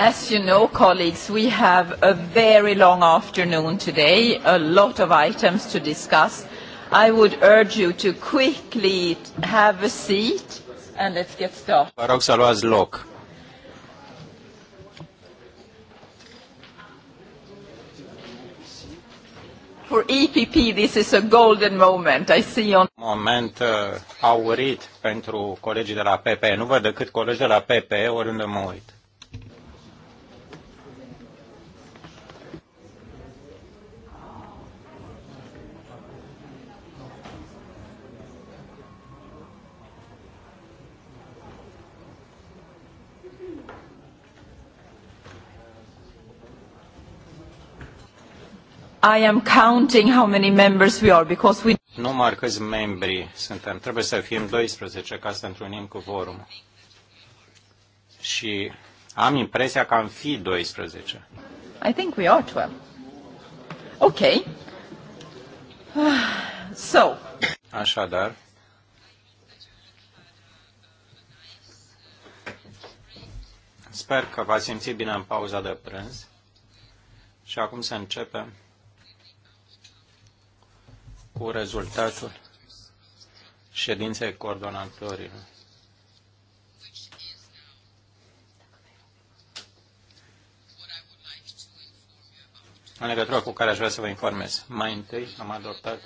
As you know, colleagues, we have a very long afternoon today, a lot of items to discuss. I would urge you to quickly have a seat and let's get started. Vă rog să luați loc. For EPP, this is a golden moment. I see on... Moment uh, aurit pentru colegii de la PP. Nu văd decât colegi de la PP oriunde mă uit. I am counting how many members we are because we Număr câți membri suntem. Trebuie să fim 12 ca să întrunim cu vorum. Și am impresia că am fi 12. I think we are 12. Okay. So. Așadar. Sper că v-ați simțit bine în pauza de prânz. Și acum să începem cu rezultatul ședinței coordonatorilor. în legătură cu care aș vrea să vă informez. Mai întâi am adoptat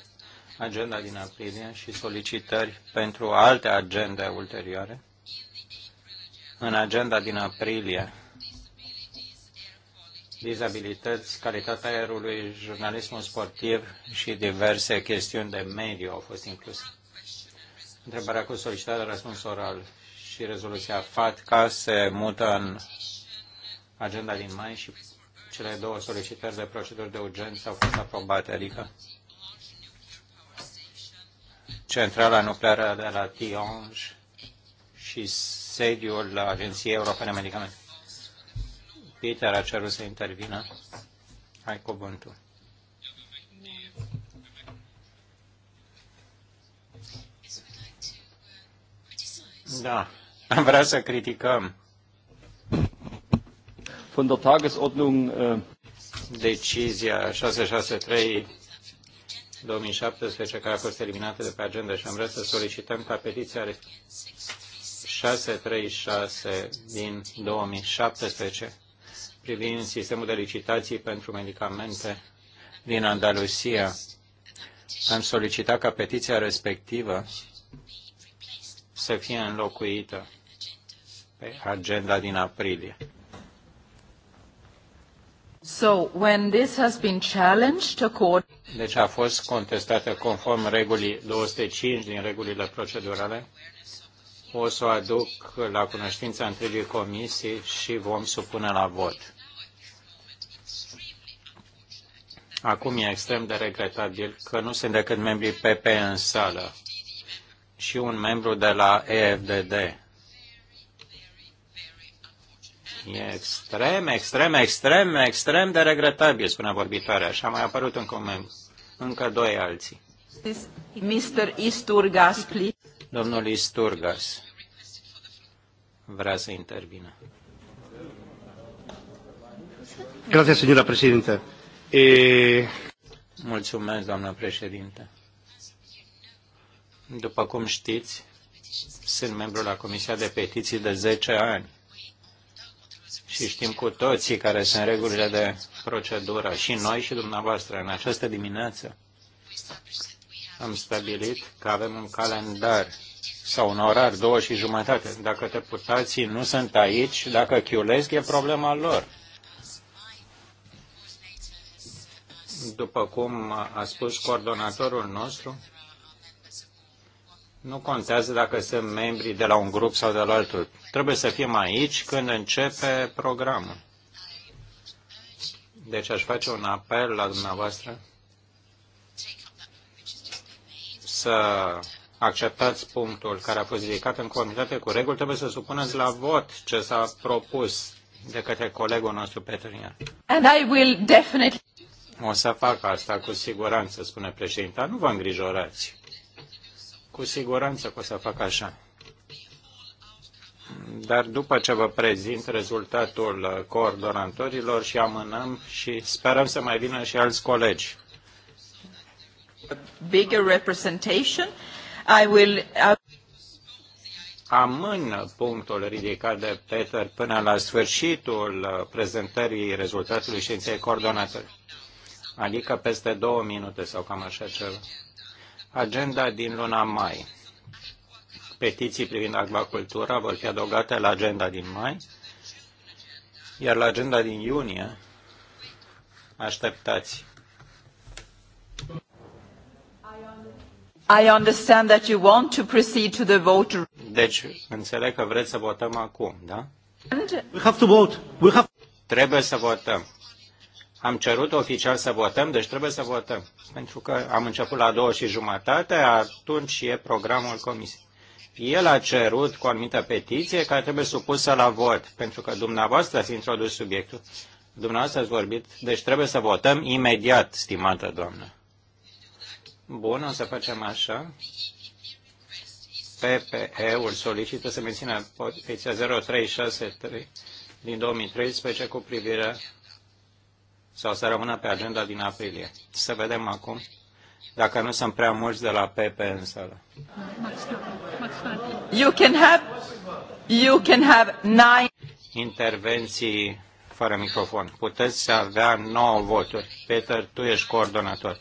agenda din aprilie și solicitări pentru alte agende ulterioare. În agenda din aprilie dizabilități, calitatea aerului, jurnalismul sportiv și diverse chestiuni de mediu au fost incluse. Întrebarea cu solicitarea răspuns oral și rezoluția FATCA se mută în agenda din mai și cele două solicitări de proceduri de urgență au fost aprobate, adică centrala nucleară de la Tionj și sediul Agenției Europene Medicamente. Peter a cerut să intervină. Hai cuvântul. Da, am vrea să criticăm. Von der Tagesordnung äh, decizia 663 2017 care a fost eliminată de pe agenda și am vrea să solicităm ca petiția 636 din 2017 privind sistemul de licitații pentru medicamente din Andalusia. Am solicitat ca petiția respectivă să fie înlocuită pe agenda din aprilie. So, when this has been challenged, according... Deci a fost contestată conform regulii 205 din regulile procedurale o să o aduc la cunoștința întregii comisii și vom supune la vot. Acum e extrem de regretabil că nu sunt decât membrii PP în sală și un membru de la EFDD. E extrem, extrem, extrem, extrem de regretabil, spune vorbitoarea. Și a mai apărut încă un membru. Încă doi alții. Mr. Isturgas, please. Domnul Isturgas vrea să intervină. Grazie, signora Presidente. E... Eh, Mulțumesc, doamnă președinte. După cum știți, sunt membru la Comisia de Petiții de 10 ani și știm cu toții care sunt regulile de procedură, și noi și dumneavoastră, în această dimineață am stabilit că avem un calendar sau un orar, două și jumătate. Dacă deputații nu sunt aici, dacă chiulesc, e problema lor. După cum a spus coordonatorul nostru, nu contează dacă sunt membri de la un grup sau de la altul. Trebuie să fim aici când începe programul. Deci aș face un apel la dumneavoastră să acceptați punctul care a fost ridicat în conformitate cu reguli, trebuie să supuneți la vot ce s-a propus de către colegul nostru, Petrinian. And I will definitely... O să fac asta cu siguranță, spune președinta. Nu vă îngrijorați. Cu siguranță că o să fac așa. Dar după ce vă prezint rezultatul coordonatorilor și amânăm și sperăm să mai vină și alți colegi bigger representation. I will... Amână punctul ridicat de Peter până la sfârșitul uh, prezentării rezultatului științei coordonate, adică peste două minute sau cam așa ceva. Agenda din luna mai. Petiții privind acvacultura vor fi adăugate la agenda din mai, iar la agenda din iunie așteptați I understand that you want to proceed to the vote. Deci, înțeleg că vreți să votăm acum, da? We have to vote. We have... Trebuie să votăm. Am cerut oficial să votăm, deci trebuie să votăm. Pentru că am început la două și jumătate, atunci e programul comisiei. El a cerut cu o anumită petiție care trebuie supusă la vot, pentru că dumneavoastră ați introdus subiectul. Dumneavoastră ați vorbit, deci trebuie să votăm imediat, stimată doamnă. Bun, o să facem așa. PPE-ul solicită să mențină poziția 0363 din 2013 cu privire sau să rămână pe agenda din aprilie. Să vedem acum dacă nu sunt prea mulți de la PP în sală. You can have, you can have nine... Intervenții fără microfon. Puteți avea 9 voturi. Peter, tu ești coordonator.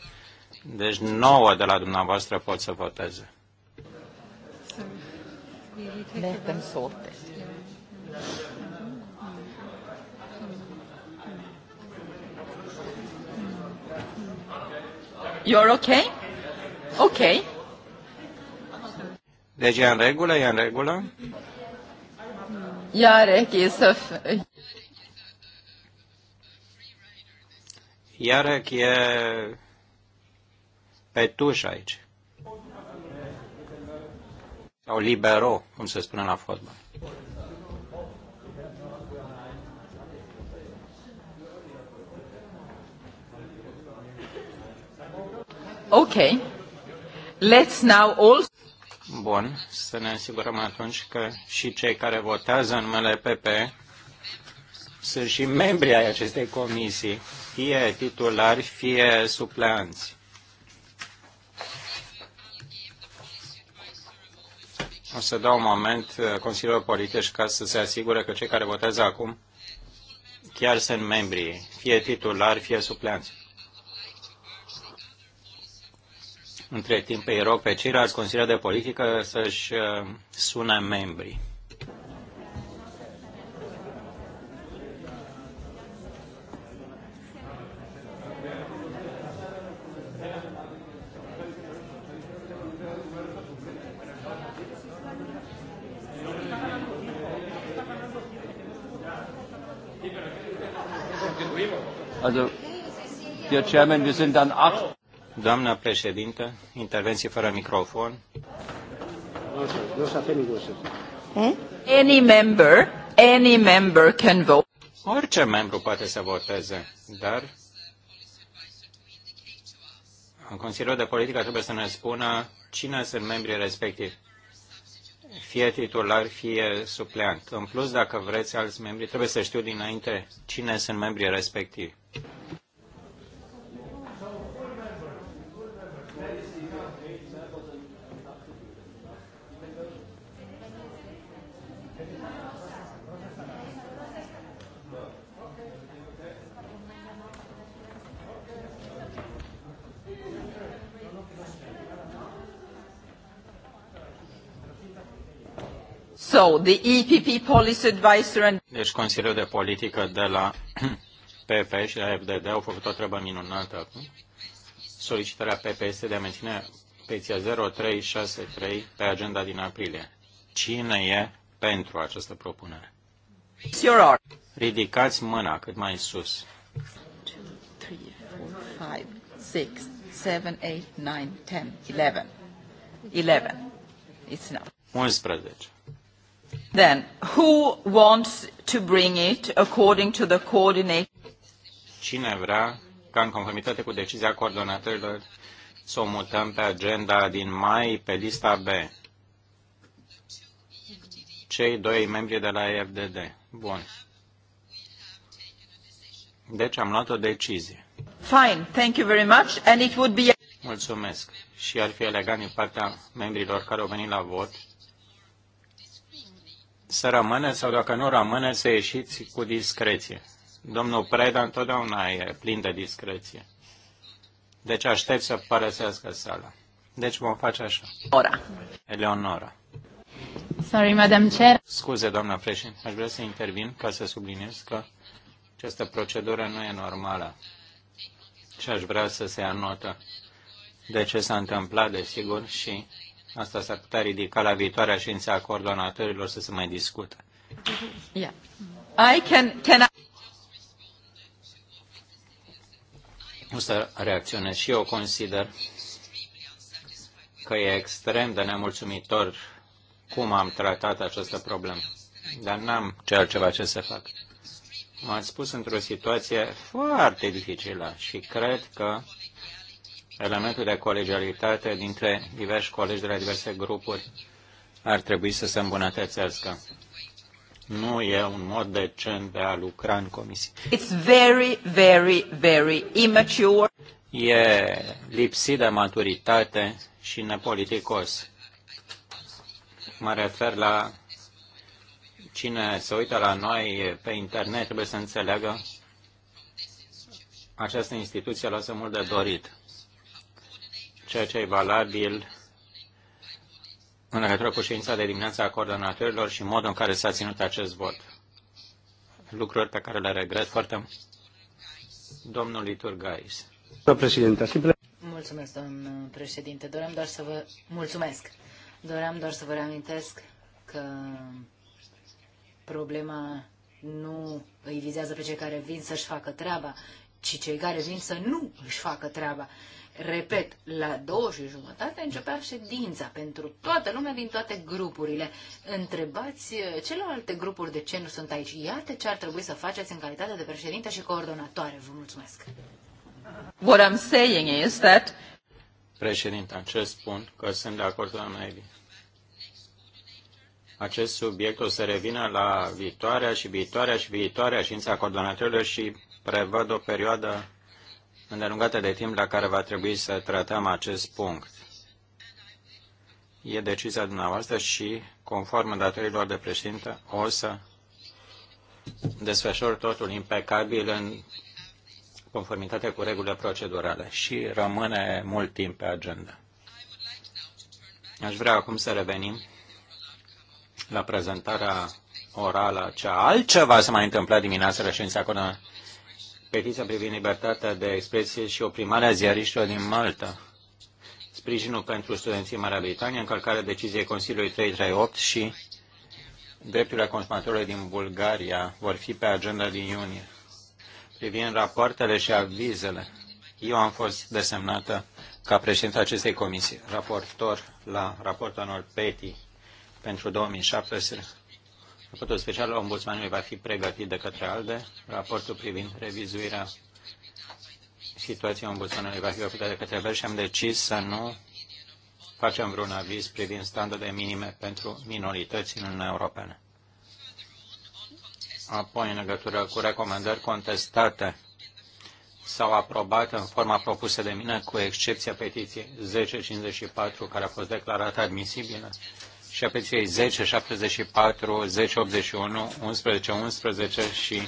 Deci nouă de la dumneavoastră pot să voteze. Mergem sorte. You're okay? Okay. Deci e în regulă, e în regulă? Iarec e Iarec e pe tuș aici. Sau libero, cum se spune la fotbal. Ok. Let's now also... Bun, să ne asigurăm atunci că și cei care votează în numele PP sunt și membri ai acestei comisii, fie titulari, fie supleanți. să dau un moment uh, consiliilor politici ca să se asigure că cei care votează acum chiar sunt membrii, fie titulari, fie supleanți. Între timp îi rog pe ceilalți consilieri de politică să-și uh, sune membrii. Chairman, wir sind dann acht. Doamna președintă, intervenție fără microfon. Eh? Any member, any member can vote. Orice membru poate să voteze, dar în Consiliul de Politică trebuie să ne spună cine sunt membrii respectivi, fie titular, fie supleant. În plus, dacă vreți alți membri, trebuie să știu dinainte cine sunt membrii respectivi. So, the EPP policy advisor and... Deci Consiliul de Politică de la PP și la FDD au făcut o treabă minunată acum. Solicitarea PP este de a menține peția 0363 pe agenda din aprilie. Cine e pentru această propunere? Ridicați mâna cât mai sus. 5, 6, 7, 8, 9, 10, 11. 11. It's enough. 11. Then, who wants to bring it according to the coordinate? Cine vrea ca în conformitate cu decizia coordonatorilor să o mutăm pe agenda din mai pe lista B? Cei doi membri de la EFDD. Bun. Deci am luat o decizie. Fine, thank you very much and it would be Mulțumesc. Și ar fi elegant din partea membrilor care au venit la vot să rămâneți sau dacă nu rămâneți să ieșiți cu discreție. Domnul Preda întotdeauna e plin de discreție. Deci aștept să părăsească sala. Deci vom face așa. Ora. Eleonora. Sorry, Madam Chair. Scuze, doamna președinte, aș vrea să intervin ca să subliniez că această procedură nu e normală și aș vrea să se anotă de ce s-a întâmplat, desigur, și Asta s-ar putea ridica la viitoarea ședință a coordonatorilor să se mai discute. Yeah. I can, can I... O să reacționez și eu consider că e extrem de nemulțumitor cum am tratat această problemă. Dar n-am ce altceva ce să fac. M-am spus într-o situație foarte dificilă și cred că elementul de colegialitate dintre diversi colegi de la diverse grupuri ar trebui să se îmbunătățească. Nu e un mod decent de a lucra în comisie. It's very, very, very immature. E lipsit de maturitate și nepoliticos. Mă refer la cine se uită la noi pe internet trebuie să înțeleagă această instituție lasă mult de dorit ceea ce e valabil în legătură cu ședința de dimineață a coordonatorilor și modul în care s-a ținut acest vot. Lucruri pe care le regret foarte mult. Domnul Iturgais. Mulțumesc, domn președinte. Doream doar să vă... Mulțumesc. Doream doar să vă reamintesc că problema nu îi vizează pe cei care vin să-și facă treaba, ci cei care vin să nu își facă treaba. Repet, la două și jumătate începea ședința pentru toată lumea din toate grupurile. Întrebați eh, celelalte grupuri de ce nu sunt aici. Iată ce ar trebui să faceți în calitate de președinte și coordonatoare. Vă mulțumesc. What I'm saying is that... Președinte, ce spun? Că sunt de acord, doamna Evi acest subiect o să revină la viitoarea și viitoarea și viitoarea știința coordonatorilor și prevăd o perioadă îndelungată de timp la care va trebui să tratăm acest punct. E decizia dumneavoastră și, conform îndatorilor de președinte, o să desfășor totul impecabil în conformitate cu regulile procedurale și rămâne mult timp pe agenda. Aș vrea acum să revenim la prezentarea orală, cea altceva se mai întâmpla dimineața la ședința petiția privind libertatea de expresie și oprimarea ziariștilor din Malta, sprijinul pentru studenții Marea Britanie, încălcarea deciziei Consiliului 338 și drepturile consumatorilor din Bulgaria vor fi pe agenda din iunie. Privind rapoartele și avizele, eu am fost desemnată ca președinte acestei comisii, raportor la raportul anual PETI pentru 2017 Raportul special ombudsmanului va fi pregătit de către ALDE. Raportul privind revizuirea situației ombudsmanului va fi făcut de către VER și am decis să nu facem vreun aviz privind standarde minime pentru minorități în Uniunea Europeană. Apoi, în legătură cu recomandări contestate sau aprobate în forma propusă de mine, cu excepția petiției 1054, care a fost declarată admisibilă, și apeției 10, 74, 10, 81, 11, 11 și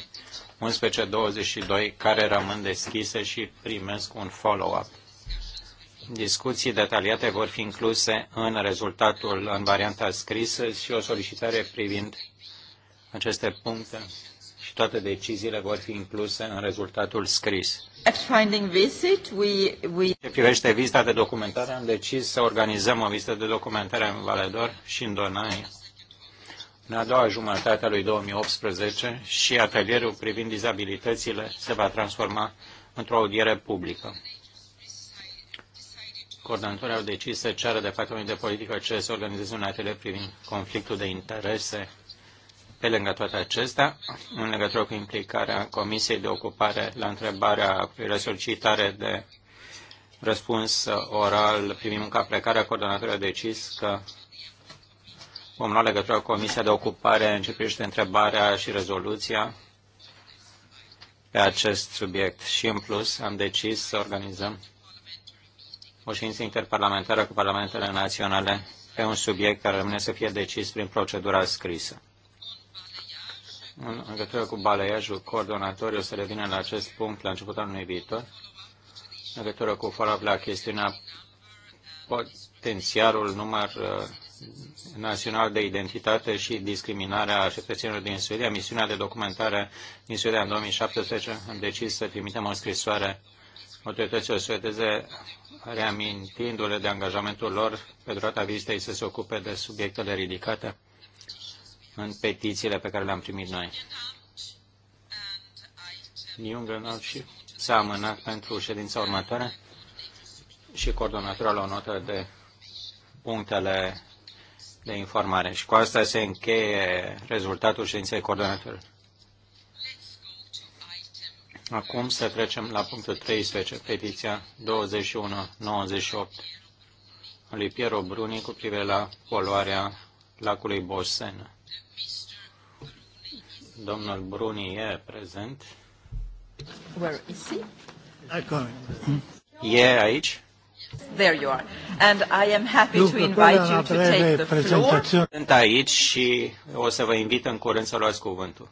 11, 22, care rămân deschise și primesc un follow-up. Discuții detaliate vor fi incluse în rezultatul în varianta scrisă și o solicitare privind aceste puncte toate deciziile vor fi incluse în rezultatul scris. Visit, we, we... Ce privește vizita de documentare, am decis să organizăm o vizită de documentare în Valedor și în Donaia în a doua jumătate a lui 2018 și atelierul privind dizabilitățile se va transforma într-o audiere publică. Coordonatorii au decis să ceară Departamentului de Politică ce să organizeze un atelier privind conflictul de interese pe lângă toate acestea, în legătură cu implicarea Comisiei de Ocupare la întrebarea resolicitare de răspuns oral primim ca plecare, coordonatorul a decis că vom lua legătura cu Comisia de Ocupare în ce privește întrebarea și rezoluția pe acest subiect. Și în plus am decis să organizăm o ședință interparlamentară cu parlamentele naționale pe un subiect care rămâne să fie decis prin procedura scrisă. În legătură cu balaiajul coordonatoriu, o să revină la acest punct la începutul anului viitor. În legătură cu follow la chestiunea potențialul număr uh, național de identitate și discriminarea cetățenilor din Suedia. Misiunea de documentare din Suedia în 2017 am decis să trimitem o scrisoare autorităților suedeze reamintindu-le de angajamentul lor pe durata vizitei să se ocupe de subiectele ridicate în petițiile pe care le-am primit noi. Jungenau și s-a amânat pentru ședința următoare și coordonatorul la o notă de punctele de informare. Și cu asta se încheie rezultatul ședinței coordonatorului. Acum să trecem la punctul 13, petiția 2198 lui Piero Bruni cu privire la poluarea lacului Bosena. Domnul Bruni e prezent. Where is he? Acolo. E aici? There you are. And I am happy to invite you to take the floor. Sunt aici și o să vă invit în curând să luați cuvântul.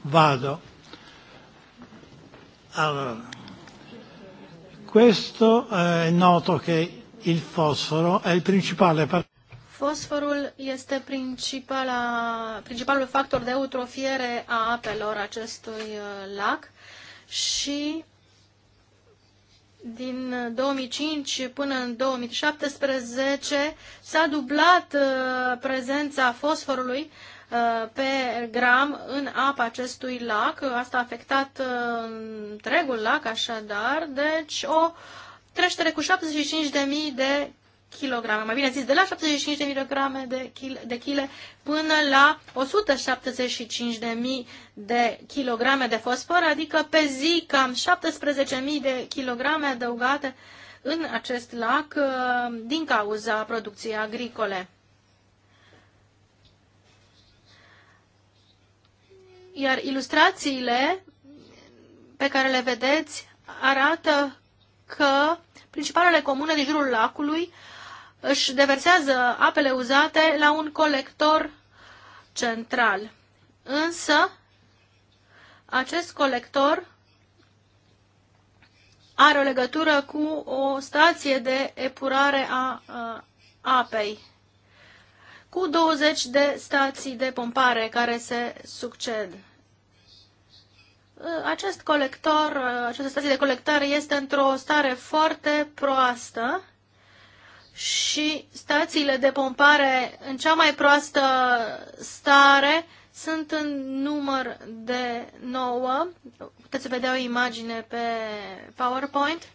Vado. Allora, questo è noto che il fosforo è il principale Fosforul este principalul factor de eutrofiere a apelor acestui uh, lac și din 2005 până în 2017 s-a dublat uh, prezența fosforului uh, pe gram în apa acestui lac. Asta a afectat întregul lac, așadar, deci o creștere cu 75.000 de kilograme, mai bine zis, de la 75 de kilograme de, kil, de chile până la 175.000 de de kilograme de fosfor, adică pe zi cam 17.000 de kilograme adăugate în acest lac uh, din cauza producției agricole. Iar ilustrațiile pe care le vedeți arată că principalele comune din jurul lacului își deversează apele uzate la un colector central. Însă, acest colector are o legătură cu o stație de epurare a, a apei, cu 20 de stații de pompare care se succed. Acest colector, această stație de colectare este într-o stare foarte proastă și stațiile de pompare în cea mai proastă stare sunt în număr de 9. Puteți vedea o imagine pe PowerPoint.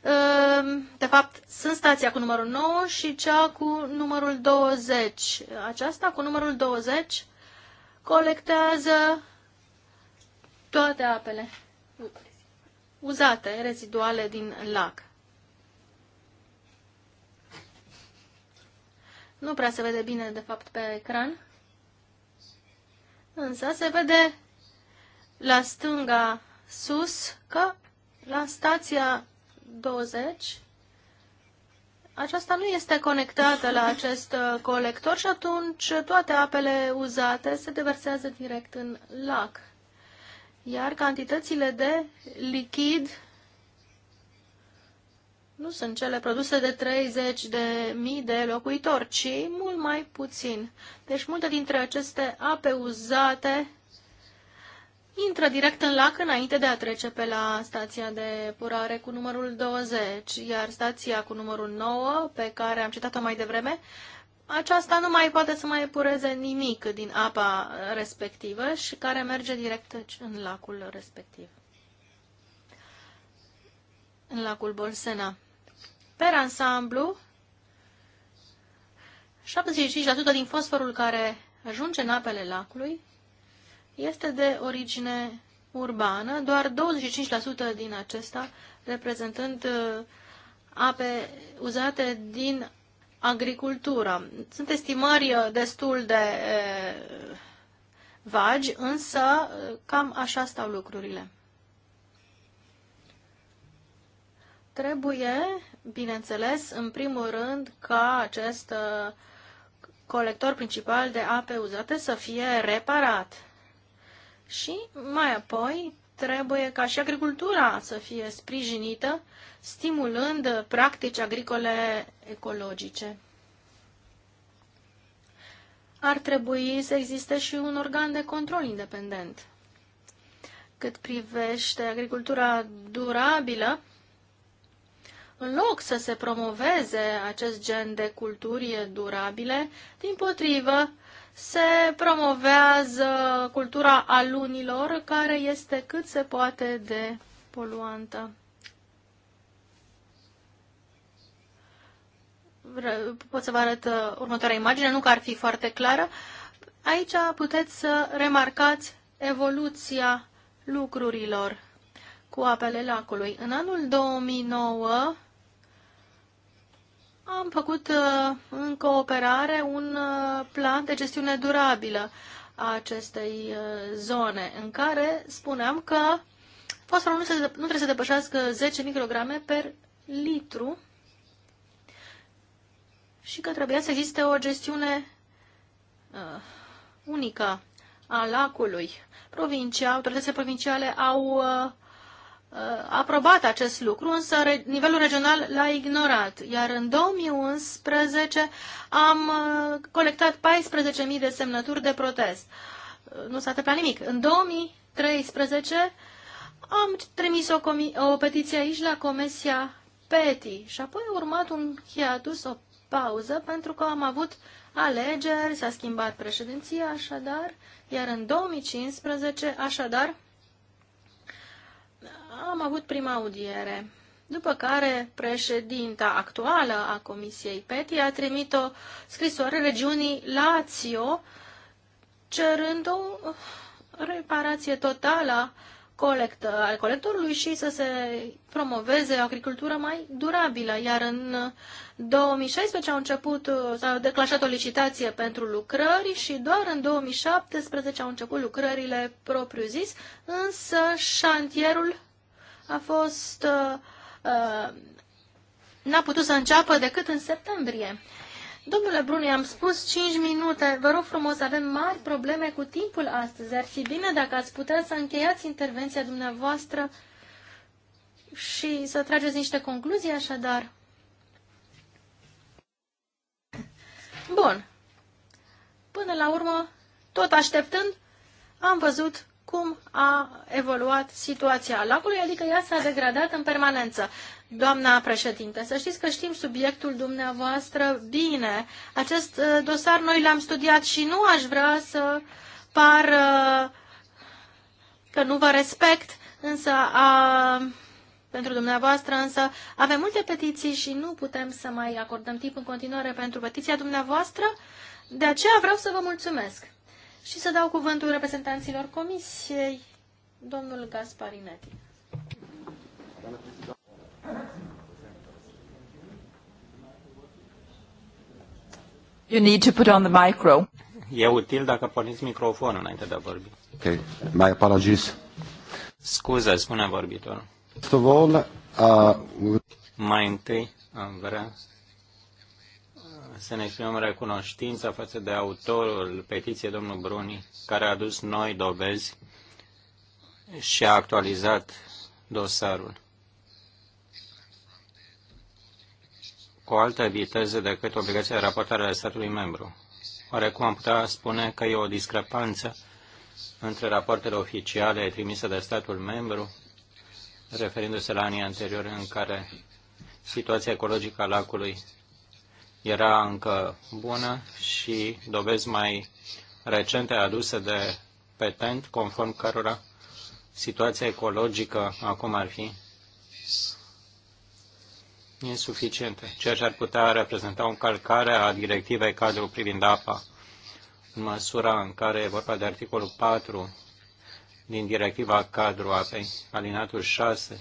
Ehm, de fapt, sunt stația cu numărul 9 și cea cu numărul 20. Aceasta cu numărul 20 colectează toate apele uzate, reziduale din lac. Nu prea se vede bine, de fapt, pe ecran. Însă se vede la stânga sus că la stația 20 aceasta nu este conectată la acest uh, colector și atunci toate apele uzate se deversează direct în lac. Iar cantitățile de lichid nu sunt cele produse de 30 de mii de locuitori, ci mult mai puțin. Deci multe dintre aceste ape uzate intră direct în lac înainte de a trece pe la stația de purare cu numărul 20, iar stația cu numărul 9, pe care am citat-o mai devreme, aceasta nu mai poate să mai epureze nimic din apa respectivă și care merge direct deci, în lacul respectiv, în lacul Bolsena. Per ansamblu, 75% din fosforul care ajunge în apele lacului este de origine urbană, doar 25% din acesta reprezentând uh, ape uzate din agricultură. Sunt estimări uh, destul de uh, vagi, însă cam așa stau lucrurile. Trebuie bineînțeles, în primul rând, ca acest uh, colector principal de ape uzate să fie reparat. Și mai apoi trebuie ca și agricultura să fie sprijinită, stimulând practici agricole ecologice. Ar trebui să existe și un organ de control independent. Cât privește agricultura durabilă, în loc să se promoveze acest gen de culturi durabile, din potrivă, se promovează cultura alunilor, care este cât se poate de poluantă. Pot să vă arăt uh, următoarea imagine, nu că ar fi foarte clară. Aici puteți să remarcați evoluția lucrurilor cu apele lacului. În anul 2009 am făcut uh, în cooperare un uh, plan de gestiune durabilă a acestei uh, zone, în care spuneam că fosforul nu, se, nu trebuie să depășească 10 micrograme per litru și că trebuia să existe o gestiune unică a lacului. Provincia, autoritățile provinciale au uh, Uh, aprobat acest lucru, însă nivelul regional l-a ignorat. Iar în 2011 am uh, colectat 14.000 de semnături de protest. Uh, nu s-a întâmplat nimic. În 2013 am trimis o, o petiție aici la Comisia PETI și apoi a urmat un hiatus, o pauză, pentru că am avut alegeri, s-a schimbat președinția, așadar, iar în 2015, așadar, am avut prima audiere, după care președinta actuală a Comisiei PETI a trimit o scrisoare regiunii Lazio cerând o reparație totală colect, al colectorului și să se promoveze o agricultură mai durabilă. Iar în 2016 au început, s-a declanșat o licitație pentru lucrări și doar în 2017 au început lucrările propriu-zis, însă șantierul a fost uh, n-a putut să înceapă decât în septembrie. Domnule Bruni, am spus 5 minute. Vă rog frumos, avem mari probleme cu timpul astăzi. Ar fi bine dacă ați putea să încheiați intervenția dumneavoastră și să trageți niște concluzii așadar. Bun. Până la urmă, tot așteptând, am văzut cum a evoluat situația lacului, adică ea s-a degradat în permanență. Doamna președinte, să știți că știm subiectul dumneavoastră bine. Acest uh, dosar noi l-am studiat și nu aș vrea să par că nu vă respect, însă a, pentru dumneavoastră, însă avem multe petiții și nu putem să mai acordăm timp în continuare pentru petiția dumneavoastră. De aceea vreau să vă mulțumesc și să dau cuvântul reprezentanților comisiei, domnul Gasparinetti. You need to put on the micro. E util dacă porniți microfonul înainte de a vorbi. Ok, my apologies. Scuze, spune vorbitorul. First of all, uh... Mai întâi am vrea să ne exprimăm recunoștința față de autorul petiției, domnul Bruni, care a adus noi dovezi și a actualizat dosarul. Cu o altă viteză decât obligația de raportare a statului membru. Oarecum am putea spune că e o discrepanță între rapoartele oficiale trimise de statul membru, referindu-se la anii anteriori în care situația ecologică a lacului era încă bună și dovezi mai recente aduse de petent, conform cărora situația ecologică acum ar fi insuficientă, ceea ce ar putea reprezenta o încălcare a directivei cadru privind apa, în măsura în care e vorba de articolul 4 din directiva cadru apei, alinatul 6,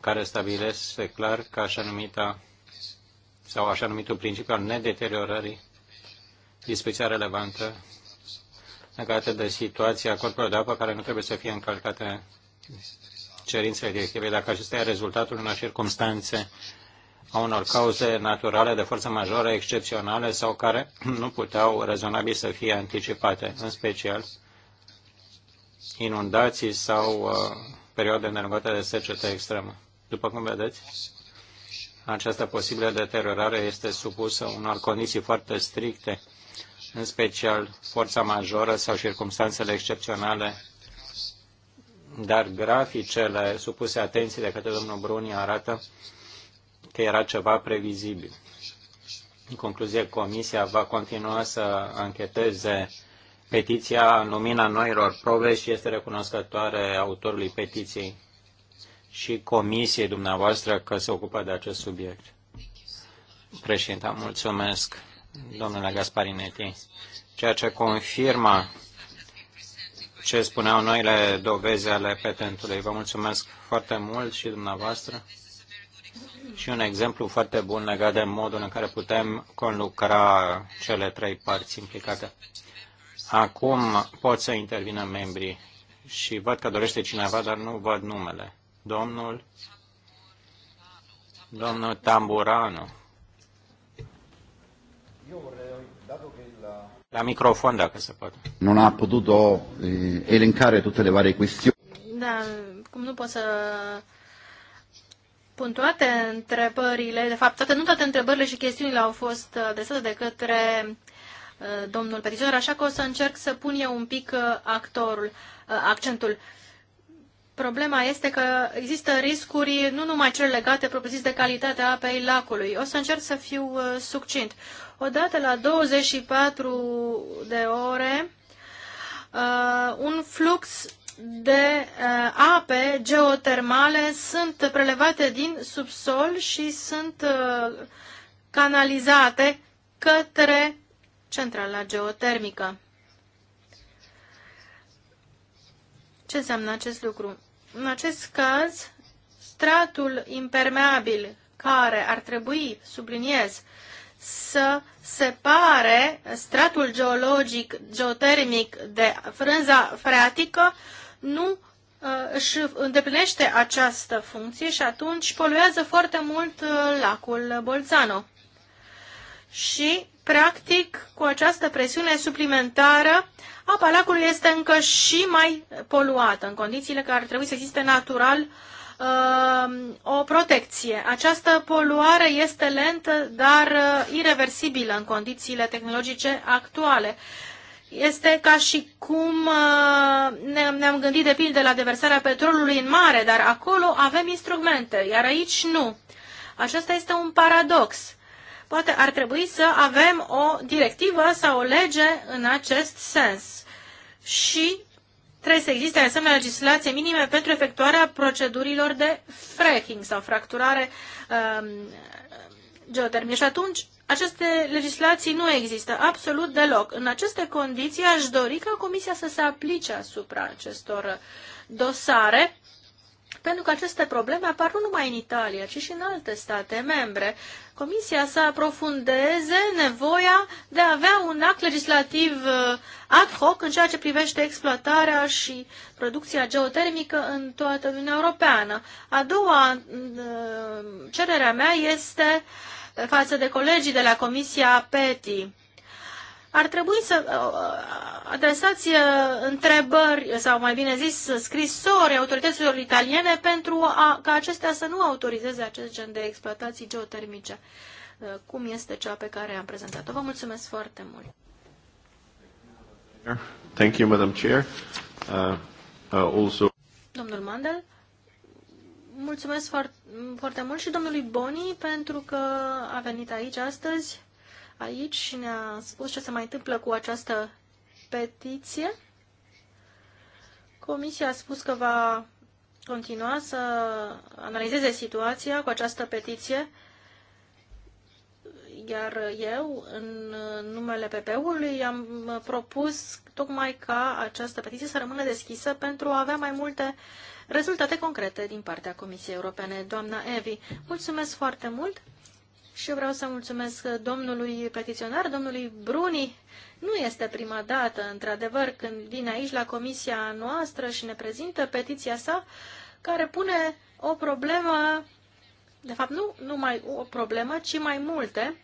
care stabilește clar că așa numita sau așa numitul principiu al nedeteriorării, dispoziția relevantă legată de situația corpului de apă care nu trebuie să fie încălcate cerințele directivei. Dacă acesta e rezultatul unor circunstanțe a unor cauze naturale de forță majoră excepționale sau care nu puteau rezonabil să fie anticipate, în special inundații sau uh, perioade nelungate de secetă extremă. După cum vedeți, această posibilă deteriorare este supusă unor condiții foarte stricte, în special forța majoră sau circumstanțele excepționale, dar graficele supuse atenției de către domnul Bruni arată că era ceva previzibil. În concluzie, Comisia va continua să ancheteze petiția în lumina noilor probe și este recunoscătoare autorului petiției și comisiei dumneavoastră că se ocupă de acest subiect. Președinte, mulțumesc, domnule Gasparinetti. Ceea ce confirmă ce spuneau noile dovezi ale petentului. Vă mulțumesc foarte mult și dumneavoastră și un exemplu foarte bun legat de modul în care putem conlucra cele trei părți implicate. Acum pot să intervină membrii și văd că dorește cineva, dar nu văd numele. Domnul, domnul Tamburano. La microfon, dacă se poate. Nu a putut o eh, elencare tutte le varie questioni. Da, cum nu pot să pun toate întrebările, de fapt, toate, nu toate întrebările și chestiunile au fost adresate de către eh, domnul Petitioner. așa că o să încerc să pun eu un pic eh, actorul, accentul. Problema este că există riscuri, nu numai cele legate propriu-zis de calitatea apei lacului. O să încerc să fiu uh, succint. Odată la 24 de ore, uh, un flux de uh, ape geotermale sunt prelevate din subsol și sunt canalizate către centrala geotermică. Ce înseamnă acest lucru? În acest caz, stratul impermeabil care ar trebui, subliniez, să separe stratul geologic, geotermic de frânza freatică, nu uh, își îndeplinește această funcție și atunci poluează foarte mult uh, lacul Bolzano. Și Practic, cu această presiune suplimentară, apa lacului este încă și mai poluată, în condițiile care ar trebui să existe natural uh, o protecție. Această poluare este lentă, dar uh, irreversibilă în condițiile tehnologice actuale. Este ca și cum uh, ne, ne-am gândit de pildă la deversarea petrolului în mare, dar acolo avem instrumente, iar aici nu. Acesta este un paradox Poate ar trebui să avem o directivă sau o lege în acest sens. Și trebuie să existe asemenea legislație minime pentru efectuarea procedurilor de fracking sau fracturare um, geotermică. Și atunci aceste legislații nu există absolut deloc. În aceste condiții aș dori ca Comisia să se aplice asupra acestor uh, dosare pentru că aceste probleme apar nu numai în Italia, ci și în alte state membre. Comisia să aprofundeze nevoia de a avea un act legislativ uh, ad hoc în ceea ce privește exploatarea și producția geotermică în toată Uniunea Europeană. A doua uh, cererea mea este uh, față de colegii de la Comisia PETI ar trebui să uh, uh, adresați uh, întrebări, sau mai bine zis, scrisori autorităților italiene pentru a, ca acestea să nu autorizeze acest gen de exploatații geotermice, cum este cea pe care am prezentat-o. Vă mulțumesc foarte mult! Thank you, Madam Chair. Uh, uh, also... Domnul Mandel, mulțumesc foarte, foarte mult și domnului Boni pentru că a venit aici astăzi aici și ne-a spus ce se mai întâmplă cu această petiție. Comisia a spus că va continua să analizeze situația cu această petiție, iar eu, în numele PP-ului, am propus tocmai ca această petiție să rămână deschisă pentru a avea mai multe rezultate concrete din partea Comisiei Europene. Doamna Evi, mulțumesc foarte mult! și eu vreau să mulțumesc domnului petiționar, domnului Bruni. Nu este prima dată, într-adevăr, când vine aici la comisia noastră și ne prezintă petiția sa, care pune o problemă, de fapt nu numai o problemă, ci mai multe,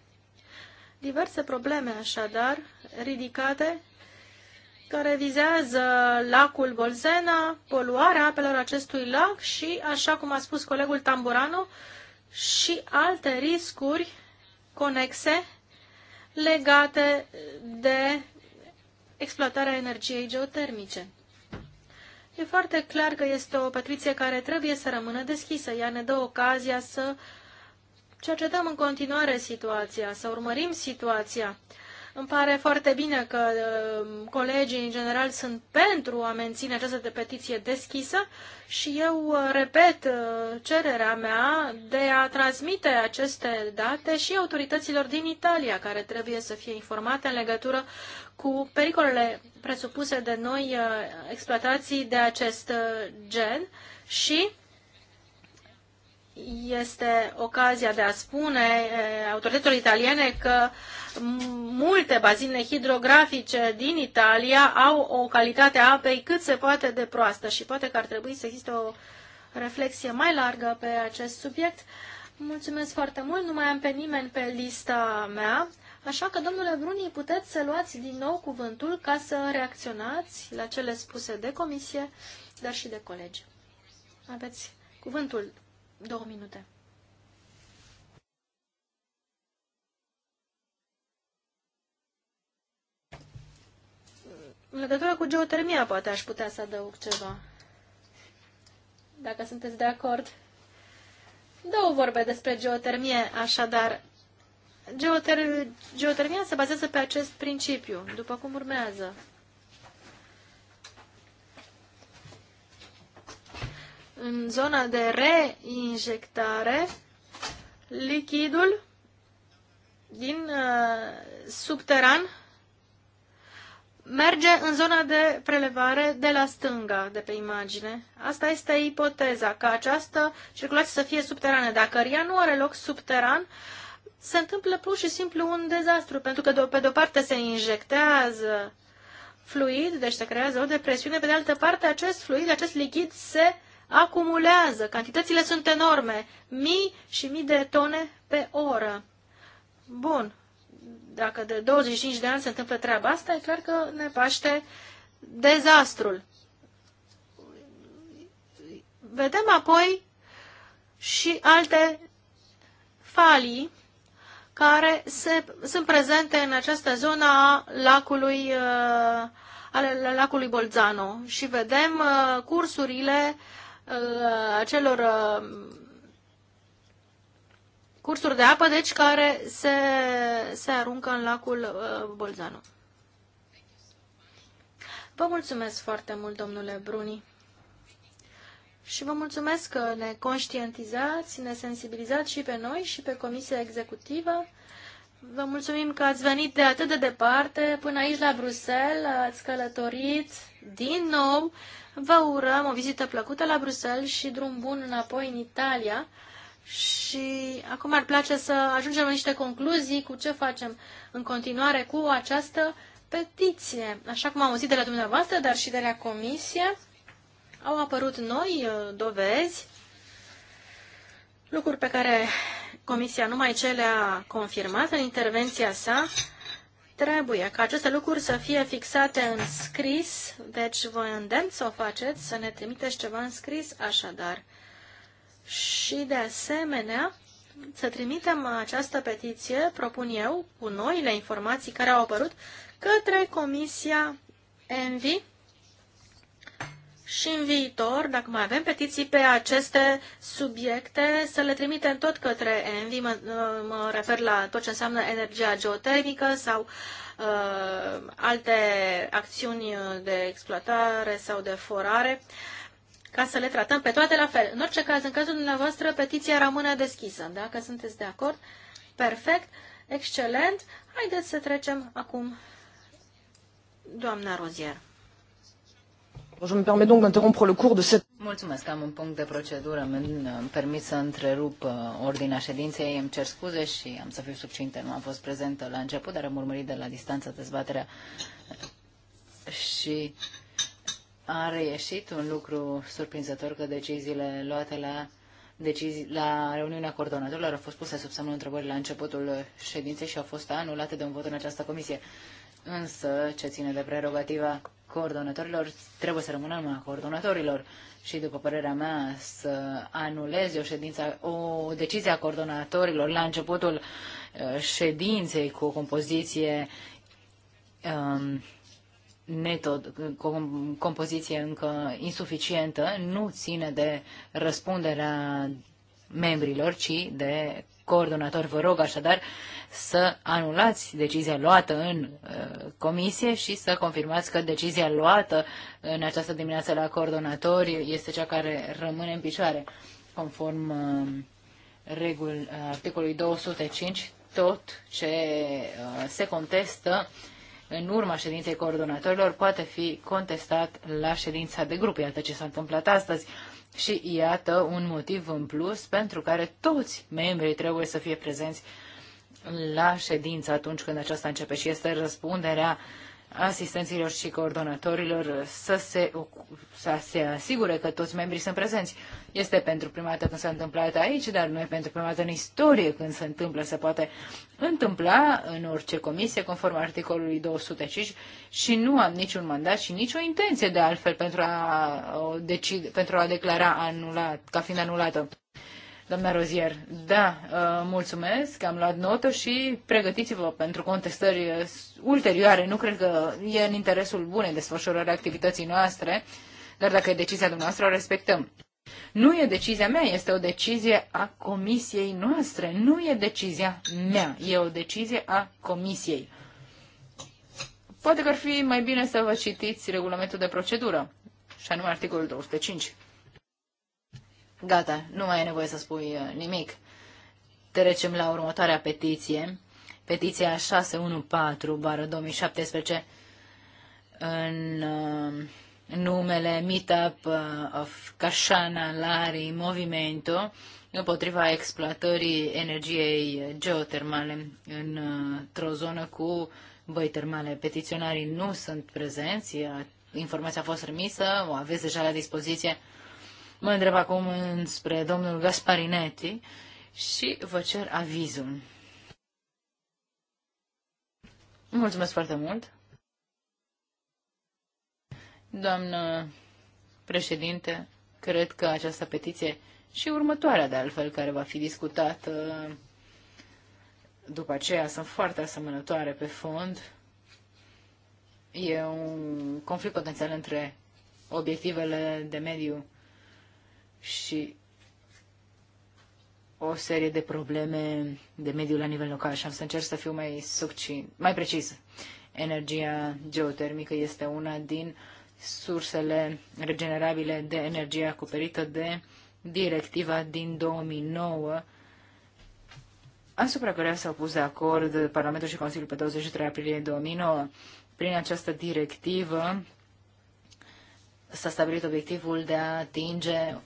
diverse probleme așadar ridicate care vizează lacul Bolzena, poluarea apelor acestui lac și, așa cum a spus colegul Tamburano, și alte riscuri conexe legate de exploatarea energiei geotermice. E foarte clar că este o petiție care trebuie să rămână deschisă. Ea ne dă ocazia să cercetăm în continuare situația, să urmărim situația îmi pare foarte bine că uh, colegii în general sunt pentru a menține această petiție deschisă și eu uh, repet uh, cererea mea de a transmite aceste date și autorităților din Italia care trebuie să fie informate în legătură cu pericolele presupuse de noi exploatații de acest gen și este ocazia de a spune eh, autorităților italiene că multe bazine hidrografice din Italia au o calitate a apei cât se poate de proastă și poate că ar trebui să existe o reflexie mai largă pe acest subiect. Mulțumesc foarte mult, nu mai am pe nimeni pe lista mea, așa că, domnule Bruni, puteți să luați din nou cuvântul ca să reacționați la cele spuse de comisie, dar și de colegi. Aveți cuvântul Două minute. În legătură cu geotermia, poate aș putea să adaug ceva. Dacă sunteți de acord. Două vorbe despre geotermie, așadar. Geoter geotermia se bazează pe acest principiu, după cum urmează. în zona de reinjectare lichidul din uh, subteran merge în zona de prelevare de la stânga de pe imagine. Asta este ipoteza, că această circulație să fie subterană. Dacă ea nu are loc subteran, se întâmplă pur și simplu un dezastru, pentru că pe de-o parte se injectează fluid, deci se creează o depresiune, pe de altă parte acest fluid, acest lichid se acumulează, cantitățile sunt enorme, mii și mii de tone pe oră. Bun, dacă de 25 de ani se întâmplă treaba asta, e clar că ne paște dezastrul. Vedem apoi și alte falii care se, sunt prezente în această zonă a lacului, uh, ale lacului Bolzano și vedem uh, cursurile uh, Uh, acelor uh, cursuri de apă, deci, care se, se aruncă în lacul uh, Bolzano. Vă mulțumesc foarte mult, domnule Bruni. Și vă mulțumesc că ne conștientizați, ne sensibilizați și pe noi și pe Comisia Executivă. Vă mulțumim că ați venit de atât de departe până aici la Bruxelles, ați călătorit din nou Vă urăm o vizită plăcută la Bruxelles și drum bun înapoi în Italia. Și acum ar place să ajungem la niște concluzii cu ce facem în continuare cu această petiție. Așa cum am auzit de la dumneavoastră, dar și de la comisie, au apărut noi uh, dovezi, lucruri pe care comisia numai ce le-a confirmat în intervenția sa, Trebuie ca aceste lucruri să fie fixate în scris, deci vă îndemn să o faceți, să ne trimiteți ceva în scris, așadar. Și de asemenea, să trimitem această petiție, propun eu, cu noile informații care au apărut, către Comisia Envi și în viitor, dacă mai avem petiții pe aceste subiecte, să le trimitem tot către ENVI, mă, mă refer la tot ce înseamnă energia geotermică sau uh, alte acțiuni de exploatare sau de forare, ca să le tratăm pe toate la fel. În orice caz, în cazul dumneavoastră, petiția rămâne deschisă, dacă sunteți de acord. Perfect, excelent. Haideți să trecem acum, doamna Rozier. Je me permets donc d'interrompre le cours de cette... Mulțumesc, am un punct de procedură. Îmi permit să întrerup uh, ordinea ședinței. Îmi cer scuze și am să fiu succintă. Nu am fost prezentă la început, dar am urmărit de la distanță dezbaterea și a reieșit un lucru surprinzător că deciziile luate la, decizii, la reuniunea coordonatorilor au fost puse sub semnul întrebării la începutul ședinței și au fost anulate de un vot în această comisie. Însă, ce ține de prerogativa coordonatorilor trebuie să rămână numai coordonatorilor și, după părerea mea, să anuleze o, ședință, o decizie a coordonatorilor la începutul uh, ședinței cu o compoziție um, metod, cu compoziție încă insuficientă, nu ține de răspunderea membrilor, ci de Coordonator Vă rog așadar să anulați decizia luată în uh, comisie și să confirmați că decizia luată în această dimineață la coordonatori este cea care rămâne în picioare. Conform uh, regul, uh, articolului 205, tot ce uh, se contestă în urma ședinței coordonatorilor poate fi contestat la ședința de grup. Iată ce s-a întâmplat astăzi. Uh, și iată un motiv în plus pentru care toți membrii trebuie să fie prezenți la ședință atunci când aceasta începe și este răspunderea uh, asistenților și coordonatorilor să se, să se asigure că toți membrii sunt prezenți. Este pentru prima dată când s-a întâmplat aici, dar nu e pentru prima dată în istorie când se întâmplă. Se poate întâmpla în orice comisie, conform articolului 205, și nu am niciun mandat și nicio intenție de altfel pentru a, o decide, pentru a declara anulat, ca fiind anulată. Doamna Rozier, da, uh, mulțumesc, am luat notă și pregătiți-vă pentru contestări uh, ulterioare. Nu cred că e în interesul bunei desfășurării activității noastre, dar dacă e decizia dumneavoastră, o respectăm. Nu e decizia mea, este o decizie a comisiei noastre. Nu e decizia mea, e o decizie a comisiei. Poate că ar fi mai bine să vă citiți regulamentul de procedură, și anume articolul 205. Gata, nu mai e nevoie să spui uh, nimic. Trecem la următoarea petiție. Petiția 614-2017 în uh, numele Meetup uh, of Cașana Lari Movimento împotriva exploatării energiei geotermale într-o zonă cu băi termale. Petiționarii nu sunt prezenți, informația a fost remisă, o aveți deja la dispoziție Mă întreb acum înspre domnul Gasparinetti și vă cer avizul. Mulțumesc foarte mult. Doamnă președinte, cred că această petiție și următoarea, de altfel, care va fi discutată după aceea, sunt foarte asemănătoare pe fond. E un conflict potențial între obiectivele de mediu și o serie de probleme de mediu la nivel local și am să încerc să fiu mai succint, mai precis. Energia geotermică este una din sursele regenerabile de energie acoperită de directiva din 2009 asupra căreia s-au pus de acord Parlamentul și Consiliul pe 23 aprilie 2009. Prin această directivă s-a stabilit obiectivul de a atinge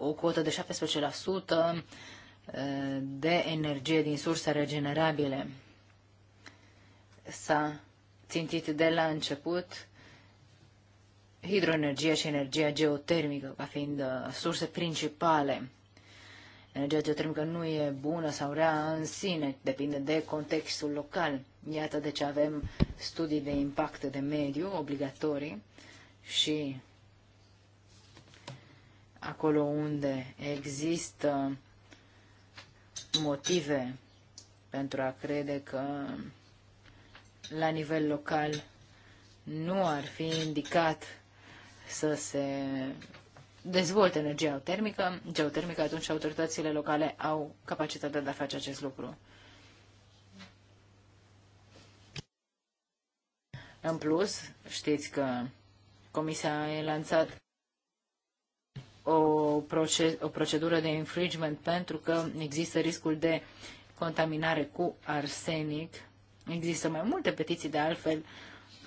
o cotă de 17% eh, de energie din surse regenerabile. S-a țintit de la început hidroenergia și energia geotermică ca fiind eh, surse principale. Energia geotermică nu e bună sau rea în sine, depinde de contextul local. Iată de ce avem studii de impact de mediu obligatorii și acolo unde există motive pentru a crede că la nivel local nu ar fi indicat să se dezvolte energia geotermică, geotermică, atunci autoritățile locale au capacitatea de a face acest lucru. În plus, știți că Comisia a lansat o, proces, o procedură de infringement pentru că există riscul de contaminare cu arsenic. Există mai multe petiții de altfel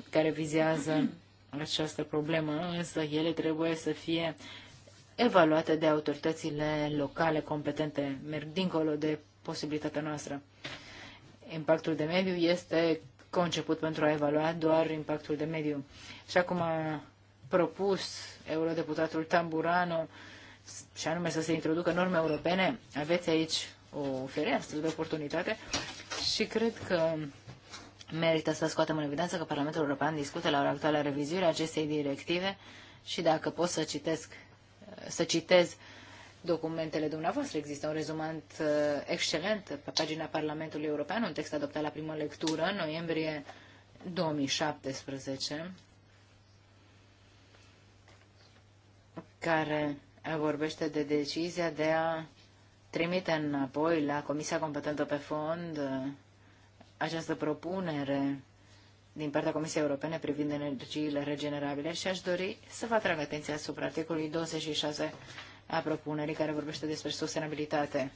care vizează această problemă, însă ele trebuie să fie evaluate de autoritățile locale competente, merg dincolo de posibilitatea noastră. Impactul de mediu este conceput pentru a evalua doar impactul de mediu. Și acum propus eurodeputatul Tamburano, și anume să se introducă norme europene, aveți aici o fereastră de oportunitate și cred că merită să scoatem în evidență că Parlamentul European discută la ora actuală revizuirea acestei directive și dacă pot să citesc, să citez documentele dumneavoastră, există un rezumat uh, excelent pe pagina Parlamentului European, un text adoptat la primă lectură în noiembrie 2017 care vorbește de decizia de a trimite înapoi la Comisia Competentă pe Fond uh, această propunere din partea Comisiei Europene privind energiile regenerabile și aș dori să vă atrag atenția asupra articolului 26 a propunerii care vorbește despre sustenabilitate,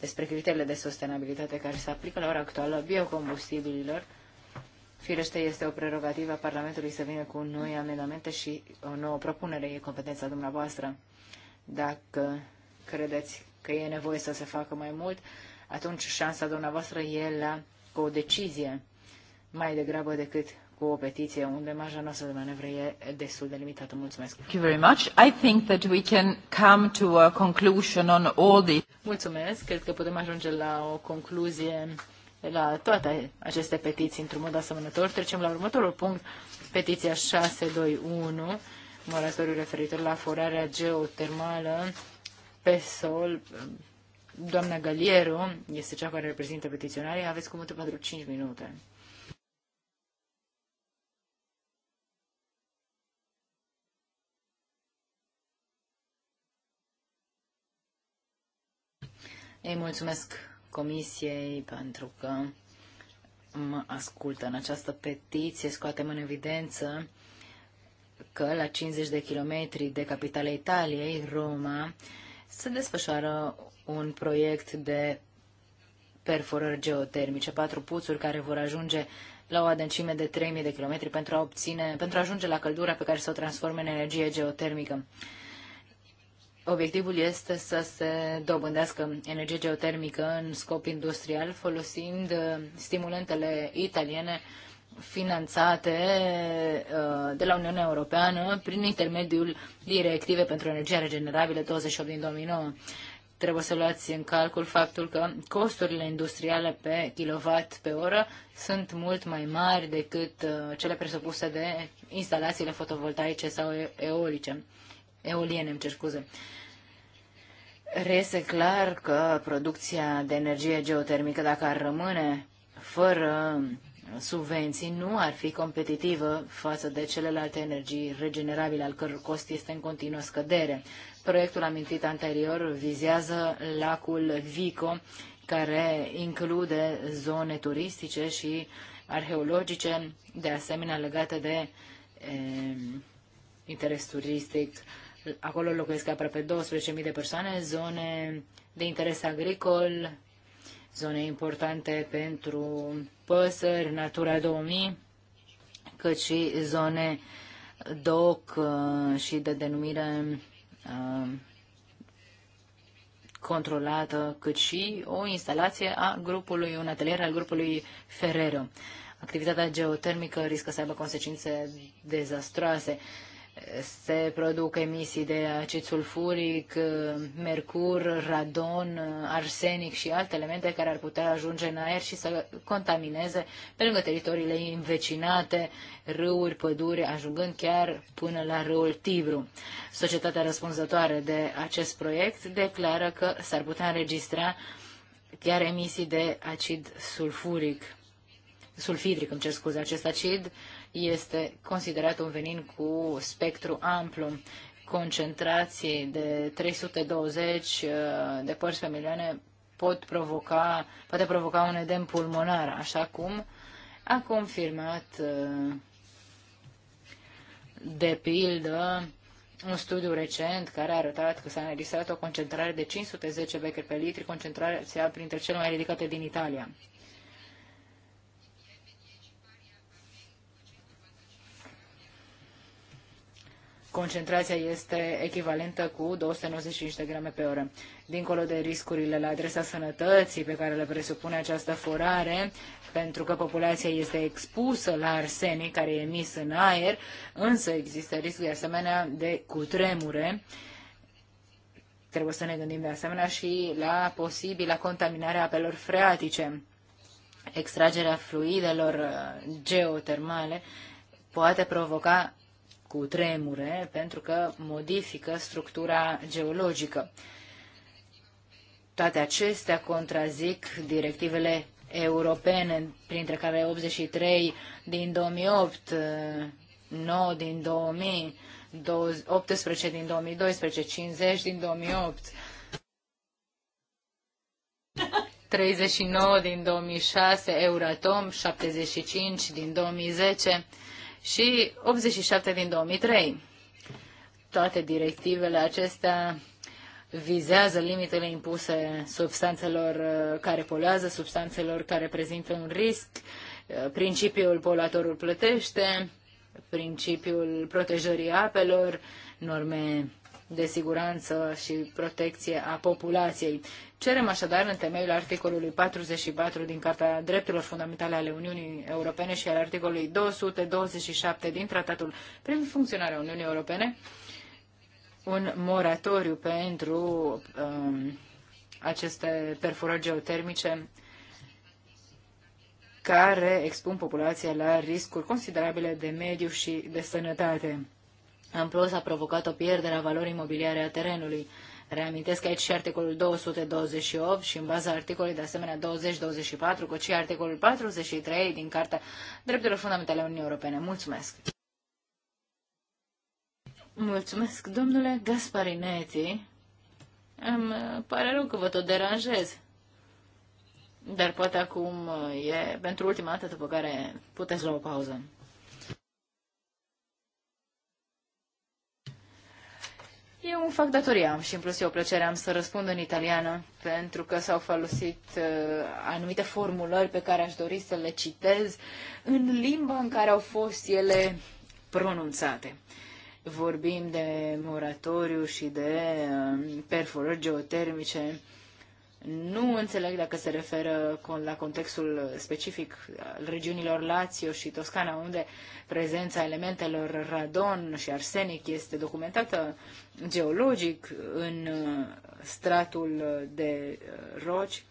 despre criteriile de sustenabilitate care se aplică la ora actuală biocombustibililor Firește, este o prerogativă a Parlamentului să vină cu noi amendamente și o nouă propunere. E competența dumneavoastră. Dacă credeți că e nevoie să se facă mai mult, atunci șansa dumneavoastră e la cu o decizie mai degrabă decât cu o petiție unde marja noastră de manevră e destul de limitată. Mulțumesc. Thank you very much. I think that we can come to a conclusion on all the... Mulțumesc. Cred că putem ajunge la o concluzie la toate aceste petiții într-un mod asemănător. Trecem la următorul punct, petiția 621, moratoriu referitor la forarea geotermală pe sol. Doamna Galiero este cea care reprezintă petiționarii. Aveți cuvântul pentru 5 minute. Ei mulțumesc Comisiei pentru că mă ascultă. În această petiție scoatem în evidență că la 50 de kilometri de capitala Italiei, Roma, se desfășoară un proiect de perforări geotermice, patru puțuri care vor ajunge la o adâncime de 3000 de kilometri pentru a, obține, pentru a ajunge la căldura pe care să o transforme în energie geotermică. Obiectivul este să se dobândească energie geotermică în scop industrial folosind uh, stimulentele italiene finanțate uh, de la Uniunea Europeană prin intermediul Directive pentru Energia Regenerabilă 28 din 2009. Trebuie să luați în calcul faptul că costurile industriale pe kilowatt pe oră sunt mult mai mari decât uh, cele presupuse de instalațiile fotovoltaice sau eolice, eoliene, îmi cer scuze. Reiese clar că producția de energie geotermică, dacă ar rămâne fără subvenții, nu ar fi competitivă față de celelalte energii regenerabile, al căror cost este în continuă scădere. Proiectul amintit anterior vizează lacul Vico, care include zone turistice și arheologice, de asemenea legate de e, eh, interes turistic Acolo locuiesc aproape 12.000 de persoane, zone de interes agricol, zone importante pentru păsări, Natura 2000, cât și zone DOC uh, și de denumire uh, controlată, cât și o instalație a grupului, un atelier al grupului Ferrero. Activitatea geotermică riscă să aibă consecințe dezastroase se produc emisii de acid sulfuric, mercur, radon, arsenic și alte elemente care ar putea ajunge în aer și să contamineze pe lângă teritoriile învecinate, râuri, păduri, ajungând chiar până la râul Tibru. Societatea răspunzătoare de acest proiect declară că s-ar putea înregistra chiar emisii de acid sulfuric, sulfidric, îmi cer scuze, acest acid este considerat un venin cu spectru amplu concentrații de 320 uh, de părți pe milioane pot provoca, poate provoca un edem pulmonar, așa cum a confirmat uh, de pildă un studiu recent care a arătat că s-a analizat o concentrare de 510 becquerel pe litri, concentrația printre cele mai ridicate din Italia. concentrația este echivalentă cu 295 de grame pe oră. Dincolo de riscurile la adresa sănătății pe care le presupune această forare, pentru că populația este expusă la arsenic care e emis în aer, însă există riscul de asemenea de cutremure. Trebuie să ne gândim de asemenea și la posibilă contaminare a apelor freatice. Extragerea fluidelor uh, geotermale poate provoca cu tremure pentru că modifică structura geologică. Toate acestea contrazic directivele europene, printre care 83 din 2008, 9 eh, din 2000, 18 din 2012, 50 din 2008, 39 din 2006, Euratom, 75 din 2010, și 87 din 2003. Toate directivele acestea vizează limitele impuse substanțelor uh, care poluează, substanțelor care prezintă un risc, uh, principiul poluatorul plătește, principiul protejării apelor, norme de siguranță și protecție a populației. Cerem așadar, în temeiul articolului 44 din Carta Drepturilor Fundamentale ale Uniunii Europene și al articolului 227 din Tratatul prin funcționarea Uniunii Europene, un moratoriu pentru um, aceste perfurări geotermice care expun populația la riscuri considerabile de mediu și de sănătate. În plus, a provocat o pierdere a valorii imobiliare a terenului. Reamintesc aici și articolul 228 și în baza articolului de asemenea 20-24, cu și articolul 43 din Carta Drepturilor Fundamentale Uniunii Europene. Mulțumesc! Mulțumesc, domnule Gasparinetti. Îmi uh, pare rău că vă tot deranjez. Dar poate acum uh, e pentru ultima dată, după care puteți lua o pauză. Eu îmi fac datoria și în plus eu plăcere am să răspund în italiană pentru că s-au folosit uh, anumite formulări pe care aș dori să le citez în limba în care au fost ele pronunțate. Vorbim de moratoriu și de uh, perforări geotermice nu înțeleg dacă se referă la contextul specific al regiunilor Lazio și Toscana, unde prezența elementelor radon și arsenic este documentată geologic în uh, stratul de uh, roci.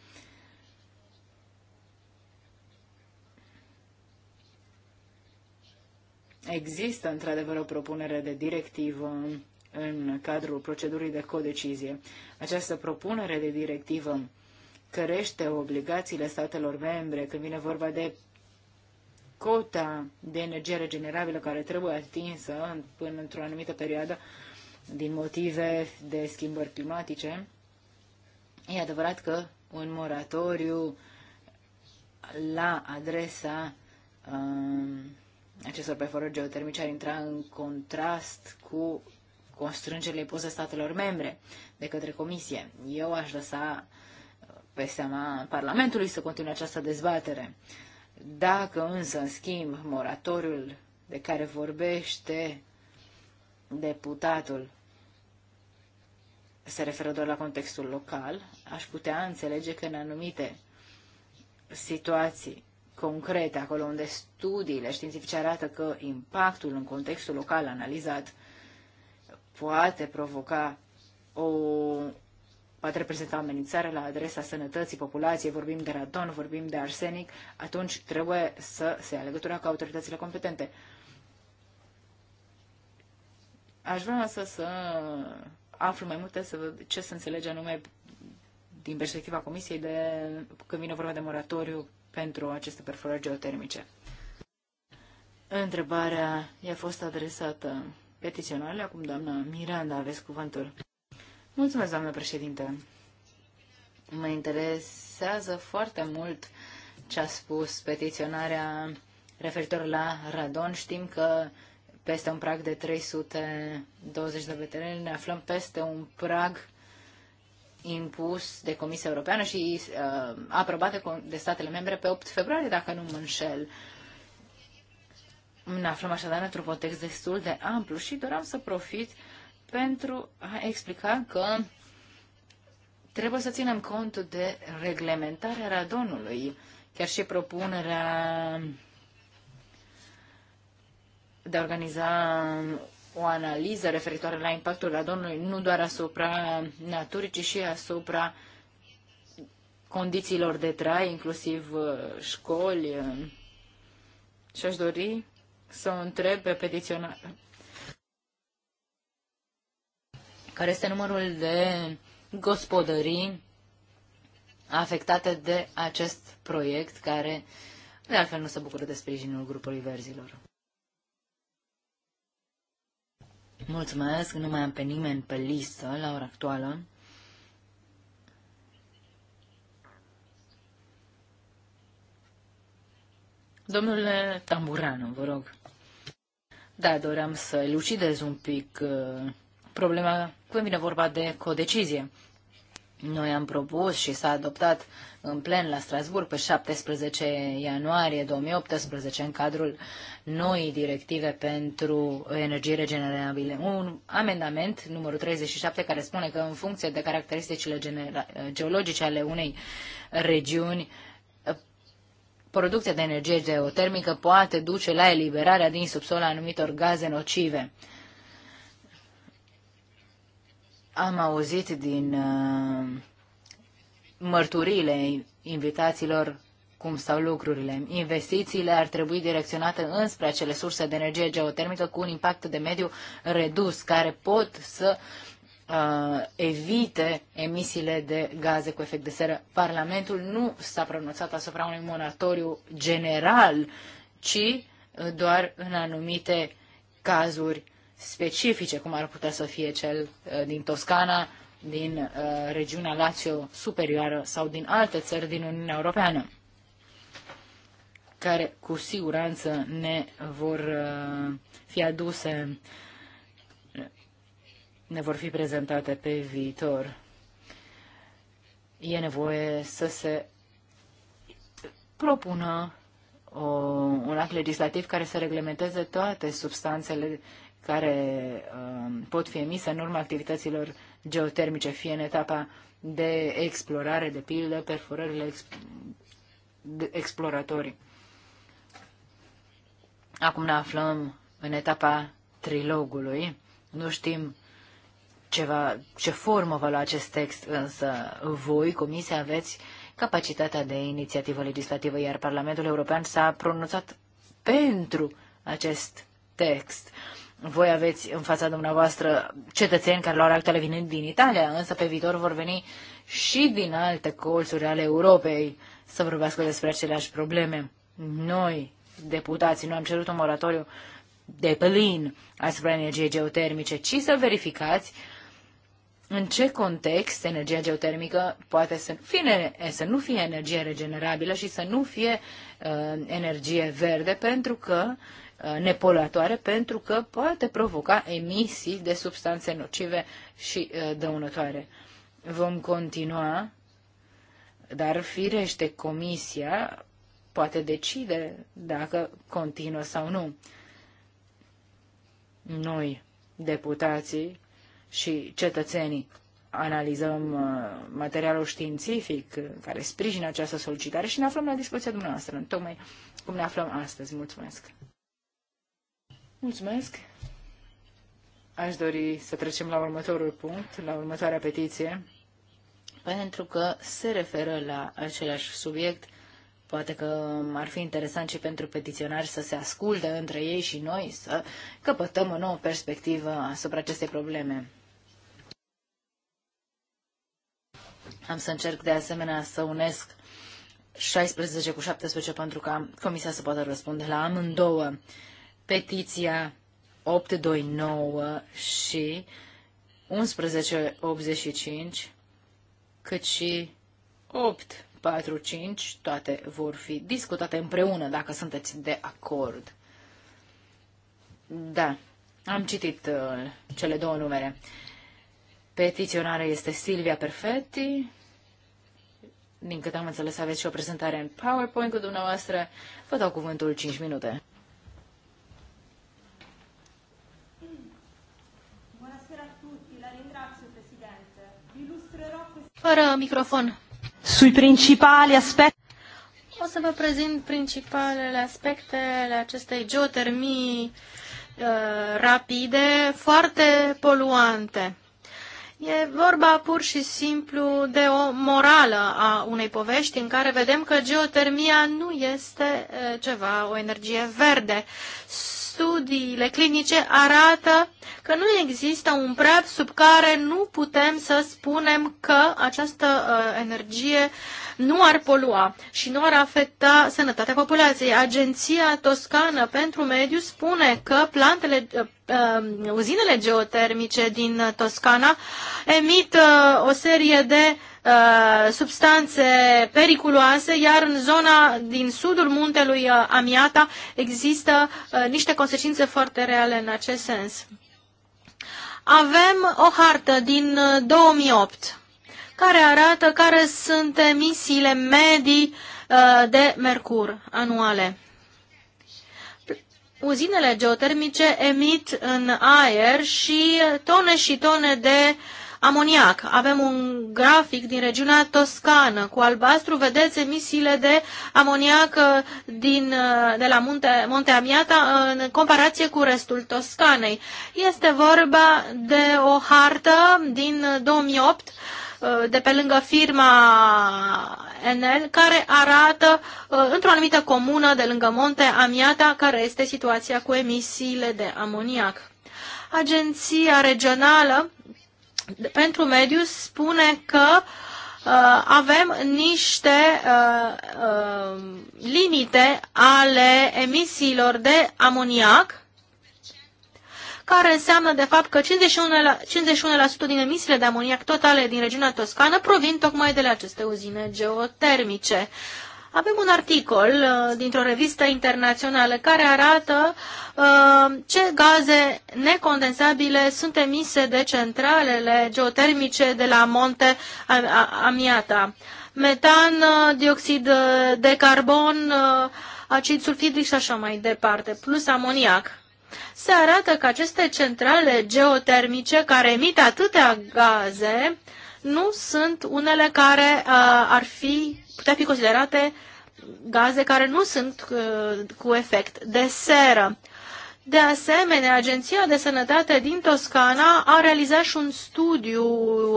Există într-adevăr o propunere de directivă în cadrul procedurii de codecizie. Această propunere de directivă cărește obligațiile statelor membre când vine vorba de cota de energie regenerabilă care trebuie atinsă până într-o anumită perioadă din motive de schimbări climatice. E adevărat că un moratoriu la adresa um, acestor perforări geotermice ar intra în contrast cu constrângerile puse statelor membre de către Comisie. Eu aș lăsa pe seama Parlamentului să continue această dezbatere. Dacă însă, în schimb, moratoriul de care vorbește deputatul se referă doar la contextul local, aș putea înțelege că în anumite situații concrete, acolo unde studiile științifice arată că impactul în contextul local analizat poate provoca o poate reprezenta amenințare la adresa sănătății populației, vorbim de radon, vorbim de arsenic, atunci trebuie să se ia legătura cu autoritățile competente. Aș vrea să, să aflu mai multe să văd ce se înțelege anume din perspectiva Comisiei de, când vine vorba de moratoriu pentru aceste perforări geotermice. Întrebarea i-a fost adresată petiționarele. Acum, doamna Miranda, aveți cuvântul. Mulțumesc, doamnă președinte. Mă interesează foarte mult ce a spus petiționarea referitor la radon. Știm că peste un prag de 320 de veterani ne aflăm peste un prag impus de Comisia Europeană și uh, aprobat de, de statele membre pe 8 februarie, dacă nu mă înșel. Uh, ne aflăm așadar într-un context destul de amplu și doream să profit pentru a explica că trebuie să ținem cont de reglementarea radonului. Chiar și propunerea de a organiza o analiză referitoare la impactul radonului, nu doar asupra naturii, ci și asupra condițiilor de trai, inclusiv uh, școli. Uh, și aș dori să o întreb pe petiționar care este numărul de gospodării afectate de acest proiect care de altfel nu se bucură de sprijinul grupului verzilor. Mulțumesc, nu mai am pe nimeni pe listă la ora actuală. Domnule Tamburanu, vă rog. Da, doream să elucidez un pic uh, problema când vine vorba de codecizie. Noi am propus și s-a adoptat în plen la Strasburg pe 17 ianuarie 2018 în cadrul noii directive pentru energie regenerabile. Un amendament, numărul 37, care spune că în funcție de caracteristicile geologice ale unei regiuni, producția de energie geotermică poate duce la eliberarea din subsol a anumitor gaze nocive. Am auzit din uh, mărturile invitaților cum stau lucrurile. Investițiile ar trebui direcționate înspre acele surse de energie geotermică cu un impact de mediu redus, care pot să uh, evite emisiile de gaze cu efect de seră. Parlamentul nu s-a pronunțat asupra unui moratoriu general, ci doar în anumite cazuri specifice, cum ar putea să fie cel uh, din Toscana, din uh, regiunea Lazio Superioară sau din alte țări din Uniunea Europeană, care cu siguranță ne vor uh, fi aduse ne vor fi prezentate pe viitor. E nevoie să se propună o, un act legislativ care să reglementeze toate substanțele care uh, pot fi emise în urma activităților geotermice, fie în etapa de explorare, de pildă, perforările ex, de, exploratorii. Acum ne aflăm în etapa trilogului. Nu știm ce, va, ce formă va lua acest text, însă voi, Comisia, aveți capacitatea de inițiativă legislativă, iar Parlamentul European s-a pronunțat pentru acest text. Voi aveți în fața dumneavoastră cetățeni care luau actele venind din Italia, însă pe viitor vor veni și din alte colțuri ale Europei să vorbească despre aceleași probleme. Noi, deputații, nu am cerut un moratoriu de plin asupra energiei geotermice, ci să verificați uh, în ce context energia geotermică poate să fie, să nu fie energie regenerabilă și să nu fie uh, energie verde pentru că uh, nepoluatoare pentru că poate provoca emisii de substanțe nocive și uh, dăunătoare. Vom continua, dar firește comisia poate decide dacă continuă sau nu. Noi, deputații, și cetățenii. Analizăm uh, materialul științific care sprijină această solicitare și ne aflăm la dispoziția dumneavoastră, tocmai cum ne aflăm astăzi. Mulțumesc! Mulțumesc! Aș dori să trecem la următorul punct, la următoarea petiție, pentru că se referă la același subiect. Poate că ar fi interesant și pentru petiționari să se asculte între ei și noi, să căpătăm o nouă perspectivă asupra acestei probleme. Am să încerc de asemenea să unesc 16 cu 17 pentru ca comisia să poată răspunde la amândouă. Petiția 829 și 1185, cât și 845, toate vor fi discutate împreună, dacă sunteți de acord. Da, am citit uh, cele două numere. Petiționarea este Silvia Perfetti, din câte am înțeles, aveți și o prezentare în PowerPoint cu dumneavoastră. Vă dau cuvântul 5 minute. Fără microfon. Sui principali aspecte. O să vă prezint principalele aspecte ale acestei geotermii uh, rapide, foarte poluante. E vorba pur și simplu de o morală a unei povești în care vedem că geotermia nu este ceva, o energie verde. Studiile clinice arată că nu există un prag sub care nu putem să spunem că această energie uh, nu ar polua și nu ar afecta sănătatea populației. Agenția Toscană pentru Mediu spune că plantele, uh, uh uzinele geotermice din Toscana emit uh, o serie de uh, substanțe periculoase, iar în zona din sudul muntelui uh, Amiata există niște consecințe foarte reale în acest sens. Avem o hartă din 2008 care arată care sunt emisiile medii uh, de mercur anuale. Uzinele geotermice emit în aer și tone și tone de amoniac. Avem un grafic din regiunea toscană. Cu albastru vedeți emisiile de amoniac uh, din, uh, de la munte, Monte Amiata în comparație cu restul Toscanei. Este vorba de o hartă din 2008 Uh, de pe lângă firma Enel, care arată uh, într-o anumită comună de lângă Monte Amiata, care este situația cu emisiile de amoniac. Agenția regională pentru mediu spune că uh, avem niște limite ale emisiilor de amoniac care înseamnă de fapt că 51%, 51 din emisiile de amoniac totale din regiunea toscană provin tocmai de la aceste uzine geotermice. Avem un articol uh, dintr-o revistă internațională care arată uh, ce gaze necondensabile sunt emise de centralele geotermice de la Monte Amiata. Metan, uh, dioxid uh, de carbon, acid sulfidric și așa mai departe, plus amoniac se arată că aceste centrale geotermice care emit atâtea gaze nu sunt unele care uh, ar fi, putea fi considerate gaze care nu sunt uh, cu efect de seră. De asemenea, Agenția de Sănătate din Toscana a realizat și un studiu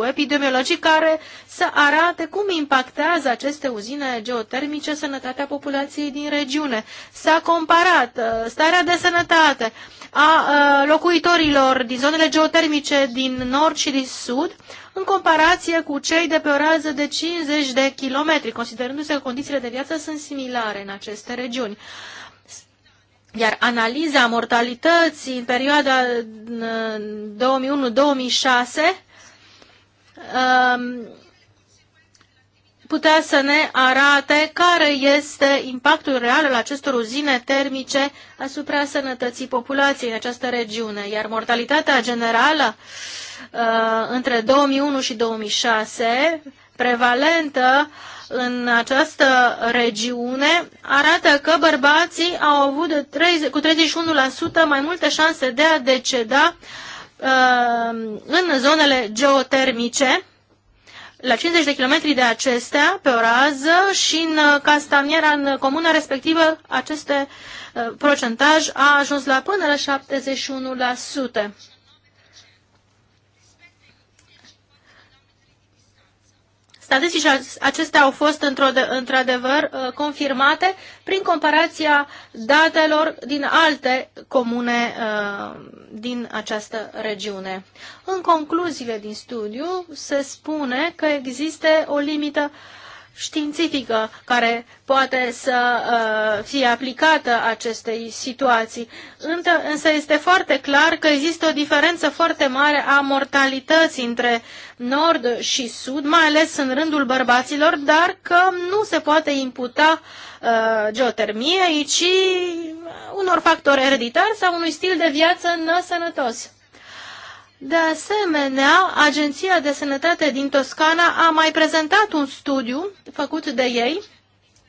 epidemiologic care să arate cum impactează aceste uzine geotermice sănătatea populației din regiune. S-a comparat uh, starea de sănătate a uh, locuitorilor din zonele geotermice din nord și din sud în comparație cu cei de pe o rază de 50 de kilometri, considerându-se că condițiile de viață sunt similare în aceste regiuni. Iar analiza mortalității în perioada 2001-2006 um, putea să ne arate care este impactul real al acestor uzine termice asupra sănătății populației în această regiune, iar mortalitatea generală uh, între 2001 și 2006 prevalentă în această regiune arată că bărbații au avut 30, cu 31% mai multe șanse de a deceda uh, în zonele geotermice la 50 de kilometri de acestea, pe o rază, și în uh, Castaniera, în comuna respectivă, aceste uh, procentaj a ajuns la până la 71%. Statistici acestea au fost într-adevăr uh, confirmate prin comparația datelor din alte comune uh, din această regiune. În concluziile din studiu se spune că există o limită uh, științifică care poate să uh, fie aplicată acestei situații. Însă este foarte clar că există o diferență foarte mare a mortalității între nord și sud, mai ales în rândul bărbaților, dar că nu se poate imputa uh, geotermiei, ci unor factori ereditari sau unui stil de viață nesănătos. De asemenea, Agenția de Sănătate din Toscana a mai prezentat un studiu făcut de ei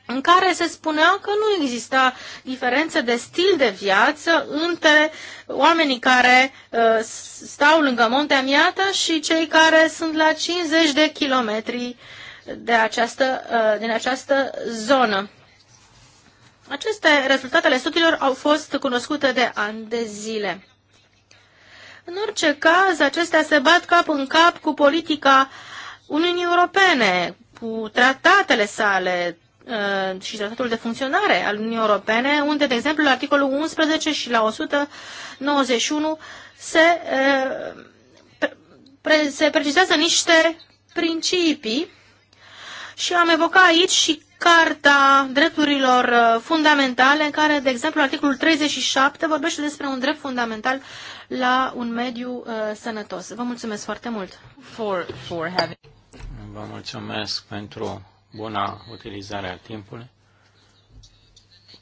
în care se spunea că nu exista diferență de stil de viață între oamenii care uh, stau lângă Montea Miata și cei care sunt la 50 de kilometri de această, uh, din această zonă. Aceste rezultatele studiilor au fost cunoscute de ani de zile. În orice caz, acestea se bat cap în cap cu politica Uniunii Europene, cu tratatele sale uh, și tratatul de funcționare al Uniunii Europene, unde, de exemplu, la articolul 11 și la 191 se, uh, pre, se precizează niște principii și am evocat aici și Carta Drepturilor uh, Fundamentale, în care, de exemplu, articolul 37 vorbește despre un drept fundamental la un mediu uh, sănătos. Vă mulțumesc foarte mult for, for having... Vă mulțumesc pentru buna utilizare a timpului.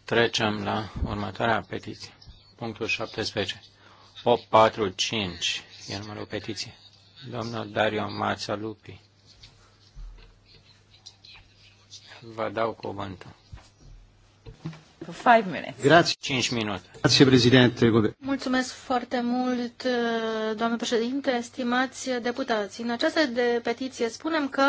Trecem la următoarea petiție. Punctul 17. 845 e numărul petiției. Domnul Dario Lupi. Vă dau cuvântul. Grazie. 5 minute. Grazie, Mulțumesc foarte mult, doamnă președinte, stimați deputați. În această de petiție spunem că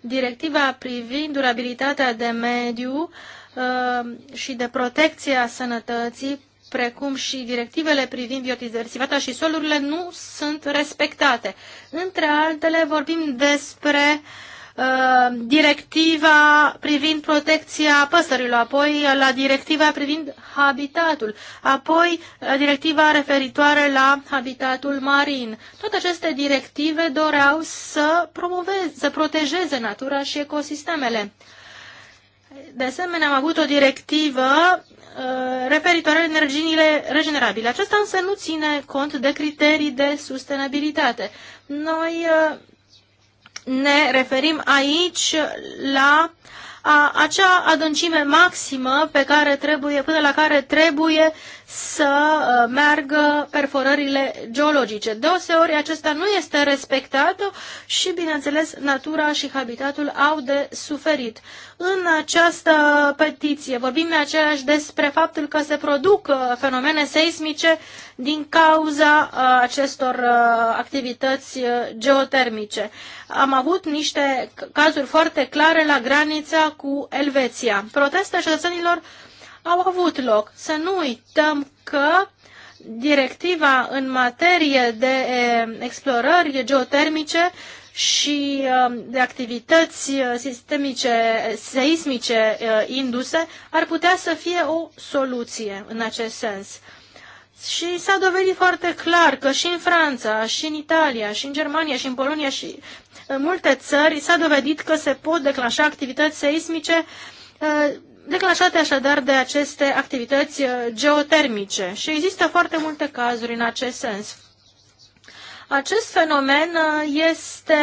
directiva privind durabilitatea de mediu uh, și de protecție a sănătății precum și directivele privind biodiversitatea și solurile, nu sunt respectate. Între altele, vorbim despre uh, Uh, directiva privind protecția păsărilor, apoi la directiva privind habitatul, apoi la directiva referitoare la habitatul marin. Toate aceste directive doreau să promoveze, să protejeze natura și ecosistemele. De asemenea, am avut o directivă uh, referitoare la energiile regenerabile. Aceasta însă nu ține cont de criterii de sustenabilitate. Noi uh, ne referim aici la a, acea adâncime maximă pe care trebuie, până la care trebuie să uh, meargă perforările geologice. Deoseori acesta nu este respectat și, bineînțeles, natura și habitatul au de suferit. În această petiție vorbim de aceeași despre faptul că se produc uh, fenomene seismice din cauza uh, acestor activități geotermice. Am avut niște cazuri foarte clare la granița cu Elveția. Protestul cetățenilor au avut loc. Să nu uităm că directiva în materie de explorări geotermice și de activități sistemice, seismice induse ar putea să fie o soluție în acest sens. Și s-a dovedit foarte clar că și în Franța, și în Italia, și în Germania, și în Polonia, și în multe țări s-a dovedit că se pot declanșa activități seismice declanșate așadar de aceste activități uh, geotermice și există foarte multe cazuri în acest sens. Acest fenomen uh, este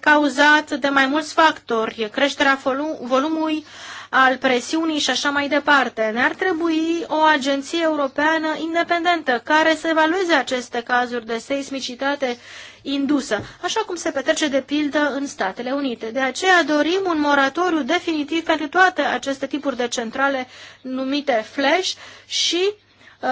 cauzat de mai mulți factori, creșterea volumului al presiunii și așa mai departe. Ne-ar trebui o agenție europeană independentă care să evalueze aceste cazuri de seismicitate indusă, așa cum se petrece de pildă în Statele Unite. De aceea dorim un moratoriu definitiv pentru toate aceste tipuri de centrale numite flash și uh,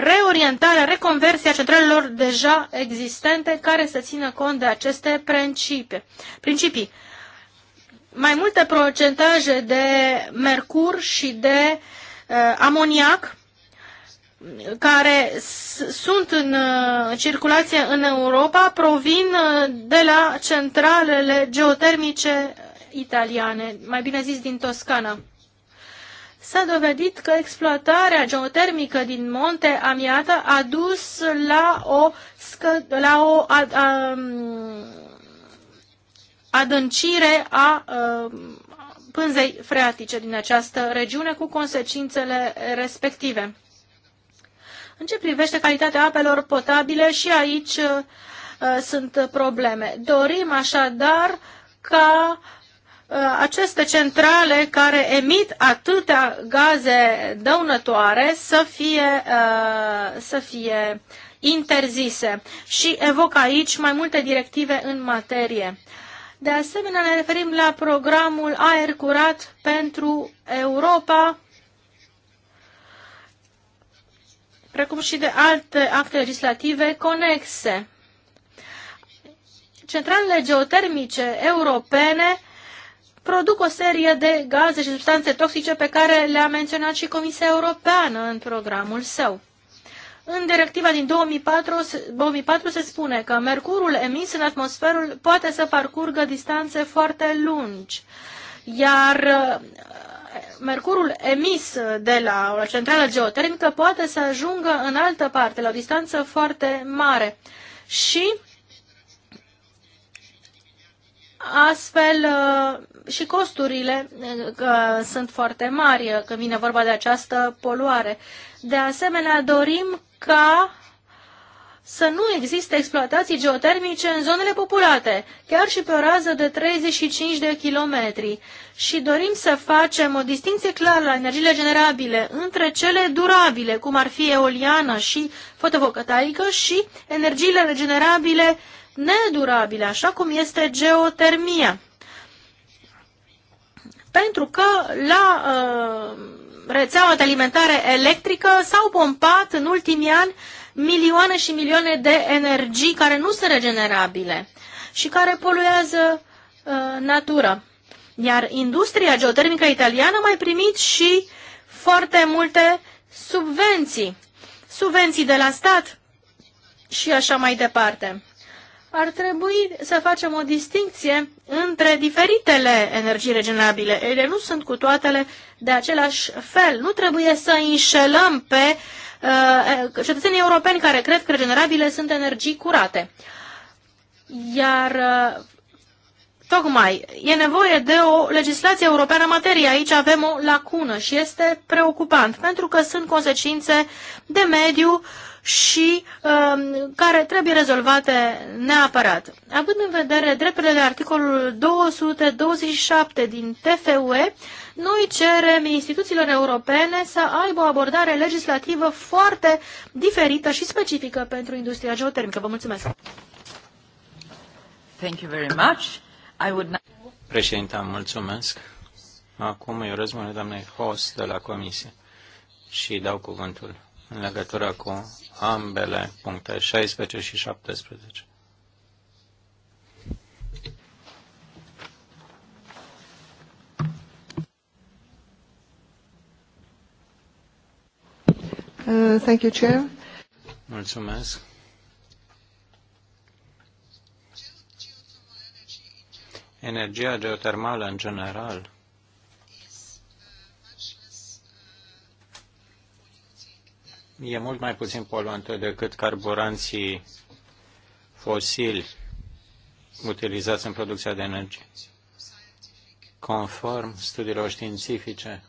reorientarea, reconversia centralelor deja existente care să țină cont de aceste principii. principii. Mai multe procentaje de mercur și de uh, amoniac care sunt în uh, circulație în Europa provin uh, de la centralele geotermice italiane, mai bine zis din Toscana. S-a dovedit că exploatarea geotermică din Monte Amiata a dus la o, scă, la o a, a, um, adâncire a, a um, pânzei freatice din această regiune cu consecințele respective. În ce privește calitatea apelor potabile și aici uh, uh sunt probleme. Dorim așadar ca uh, aceste centrale care emit atâtea gaze dăunătoare să fie, uh, să fie interzise și evoc aici mai multe directive în materie. De asemenea, ne referim la programul Aer Curat pentru Europa, precum și de alte acte legislative conexe. Centralele geotermice europene produc o serie de gaze și substanțe toxice pe care le-a menționat și Comisia Europeană în programul său. În directiva din 2004, 2004 se spune că mercurul emis în atmosferă poate să parcurgă distanțe foarte lungi, iar mercurul emis de la o centrală geotermică poate să ajungă în altă parte, la o distanță foarte mare. Și Astfel, uh, și costurile uh, uh, sunt foarte mari când vine vorba de această poluare. De asemenea, dorim ca să nu existe exploatații geotermice în zonele populate, chiar și pe o rază de 35 de kilometri. Și dorim să facem o distinție clară la energiile generabile între cele durabile, cum ar fi eoliană și fotovoltaică, și energiile regenerabile nedurabile, așa cum este geotermia. Pentru că la uh, rețeaua de alimentare electrică s-au pompat în ultimii ani uh, milioane și milioane de energii care nu sunt regenerabile și care poluează uh, natura. Iar industria geotermică italiană a mai primit și foarte multe subvenții. Subvenții de la stat și așa mai departe. Ar trebui să facem o distinție între diferitele energii regenerabile. Ele nu sunt cu toatele de același fel. Nu trebuie să înșelăm pe Uh, uh, cetățenii europeni care cred că regenerabile sunt energii curate. Iar uh, Tocmai, e nevoie de o legislație europeană în materie. Aici avem o lacună și este preocupant, pentru că sunt consecințe de mediu și uh, care trebuie rezolvate neapărat. Având în vedere drepturile de articolul 227 din TFUE, noi cerem instituțiilor europene să aibă o abordare legislativă foarte diferită și specifică pentru industria geotermică. Vă mulțumesc! Thank you very much. I would not... Președinte, mulțumesc. Acum îi urez doamnei host de la Comisie și dau cuvântul în legătură cu ambele puncte 16 și 17. Uh, thank you, Chair. Mulțumesc. Energia geotermală în general e mult mai puțin poluantă decât carburanții fosili utilizați în producția de energie. Conform studiilor științifice,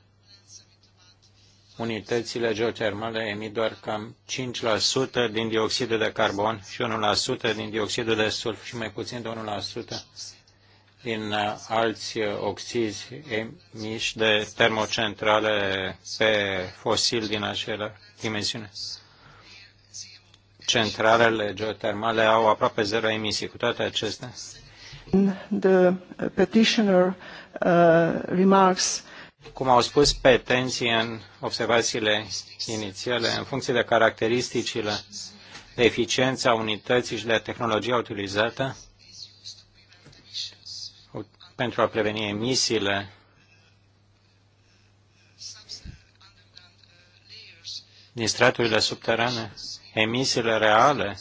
unitățile geotermale emit doar cam 5% din dioxidul de carbon și 1% din dioxidul de sulf și mai puțin de 1% din uh, alți oxizi emiși de termocentrale pe fosil din acele dimensiune. Centralele geotermale au aproape zero emisii, cu toate acestea. The petitioner uh, remarks cum au spus petenții în observațiile inițiale, în funcție de caracteristicile de eficiență a unității și de tehnologia utilizată pentru a preveni emisiile din straturile subterane, emisiile reale,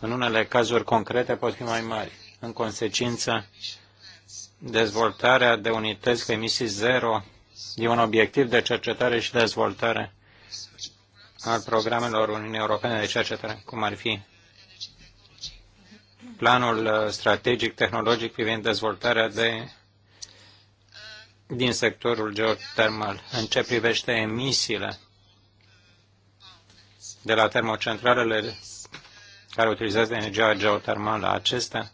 în unele cazuri concrete, pot fi mai mari. În consecință, dezvoltarea de unități cu emisii zero e un obiectiv de cercetare și dezvoltare al programelor Uniunii Europene de cercetare, cum ar fi planul uh, strategic tehnologic privind dezvoltarea de din sectorul geotermal. În ce privește emisiile de la termocentralele care utilizează energia geotermală, acestea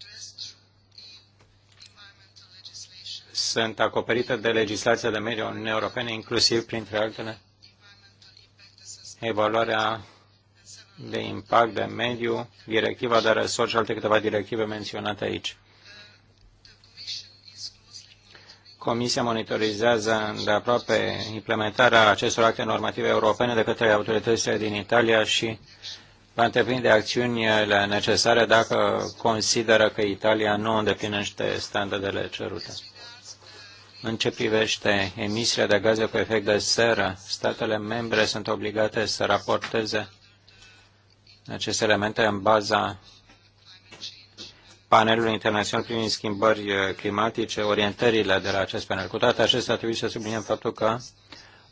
sunt acoperite de legislația de mediu a Uniunii Europene, inclusiv, printre altele, evaluarea de impact de mediu, directiva de resort și alte câteva directive menționate aici. Comisia monitorizează de aproape implementarea acestor acte normative europene de către autoritățile din Italia și va întreprinde acțiunile necesare dacă consideră că Italia nu îndeplinește standardele cerute. În ce privește emisiile de gaze cu efect de seră, statele membre sunt obligate să raporteze aceste elemente în baza panelului internațional privind schimbări eh, climatice, orientările de la acest panel. Cu toate acestea, trebuie să subliniem faptul că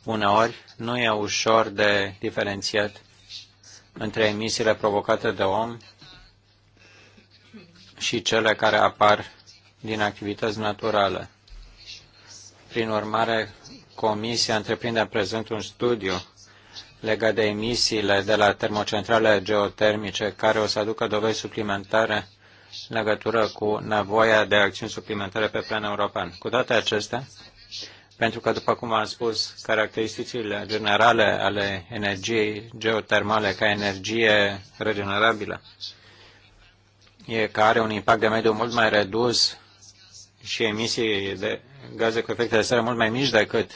uneori nu e ușor de diferențiat între emisiile provocate de om și cele care apar din activități naturale. Prin urmare, Comisia întreprinde în prezent un studiu legat de emisiile de la termocentrale geotermice care o să aducă dovezi suplimentare în legătură cu nevoia de acțiuni suplimentare pe plan european. Cu toate acestea, pentru că, după cum am spus, caracteristicile generale ale energiei geotermale ca energie regenerabilă e că are un impact de mediu mult mai redus și emisii de gaze cu efecte de seră mult mai mici decât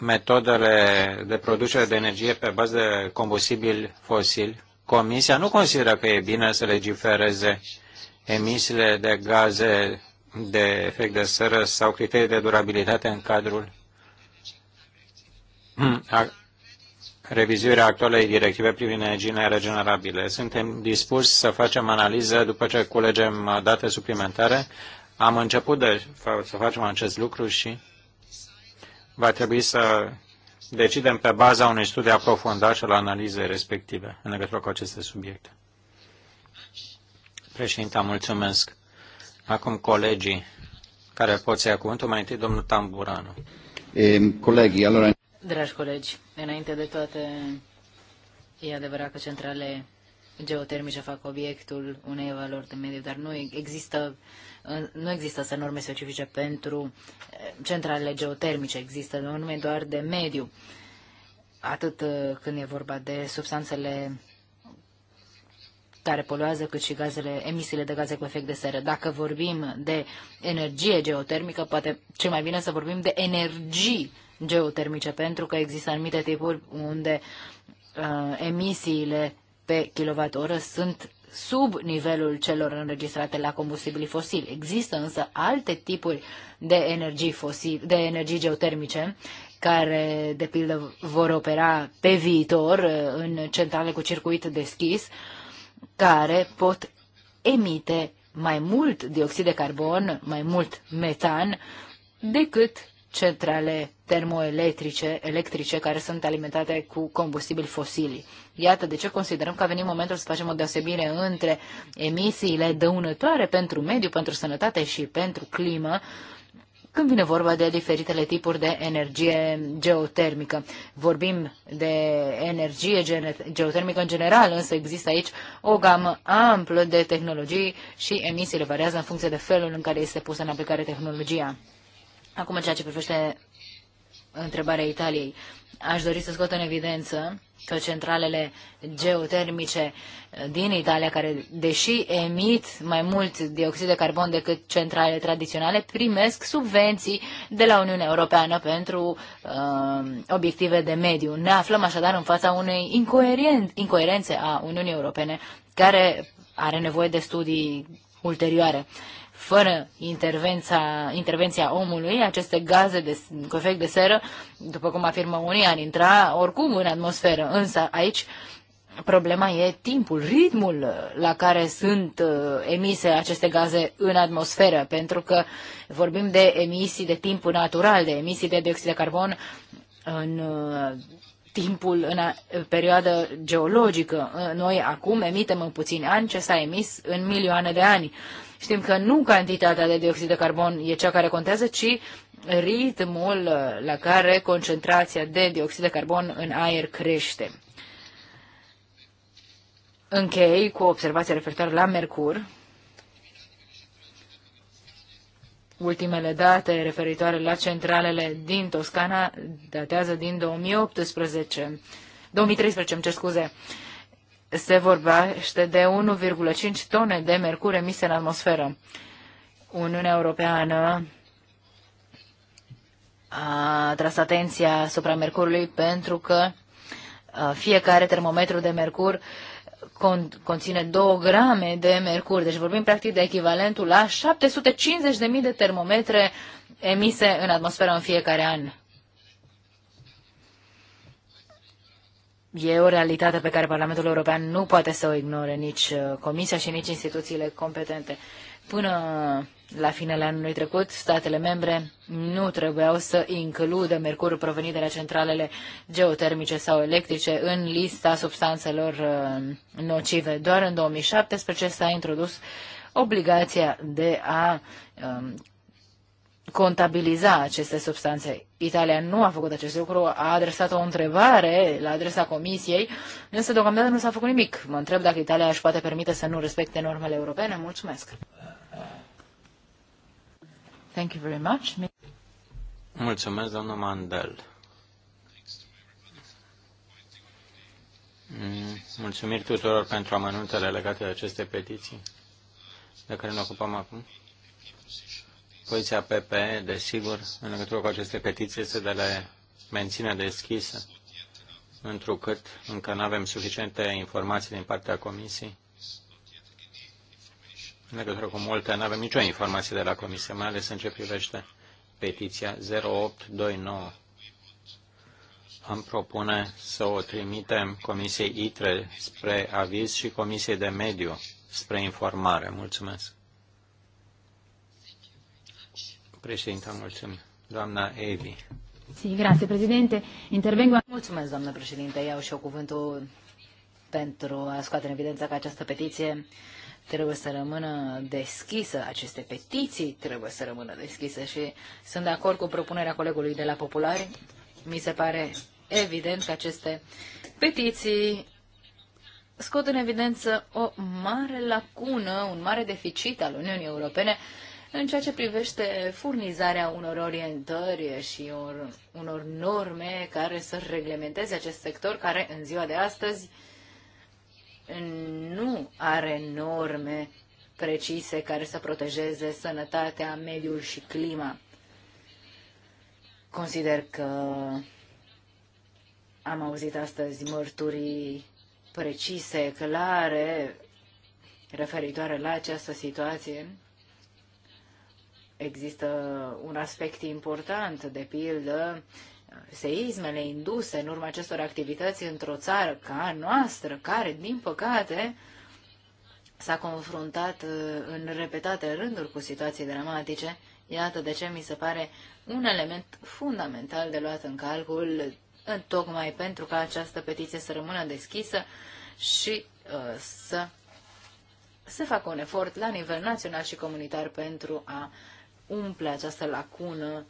metodele de producere de energie pe bază de combustibil fosil, Comisia nu consideră că e bine să legifereze emisiile de gaze de efect de seră sau criterii de durabilitate în cadrul a revizuirea actualei directive privind energiile regenerabile. Suntem dispuși să facem analiză după ce culegem date suplimentare am început de, să facem acest lucru și va trebui să decidem pe baza unui studiu aprofundat și la analize respective în legătură cu aceste subiecte. Președinte, mulțumesc. Acum colegii care pot să ia cuvântul, mai întâi domnul Tamburanu. E, colegii, alora... Dragi colegi, înainte de toate, e adevărat că centrale geotermice fac obiectul unei valori de mediu, dar nu există nu există să norme specifice pentru eh, centralele geotermice, există norme doar de mediu. Atât eh, când e vorba de substanțele care poluează, cât și gazele, emisiile de gaze cu efect de seră. Dacă vorbim de energie geotermică, poate cel mai bine să vorbim de energii geotermice, pentru că există anumite tipuri unde uh, emisiile pe kilowatt sunt sub nivelul celor înregistrate la combustibili fosili. Există însă alte tipuri de energii, fosil, de energii geotermice care, de pildă, vor opera pe viitor uh, în centrale cu circuit deschis, care pot emite mai mult dioxid de carbon, mai mult metan, decât centrale termoelectrice electrice care sunt alimentate cu combustibili fosili. Iată de ce considerăm că a venit momentul să facem o deosebire între emisiile dăunătoare pentru mediu, pentru sănătate și pentru climă, când vine vorba de diferitele tipuri de energie geotermică. Vorbim de energie geotermică în general, însă există aici o gamă amplă de tehnologii și emisiile variază în funcție de felul în care este pusă în aplicare tehnologia. Acum, în ceea ce privește întrebarea Italiei, aș dori să scot în evidență că centralele geotermice din Italia, care deși emit mai mult dioxid de carbon decât centralele tradiționale, primesc subvenții de la Uniunea Europeană pentru uh, obiective de mediu. Ne aflăm așadar în fața unei incoerențe a Uniunii Europene, care are nevoie de studii ulterioare. Uh, fără intervenția, intervenția omului, aceste gaze de, cu efect de seră, după cum afirmă unii, ar intra oricum în atmosferă. Însă aici problema e timpul, ritmul la care sunt uh, emise aceste gaze în atmosferă, pentru că vorbim de emisii de timp natural, de emisii de dioxid de carbon în uh, timpul, în a, uh, perioadă geologică. Noi acum emitem în puțini ani ce s-a emis în milioane de ani. Știm că nu cantitatea de dioxid de carbon e cea care contează, ci ritmul la care concentrația de dioxid de carbon în aer crește. Închei cu observația referitoare la mercur. Ultimele date referitoare la centralele din Toscana datează din 2018. 2013, îmi cer scuze se vorbește de 1,5 tone de mercur emise în atmosferă. Uniunea Europeană a tras atenția asupra mercurului pentru că fiecare termometru de mercur conține 2 grame de mercur. Deci vorbim practic de echivalentul la 750.000 de termometre emise în atmosferă în fiecare an. E o realitate pe care Parlamentul European nu poate să o ignore, nici uh, Comisia și nici instituțiile competente. Până uh, la finele anului trecut, statele membre nu trebuiau să includă mercurul provenit de la centralele geotermice sau electrice în lista substanțelor uh, nocive. Doar în 2017 s-a introdus obligația de a um, contabiliza aceste substanțe. Italia nu a făcut acest lucru, a adresat o întrebare la adresa Comisiei, însă deocamdată nu s-a făcut nimic. Mă întreb dacă Italia își poate permite să nu respecte normele europene. Mulțumesc! Thank you very much. Mulțumesc, doamnă Mandel. Mm, mulțumiri tuturor pentru amănuntele legate de aceste petiții de care ne ocupăm acum. Poziția PPE, desigur, în legătură cu aceste petiții, este de la menține deschisă, întrucât încă nu avem suficiente informații din partea Comisiei. În legătură cu multe, nu avem nicio informație de la Comisie, mai ales în ce privește petiția 0829. Am propune să o trimitem Comisiei ITRE spre aviz și Comisiei de Mediu spre informare. Mulțumesc. Președinte, mulțumim. Doamna Evi. Si, grazie, președinte. Intervengo... Mulțumesc, doamnă președinte. Iau și eu cuvântul pentru a scoate în evidență că această petiție trebuie să rămână deschisă, aceste petiții trebuie să rămână deschise și sunt de acord cu propunerea colegului de la Populari. Mi se pare evident că aceste petiții scot în evidență o mare lacună, un mare deficit al Uniunii Europene în ceea ce privește furnizarea unor orientări și or, unor norme care să reglementeze acest sector, care în ziua de astăzi nu are norme precise care să protejeze sănătatea, mediul și clima. Consider că am auzit astăzi mărturii precise, clare, referitoare la această situație Există un aspect important, de pildă, seismele induse în urma acestor activități într-o țară ca a noastră, care, din păcate, s-a confruntat uh, în repetate rânduri cu situații dramatice. Iată de ce mi se pare un element fundamental de luat în calcul, în tocmai pentru ca această petiție să rămână deschisă și uh, să se facă un efort la nivel național și comunitar pentru a uh, umple această lacună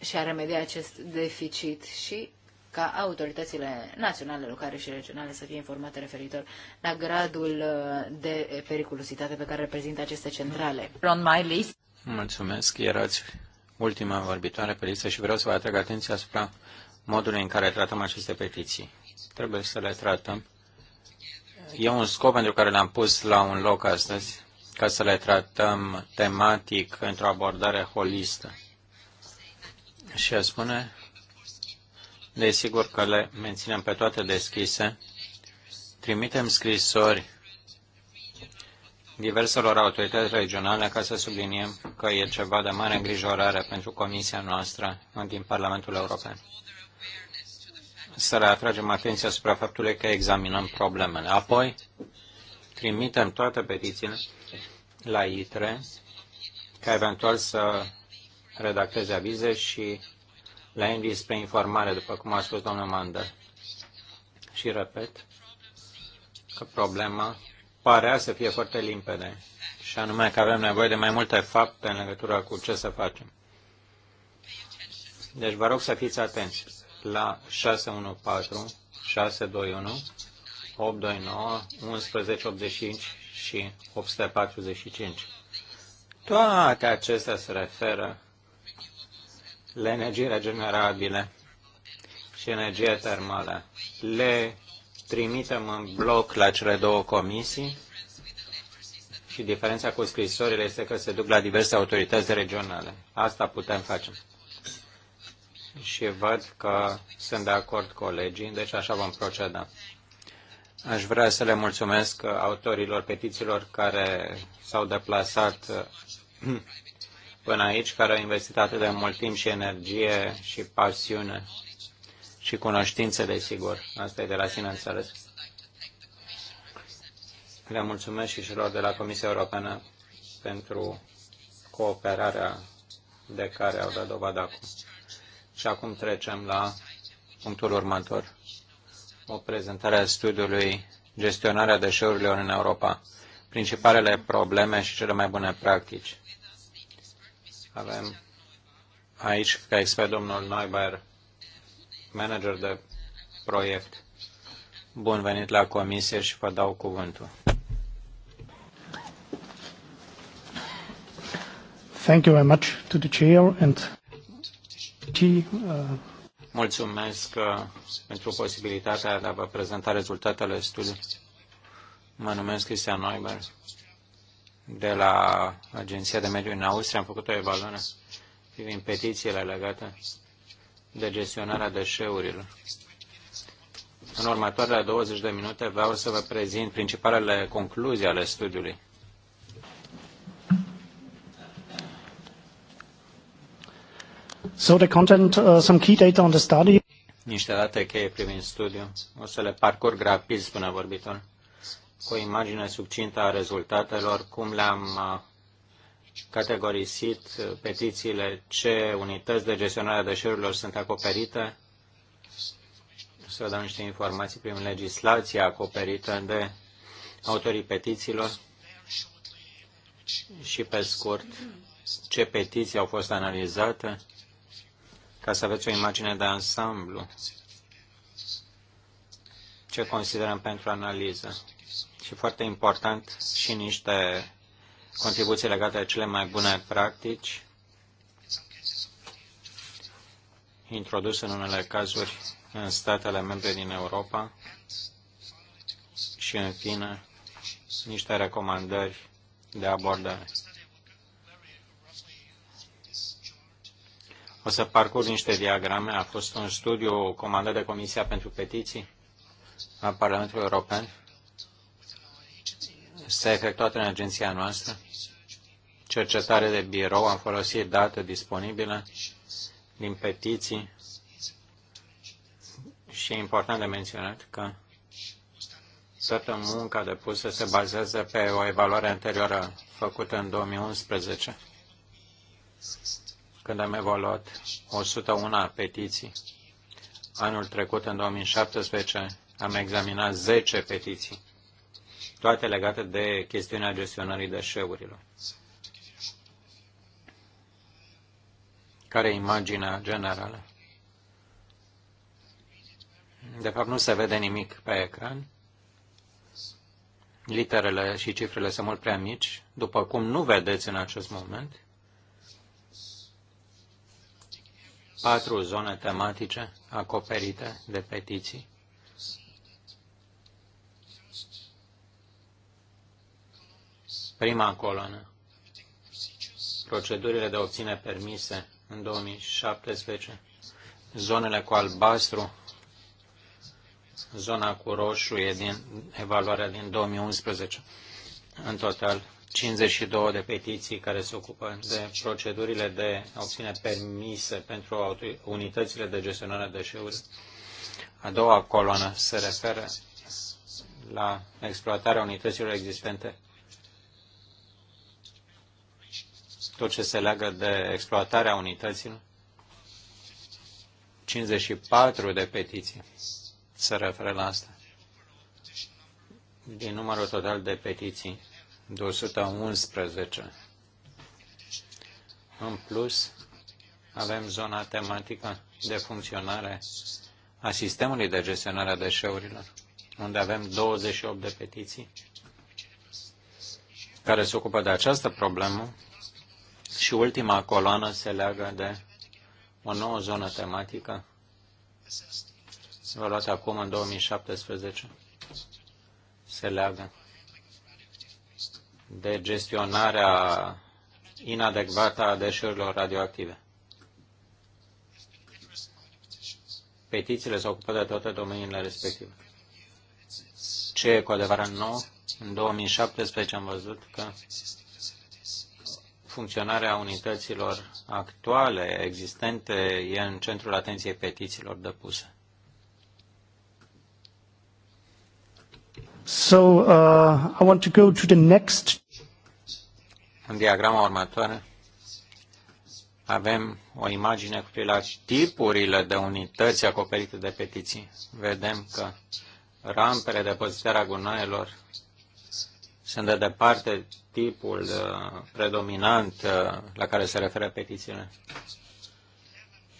și a remedia acest deficit și ca autoritățile naționale, locale și regionale să fie informate referitor la gradul uh, de periculositate pe care reprezintă aceste centrale. On my list. Mulțumesc, erați ultima vorbitoare pe listă și vreau să vă atrag atenția asupra modului în care tratăm aceste petiții. Trebuie să le tratăm. E un scop pentru care le-am pus la un loc astăzi, ca să le tratăm tematic într-o abordare holistă. Și a spune, desigur că le menținem pe toate deschise, trimitem scrisori diverselor autorități regionale ca să subliniem că e ceva de mare îngrijorare pentru Comisia noastră din Parlamentul European. Să le atragem atenția asupra faptului că examinăm problemele. Apoi, trimitem toate petițiile la ITRE ca eventual să redacteze avize și la Indy spre informare, după cum a spus domnul Mandă. Și repet că problema pare să fie foarte limpede și anume că avem nevoie de mai multe fapte în legătură cu ce să facem. Deci vă rog să fiți atenți la 614, 621, 829, 1185 și 845. Toate acestea se referă la energie regenerabile și energie termală. Le trimitem în bloc la cele două comisii și diferența cu scrisorile este că se duc la diverse autorități regionale. Asta putem face. Și văd că sunt de acord colegii, deci așa vom proceda. Aș vrea să le mulțumesc autorilor petițiilor care s-au deplasat până aici, care au investit atât de mult timp și energie și pasiune și cunoștințe, desigur. Asta e de la sine înțeles. Le mulțumesc și celor de la Comisia Europeană pentru cooperarea de care au dat dovadă acum. Și acum trecem la punctul următor o prezentare a studiului Gestionarea deșeurilor în Europa, principalele probleme și cele mai bune practici. Avem aici ca expert domnul Neubauer, manager de proiect. Bun venit la comisie și vă dau cuvântul. Thank you very much to the chair and uh, Mulțumesc uh, pentru posibilitatea de a vă prezenta rezultatele studiului. Mă numesc Cristian Neuber de la Agenția de Mediu în Austria. Am făcut o evaluare privind petițiile legate de gestionarea deșeurilor. În următoarele 20 de minute vreau să vă prezint principalele concluzii ale studiului. So the content, uh, some key data on the study. Niște date cheie privind studiu. O să le parcurg rapid, spune vorbitor, cu o imagine succintă a rezultatelor, cum le-am uh, categorisit uh, petițiile, ce unități de gestionare a deșeurilor sunt acoperite, să vă dau niște informații prin legislația acoperită de autorii petițiilor și, pe scurt, ce petiții au fost analizate ca să aveți o imagine de ansamblu ce considerăm pentru analiză. Și foarte important și niște contribuții legate de cele mai bune practici introduse în unele cazuri în statele membre din Europa și, în fine, niște recomandări de abordare. O să parcurg niște diagrame. A fost un studiu comandat de Comisia pentru Petiții a Parlamentului European. S-a efectuat în agenția noastră. Cercetare de birou. Am folosit date disponibile din petiții. Și e important de menționat că toată munca depusă se bazează pe o evaluare anterioară făcută în 2011 când am evaluat 101 petiții. Anul trecut, în 2017, am examinat 10 petiții, toate legate de chestiunea gestionării deșeurilor. Care e imaginea generală? De fapt, nu se vede nimic pe ecran. Literele și cifrele sunt mult prea mici, după cum nu vedeți în acest moment. patru zone tematice acoperite de petiții. Prima coloană. Procedurile de obține permise în 2017. Zonele cu albastru. Zona cu roșu e din evaluarea din 2011. În total, 52 de petiții care se ocupă de procedurile de obține permise pentru unitățile de gestionare de deșeuri. A doua coloană se referă la exploatarea unităților existente. Tot ce se leagă de exploatarea unităților. 54 de petiții se referă la asta. Din numărul total de petiții 211. În plus, avem zona tematică de funcționare a sistemului de gestionare a deșeurilor, unde avem 28 de petiții care se ocupă de această problemă și ultima coloană se leagă de o nouă zonă tematică evaluată acum în 2017. Se leagă de gestionarea inadecvată a deșeurilor radioactive. Petițiile se ocupă de toate domeniile respective. Ce e cu adevărat nou? În 2017 am văzut că funcționarea unităților actuale, existente, e în centrul atenției petițiilor depuse. So, uh, I want to go to the next în diagrama următoare avem o imagine cu prilaci tipurile de unități acoperite de petiții. Vedem că rampele de pozitare a gunoaielor sunt de departe tipul uh, predominant uh, la care se referă petițiile.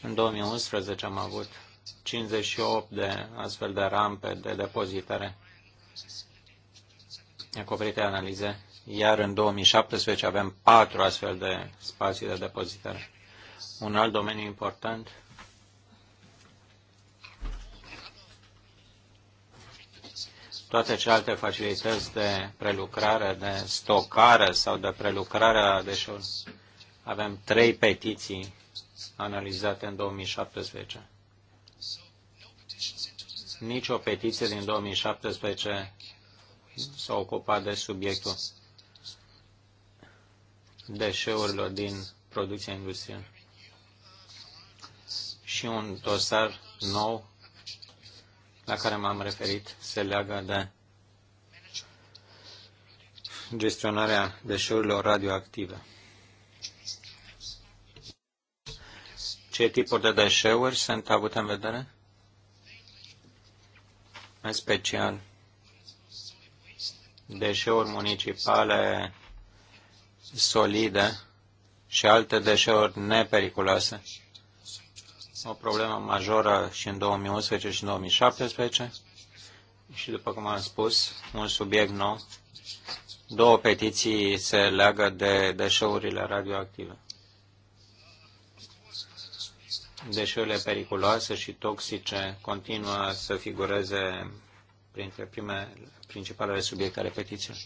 În 2011 am avut 58 de astfel de rampe de depozitare acoperite analize iar în 2017 avem patru astfel de spații de depozitare. Un alt domeniu important toate celelalte facilități de prelucrare, de stocare sau de prelucrare a deșeurilor. Avem trei petiții analizate în 2017. Nici o petiție din 2017 s-a ocupat de subiectul deșeurilor din producția industrială. Și un dosar nou la care m-am referit se leagă de gestionarea deșeurilor radioactive. Ce tipuri de deșeuri sunt avute în vedere? În special, deșeuri municipale, solide și alte deșeuri nepericuloase. O problemă majoră și în 2011 și în 2017 și, după cum am spus, un subiect nou. Două petiții se leagă de deșeurile radioactive. Deșeurile periculoase și toxice continuă să figureze printre primele principalele subiecte ale petiției.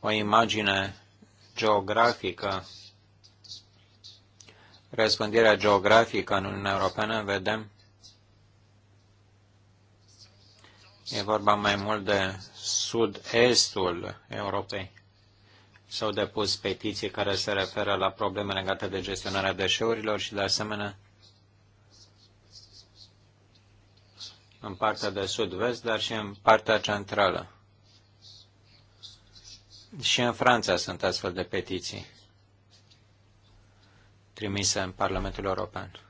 O imagine geografică, răspândirea geografică în Uniunea Europeană, vedem, e vorba mai mult de sud-estul Europei. S-au depus petiții care se referă la probleme legate de gestionarea deșeurilor și, de asemenea, în partea de sud-vest, dar și în partea centrală. Și în Franța sunt astfel de petiții trimise în Parlamentul European.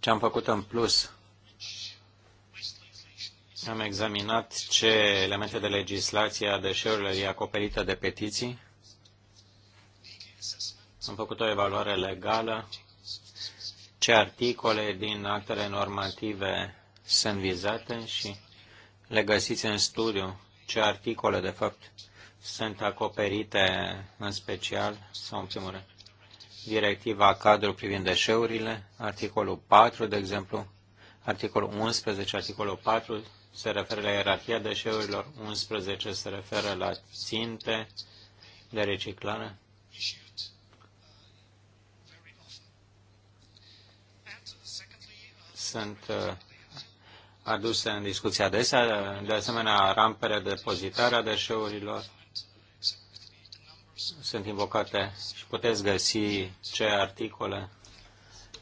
Ce am făcut în plus? Am examinat ce elemente de legislație a deșeurilor e acoperită de petiții. Am făcut o evaluare legală. Ce articole din actele normative sunt vizate și le găsiți în studiu, ce articole, de fapt, sunt acoperite în special, sau în primul rând, directiva cadru privind deșeurile, articolul 4, de exemplu, articolul 11, articolul 4 se referă la ierarhia deșeurilor, 11 se referă la ținte de reciclare. Sunt uh, aduse în discuție adesea, de asemenea rampele de depozitare a deșeurilor sunt invocate și puteți găsi ce articole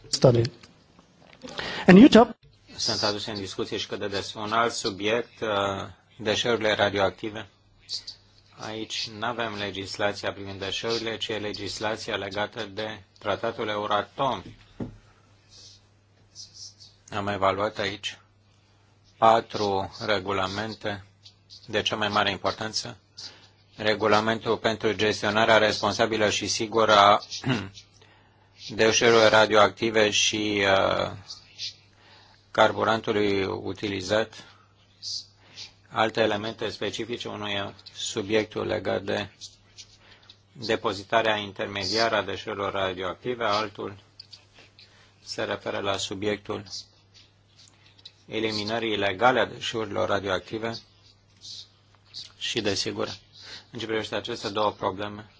study. And Utah... Sunt aduse în discuție și cât de des. Un alt subiect, uh, deșeurile radioactive. Aici nu avem legislația privind deșeurile, ci e legislația legată de tratatul Euratom. Am evaluat aici patru regulamente de cea mai mare importanță. Regulamentul pentru gestionarea responsabilă și sigură a deșeurilor radioactive și uh, carburantului utilizat. Alte elemente specifice, unul e subiectul legat de depozitarea intermediară a deșeurilor radioactive, altul se referă la subiectul eliminării ilegale a deșeurilor radioactive și, desigur, în ce privește aceste două probleme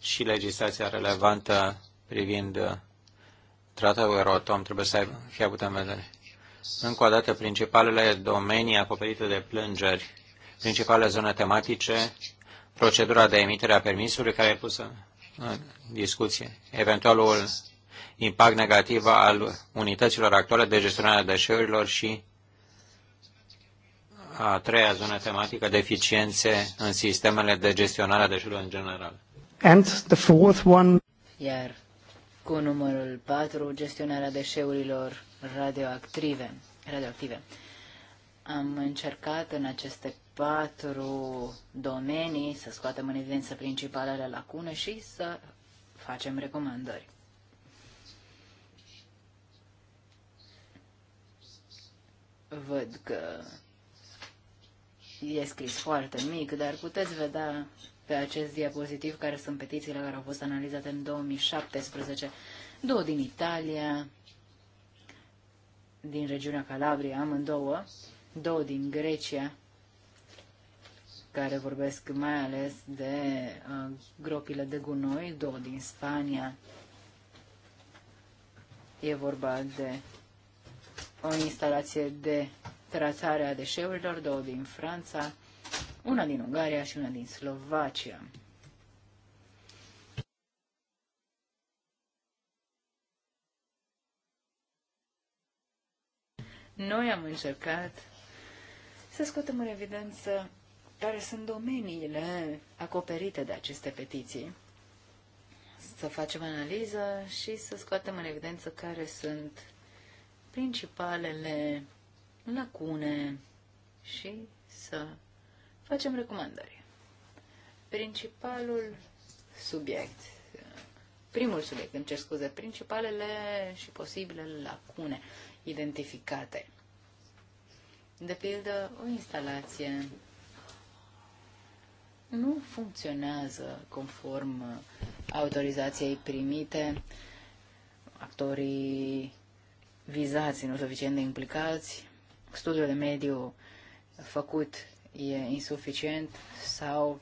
și legislația relevantă privind tratatul Euroatom trebuie să fie avut în vedere. Încă o dată, principalele domenii acoperite de plângeri, principale zone tematice, procedura de emitere a permisului care e pusă în discuție, eventualul impact negativ al unităților actuale de gestionare a deșeurilor și a treia zonă tematică, deficiențe în sistemele de gestionare a deșeurilor în general. And the fourth one... Iar cu numărul 4, gestionarea deșeurilor radioactive. radioactive. Am încercat în aceste patru domenii să scoatem în evidență principalele lacune și să facem recomandări. Văd că e scris foarte mic, dar puteți vedea pe acest diapozitiv care sunt petițiile care au fost analizate în 2017, două din Italia, din regiunea Calabria, amândouă, două din Grecia, care vorbesc mai ales de uh, gropile de gunoi, două din Spania. E vorba de o instalație de tratare a deșeurilor, două din Franța, una din Ungaria și una din Slovacia. Noi am încercat să scotem în evidență care sunt domeniile acoperite de aceste petiții, să facem analiză și să scoatem în evidență care sunt principalele lacune și să facem recomandări. Principalul subiect, primul subiect, îmi cer scuze, principalele și posibilele lacune identificate. De pildă, o instalație nu funcționează conform autorizației primite. Actorii vizați, nu suficient de implicați, studiul de mediu făcut e insuficient sau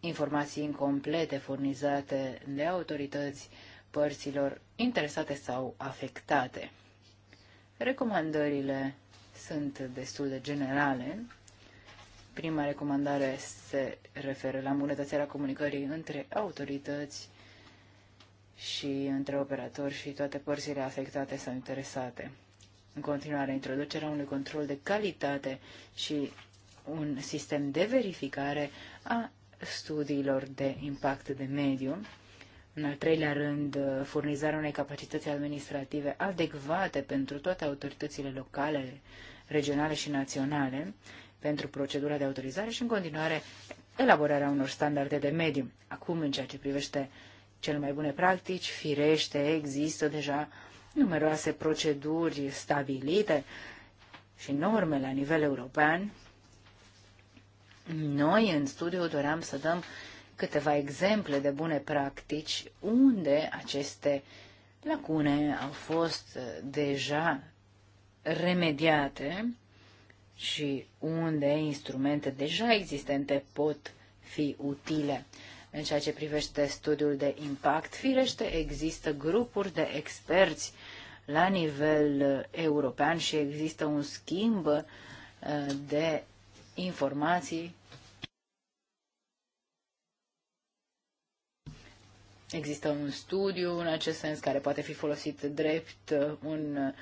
informații incomplete furnizate de autorități părților interesate sau afectate. Recomandările sunt destul de generale. Prima recomandare se referă la îmbunătățirea comunicării între autorități și între operatori și toate părțile afectate sau interesate. În continuare, introducerea unui control de calitate și un sistem de verificare a studiilor de impact de mediu. În al treilea rând, furnizarea unei capacități administrative adecvate pentru toate autoritățile locale, regionale și naționale pentru procedura de autorizare și, în continuare, elaborarea unor standarde de mediu. Acum, în ceea ce privește cele mai bune practici, firește, există deja numeroase proceduri stabilite și norme la nivel european. Noi, în studiu, doream să dăm câteva exemple de bune practici unde aceste lacune au fost uh, deja remediate și unde instrumente deja existente pot fi utile. În ceea ce privește studiul de impact, firește, există grupuri de experți la nivel uh, european și există un schimb uh, de informații. Există un studiu în acest sens care poate fi folosit drept uh, un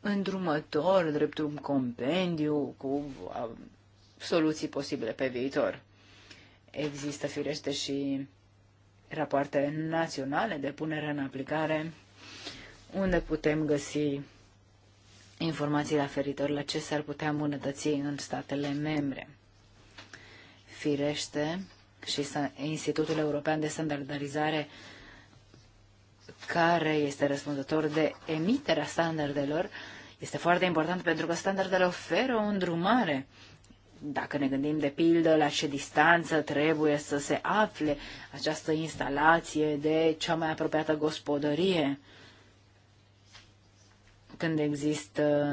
îndrumător, drept un compendiu cu soluții posibile pe viitor. Există firește și rapoarte naționale de punere în aplicare, unde putem găsi informații referitor la ce s-ar putea îmbunătăți în statele membre. Firește și Institutul European de Standardizare, care este răspunzător de emiterea standardelor, este foarte important pentru că standardele oferă o îndrumare dacă ne gândim de pildă la ce distanță trebuie să se afle această instalație de cea mai apropiată gospodărie, când există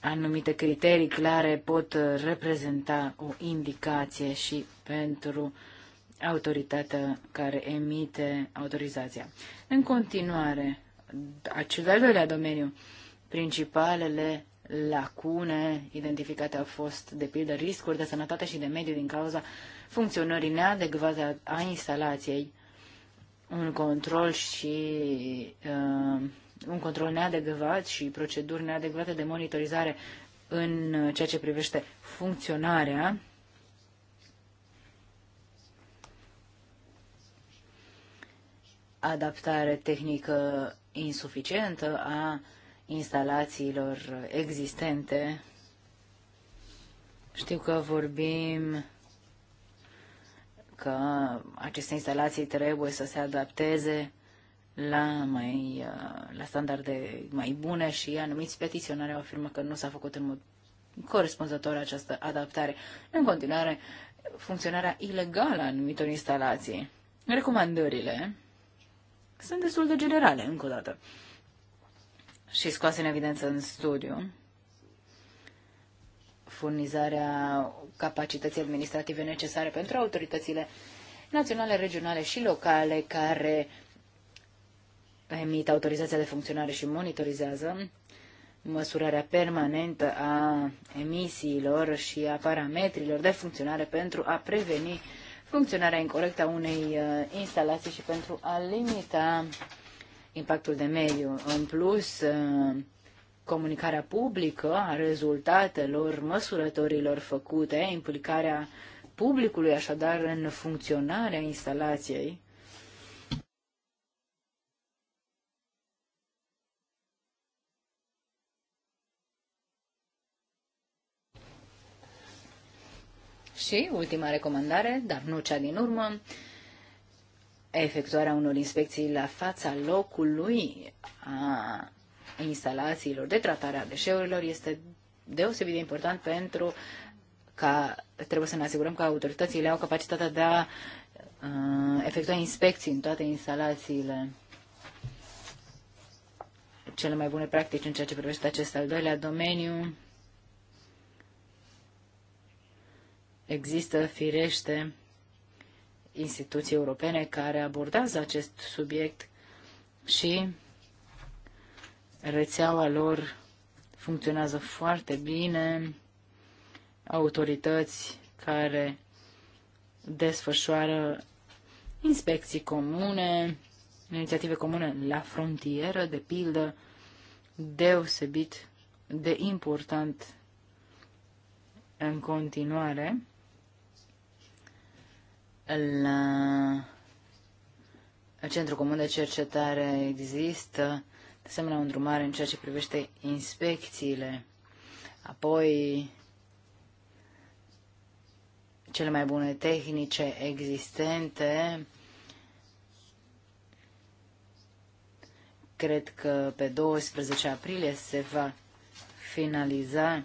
anumite criterii clare pot reprezenta o indicație și pentru autoritatea care emite autorizația. În continuare, acel al doilea domeniu, principalele lacune identificate au fost, de pildă, riscuri de sănătate și de mediu din cauza funcționării neadecvate a instalației, un control și uh, un control neadecvat și proceduri neadecvate de monitorizare în ceea ce privește funcționarea adaptare tehnică insuficientă a uh, instalațiilor existente. Știu că vorbim că aceste instalații trebuie să se adapteze la, mai, uh, la standarde mai bune și anumiți petiționari au afirmat că nu s-a făcut în mod corespunzător această adaptare. În continuare, funcționarea ilegală a anumitor instalații. Recomandările sunt destul de generale, încă o dată și scoase în evidență în studiu furnizarea capacității administrative necesare pentru autoritățile naționale, regionale și locale care emit autorizația de funcționare și monitorizează măsurarea permanentă a emisiilor și a parametrilor de funcționare pentru a preveni funcționarea incorrectă a unei uh, instalații și pentru a limita impactul de mediu. În plus, uh, comunicarea publică a rezultatelor măsurătorilor făcute, implicarea publicului așadar în funcționarea instalației, Și ultima recomandare, dar nu cea din urmă, efectuarea unor inspecții la fața locului a instalațiilor de tratare a deșeurilor este deosebit de important pentru ca trebuie să ne asigurăm că autoritățile au capacitatea de a uh, efectua inspecții în toate instalațiile. Cele mai bune practici în ceea ce privește acest al doilea domeniu există firește instituții europene care abordează acest subiect și rețeaua lor funcționează foarte bine, autorități care desfășoară inspecții comune, inițiative comune la frontieră, de pildă, deosebit de important în continuare la uh, Centrul Comun de Cercetare există, de asemenea, un drumare în ceea ce privește inspecțiile. Apoi, cele mai bune tehnice existente. Cred că pe 12 aprilie se va finaliza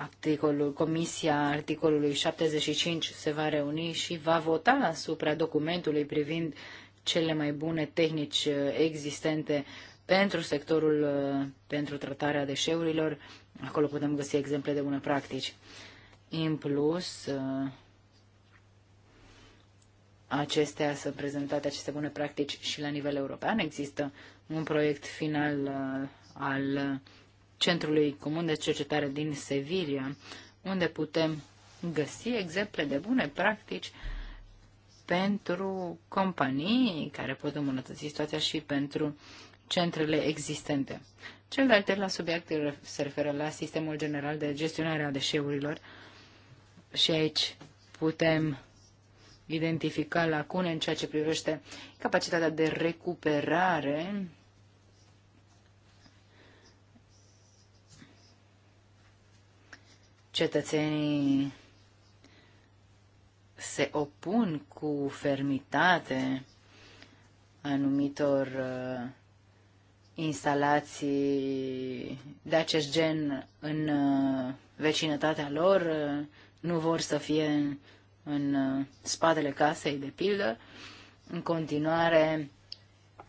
Articolul, Comisia articolului 75 se va reuni și va vota asupra documentului privind cele mai bune tehnici uh, existente pentru sectorul uh, pentru tratarea deșeurilor. Acolo putem găsi exemple de bune practici. În plus, uh, acestea sunt prezentate, aceste bune practici și la nivel european. Există un proiect final al Centrului Comun de Cercetare din Sevilla, unde putem găsi exemple de bune practici pentru companii care pot îmbunătăți situația și pentru centrele existente. Cel de-al treilea subiect se referă la sistemul general de gestionare a deșeurilor și aici putem identifica lacune în ceea ce privește capacitatea de recuperare cetățenii se opun cu fermitate anumitor uh, instalații de acest gen în uh, vecinătatea lor, uh, nu vor să fie în, în uh, spatele casei, de pildă. În continuare, uh,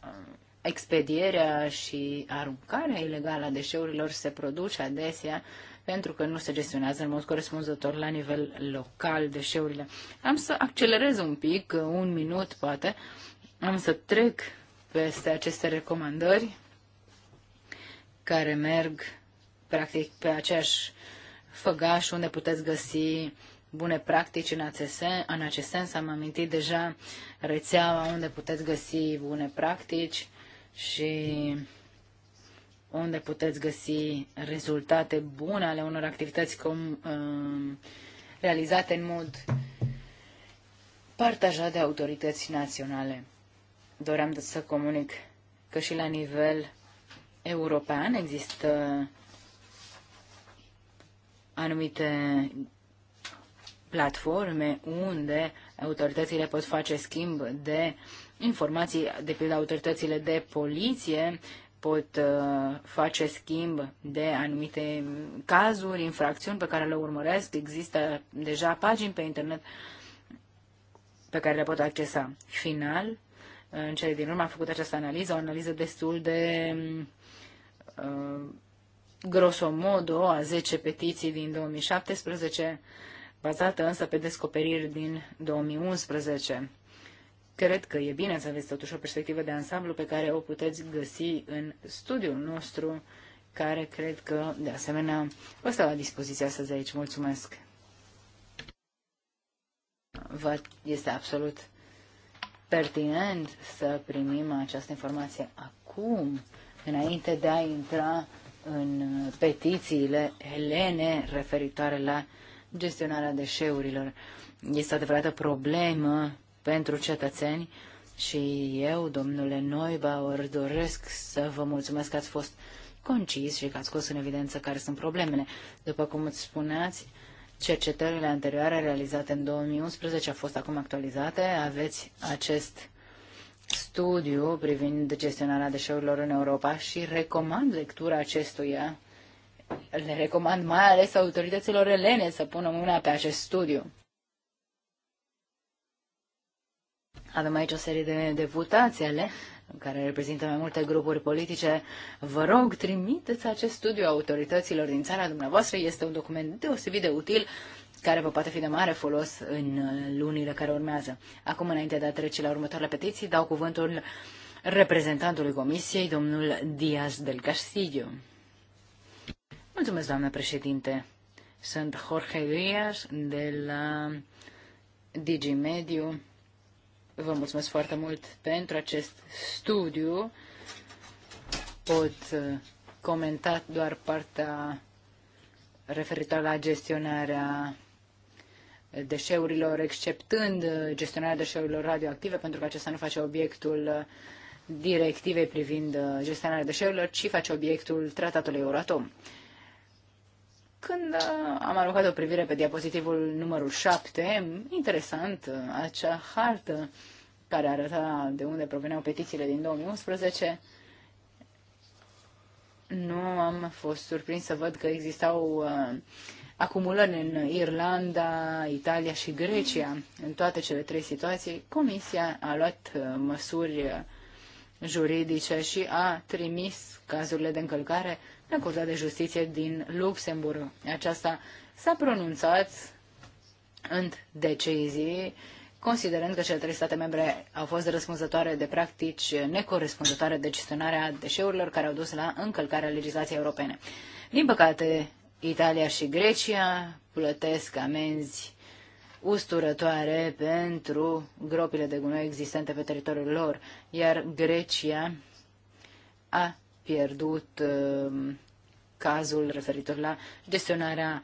expedierea și aruncarea ilegală a deșeurilor se produce adesea uh, pentru că nu se gestionează în mod corespunzător la nivel local deșeurile. Am să accelerez un pic, un minut poate, am să trec peste aceste recomandări care merg practic pe aceeași făgaș unde puteți găsi bune practici în acest, sens, în acest sens. Am amintit deja rețeaua unde puteți găsi bune practici și unde puteți găsi rezultate bune ale unor activități cum, uh, realizate în mod partajat de autorități naționale. Doream să comunic că și la nivel european există anumite platforme unde autoritățile pot face schimb de informații, de pildă autoritățile de poliție pot uh, face schimb de anumite cazuri, infracțiuni pe care le urmăresc. Există deja pagini pe internet pe care le pot accesa. Final, în cele din urmă am făcut această analiză, o analiză destul de uh, grosomodo a 10 petiții din 2017, bazată însă pe descoperiri din 2011. Cred că e bine să aveți totuși o perspectivă de ansamblu pe care o puteți găsi în studiul nostru, care cred că, de asemenea, o stau la dispoziție astăzi aici. Mulțumesc! Vă este absolut pertinent să primim această informație acum, înainte de a intra în petițiile elene referitoare la gestionarea deșeurilor. Este adevărată problemă pentru cetățeni și eu, domnule Noibauer, doresc să vă mulțumesc că ați fost concis și că ați scos în evidență care sunt problemele. După cum îți spuneați, cercetările anterioare realizate în 2011 au fost acum actualizate. Aveți acest studiu privind gestionarea deșeurilor în Europa și recomand lectura acestuia. Le recomand mai ales autorităților elene să pună mâna pe acest studiu. Avem aici o serie de deputați ale care reprezintă mai multe grupuri politice, vă rog, trimiteți acest studiu autorităților din țara dumneavoastră. Este un document deosebit de util care vă poate fi de mare folos în lunile care urmează. Acum, înainte de a trece la următoarele petiții, dau cuvântul reprezentantului Comisiei, domnul Diaz del Castillo. Mulțumesc, doamnă președinte. Sunt Jorge Diaz de la DigiMediu Vă mulțumesc foarte mult pentru acest studiu. Pot uh, comenta doar partea referitoare la gestionarea deșeurilor, exceptând uh, gestionarea deșeurilor radioactive, pentru că acesta nu face obiectul uh, directivei privind gestionarea deșeurilor, ci face obiectul tratatului Euratom. Când uh, am aruncat o privire pe diapozitivul numărul 7, interesant, uh, acea hartă care arăta de unde proveneau petițiile din 2011, nu am fost surprins să văd că existau uh, acumulări în Irlanda, Italia și Grecia. În toate cele trei situații, Comisia a luat uh, măsuri uh, juridice și a trimis cazurile de încălcare la Curtea de Justiție din Luxemburg. Aceasta s-a pronunțat în decizii, considerând că cele trei state membre au fost răspunzătoare de practici necorespunzătoare de gestionarea deșeurilor care au dus la încălcarea legislației europene. Din păcate, Italia și Grecia plătesc amenzi usturătoare pentru gropile de gunoi existente pe teritoriul lor, iar Grecia a pierdut um, cazul referitor la gestionarea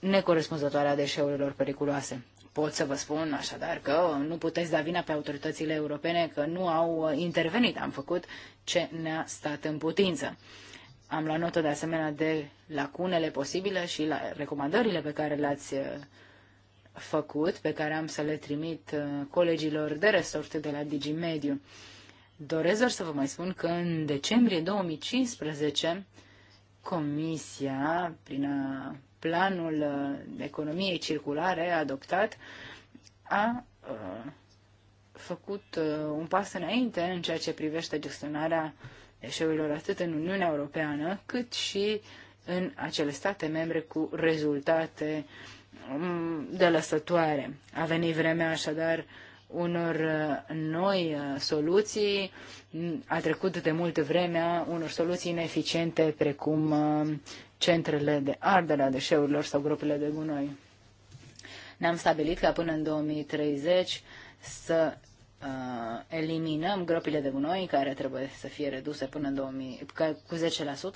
necorespunzătoare a deșeurilor periculoase. Pot să vă spun așadar că nu puteți da vina pe autoritățile europene că nu au intervenit. Am făcut ce ne-a stat în putință. Am luat notă de asemenea de lacunele posibile și la recomandările pe care le-ați uh, făcut, pe care am să le trimit uh, colegilor de resort de la DigiMediu. Doresc doar să vă mai spun că în decembrie 2015 Comisia, prin planul economiei circulare adoptat, a făcut un pas înainte în ceea ce privește gestionarea deșeurilor atât în Uniunea Europeană cât și în acele state membre cu rezultate de lăsătoare. A venit vremea așadar unor uh, noi uh, soluții. Mm, a trecut de mult vremea unor soluții ineficiente precum uh, centrele de ardere a deșeurilor sau grupele de gunoi. Ne-am stabilit ca până în 2030 să uh, eliminăm gropile de gunoi care trebuie să fie reduse până în 2000, ca, cu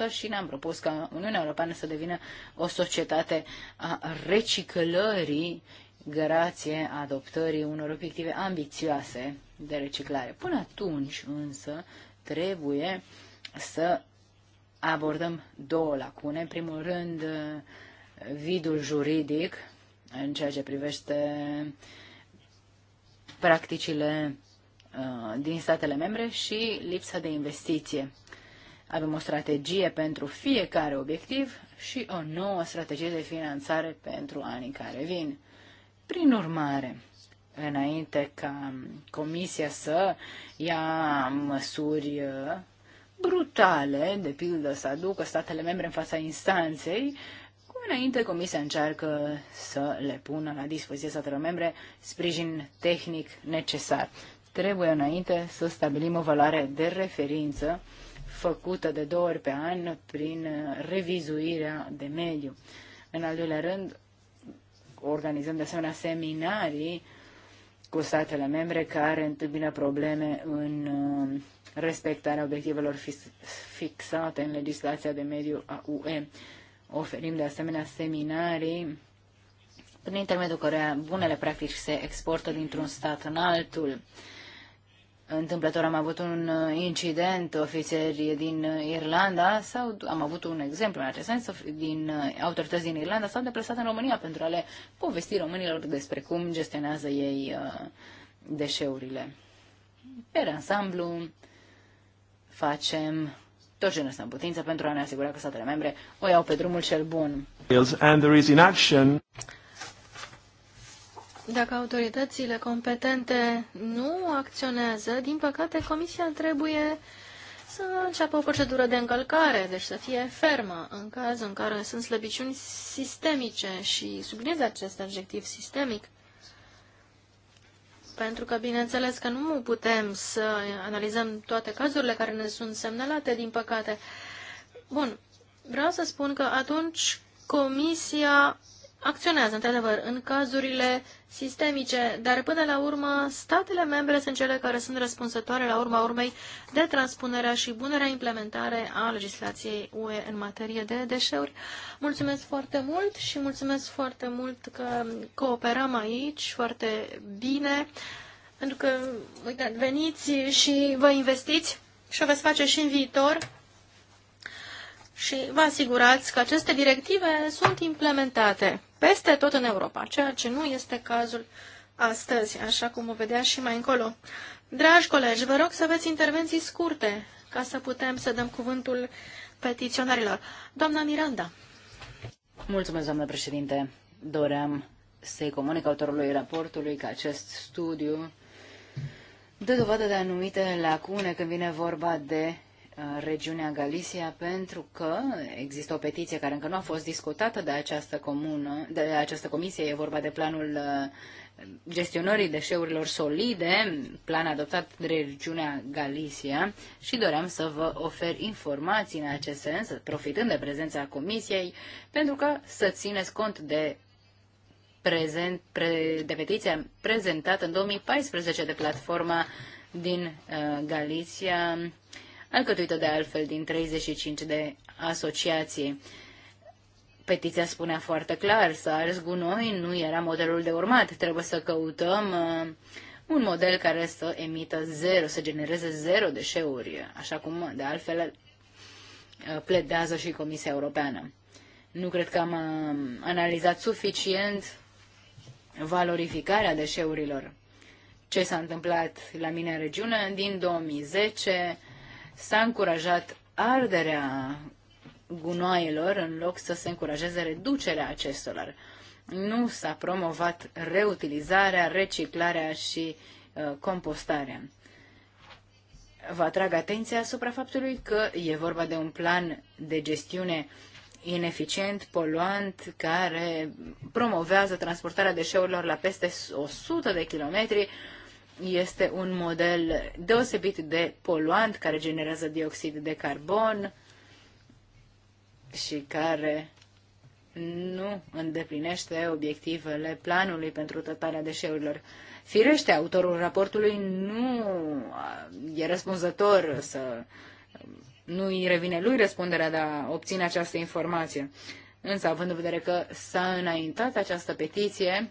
10% și ne-am propus ca Uniunea Europeană să devină o societate a reciclării grație adoptării unor obiective ambițioase de reciclare. Până atunci, însă, trebuie să abordăm două lacune. În primul rând, vidul juridic în ceea ce privește practicile uh, din statele membre și lipsa de investiție. Avem o strategie pentru fiecare obiectiv și o nouă strategie de finanțare pentru anii care vin. Prin urmare, înainte ca Comisia să ia măsuri uh, brutale, de pildă să aducă statele membre în fața instanței, înainte Comisia încearcă să le pună la dispoziție statelor membre sprijin tehnic necesar. Trebuie înainte să stabilim o valoare de referință făcută de două ori pe an prin revizuirea de mediu. În al doilea rând, organizăm de asemenea seminarii cu statele membre care întâmpină probleme în uh, respectarea obiectivelor fixate în legislația de mediu a UE. Oferim de asemenea seminarii prin intermediul căreia bunele practici se exportă dintr-un stat în altul întâmplător am avut un uh, incident, ofițeri din uh, Irlanda, sau am avut un exemplu în acest sens, din uh, autorități din Irlanda s-au deplasat în România pentru a le povesti românilor despre cum gestionează ei deșeurile. Pe ansamblu facem tot ce ne stă în putință pentru a ne asigura că statele membre o iau pe drumul cel bun. And there is dacă autoritățile competente nu acționează, din păcate, Comisia trebuie să înceapă o procedură de încălcare, deci să fie fermă în cazul în care sunt slăbiciuni sistemice și subliniez acest adjectiv sistemic, pentru că bineînțeles că nu putem să analizăm toate cazurile care ne sunt semnalate, din păcate. Bun, vreau să spun că atunci Comisia acționează, într-adevăr, în cazurile sistemice, dar până la urmă statele membre sunt cele care sunt răspunsătoare la urma urmei de transpunerea și bunerea implementare a legislației UE în materie de deșeuri. Mulțumesc foarte mult și mulțumesc foarte mult că cooperăm aici foarte bine, pentru că, uitați, veniți și vă investiți și o veți face și în viitor și vă asigurați că aceste directive sunt implementate peste tot în Europa, ceea ce nu este cazul astăzi, așa cum o vedea și mai încolo. Dragi colegi, vă rog să aveți intervenții scurte ca să putem să dăm cuvântul petiționarilor. Doamna Miranda. Mulțumesc, doamnă președinte. Doream să-i comunic autorului raportului că acest studiu dă dovadă de anumite lacune când vine vorba de regiunea Galicia pentru că există o petiție care încă nu a fost discutată de această comună, de această comisie, e vorba de planul uh, gestionării deșeurilor solide, plan adoptat de regiunea Galicia și doream să vă ofer informații în acest sens, profitând de prezența comisiei, pentru că să țineți cont de prezent, pre, de petiția prezentată în 2014 de platforma din uh, Galicia alcătuită de altfel din 35 de asociații. Petiția spunea foarte clar, să ars gunoi nu era modelul de urmat, trebuie să căutăm uh, un model care să emită zero, să genereze zero deșeuri, așa cum de altfel uh, pledează și Comisia Europeană. Nu cred că am uh, analizat suficient valorificarea deșeurilor. Ce s-a întâmplat la mine în regiune din 2010, s-a încurajat arderea gunoaielor în loc să se încurajeze reducerea acestor. Nu s-a promovat reutilizarea, reciclarea și uh, compostarea. Vă atrag atenția asupra faptului că e vorba de un plan de gestiune ineficient, poluant, care promovează transportarea deșeurilor la peste 100 de kilometri, este un model deosebit de poluant care generează dioxid de carbon și care nu îndeplinește obiectivele planului pentru tratarea deșeurilor. Firește, autorul raportului nu e răspunzător să nu îi revine lui răspunderea de a obține această informație. Însă, având în vedere că s-a înaintat această petiție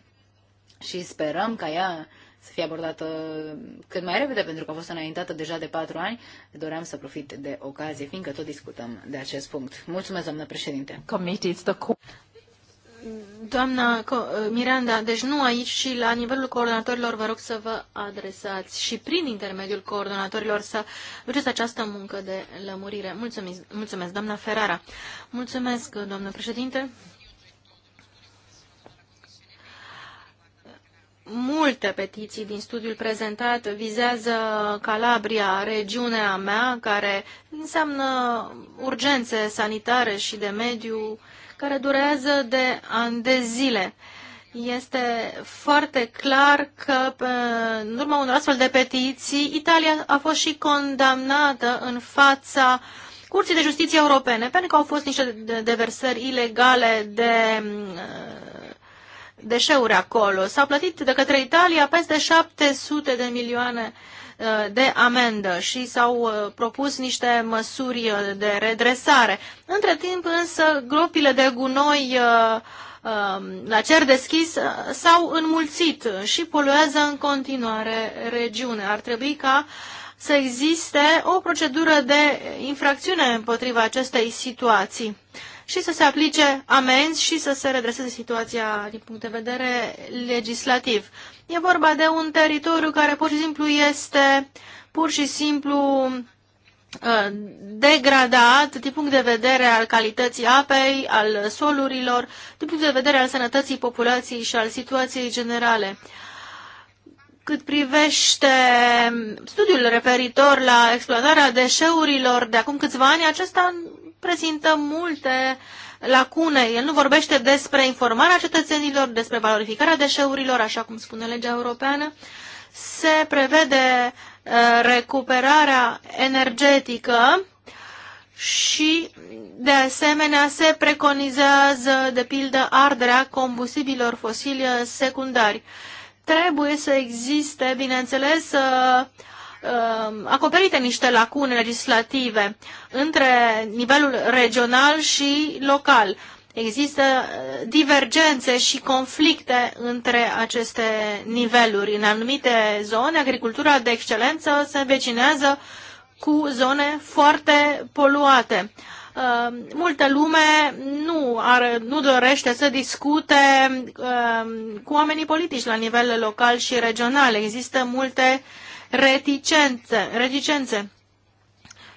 și sperăm ca ea să fie abordată cât mai repede, pentru că a fost înaintată deja de patru ani. Doream să profit de ocazie, fiindcă tot discutăm de acest punct. Mulțumesc, doamnă președinte. Doamna Miranda, deci nu aici, și la nivelul coordonatorilor vă rog să vă adresați și prin intermediul coordonatorilor să duceți această muncă de lămurire. Mulțumesc, mulțumesc doamna Ferrara. Mulțumesc, doamnă președinte. multe petiții din studiul prezentat vizează Calabria, regiunea mea, care înseamnă urgențe sanitare și de mediu, care durează de ani de zile. Este foarte clar că, în urma unor astfel de petiții, Italia a fost și condamnată în fața Curții de Justiție Europene, pentru că au fost niște deversări ilegale de deșeuri acolo. S-au plătit de către Italia peste 700 de milioane uh, de amendă și s-au uh, propus niște măsuri uh, de redresare. Între timp însă gropile de gunoi um, la cer deschis s-au înmulțit și poluează în continuare regiunea. Ar trebui ca să existe o procedură de infracțiune împotriva acestei situații și să se aplice amenzi și să se redreseze situația din punct de vedere legislativ. E vorba de un teritoriu care pur și simplu este pur și simplu uh, degradat din punct de vedere al calității apei, al solurilor, din punct de vedere al sănătății populației și al situației generale. Cât privește studiul referitor la exploatarea deșeurilor de acum câțiva ani, acesta prezintă multe lacune. El nu vorbește despre informarea cetățenilor, despre valorificarea deșeurilor, așa cum spune legea europeană. Se prevede uh, recuperarea energetică și, de asemenea, se preconizează, de pildă, arderea combustibilor fosili secundari. Trebuie să existe, bineînțeles, uh, Um, acoperite niște lacune legislative între nivelul regional și local. Există uh, divergențe și conflicte între aceste niveluri. În anumite zone, agricultura de excelență se vecinează cu zone foarte poluate. Uh, multă lume nu, are, nu dorește să discute uh, cu oamenii politici la nivel local și regional. Există multe uh, reticențe. reticențe.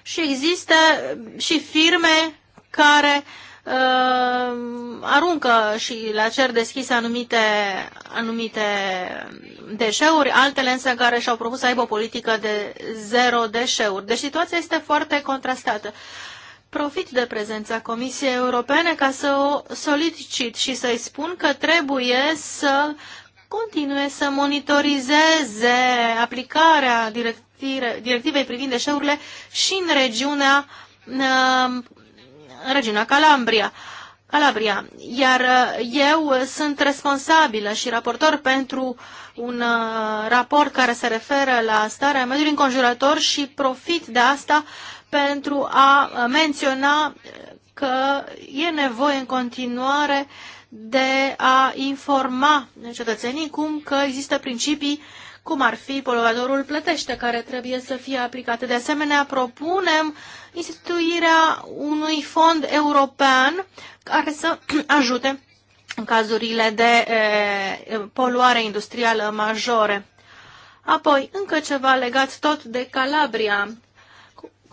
Și există și firme care uh, aruncă și la cer deschis anumite, anumite deșeuri, altele însă care și-au propus să aibă o politică de zero deșeuri. Deci situația este foarte contrastată. Profit de prezența Comisiei Europene ca să o solicit și să-i spun că trebuie să continue să monitorizeze aplicarea directivei privind deșeurile și în regiunea, um, în regiunea Calabria. Calabria. Iar uh, eu sunt responsabilă și raportor pentru un uh, raport care se referă la starea mediului înconjurător și profit de asta pentru a menționa că e nevoie în continuare uh, de a informa cetățenii cum că există principii cum ar fi poluatorul plătește, care trebuie să fie aplicate. De asemenea, propunem instituirea unui fond european care să ajute în cazurile de e, poluare industrială majore. Apoi, încă ceva legat tot de Calabria.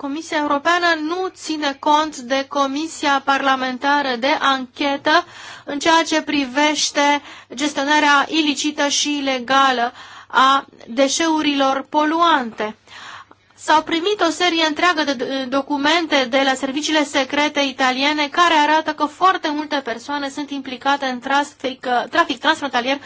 Comisia Europeană nu ține cont de Comisia Parlamentară de Anchetă în ceea ce privește gestionarea ilicită și ilegală a deșeurilor poluante. S-au primit o serie întreagă de documente de la serviciile secrete italiene care arată că foarte multe persoane sunt implicate în trafic, trafic transfrontalier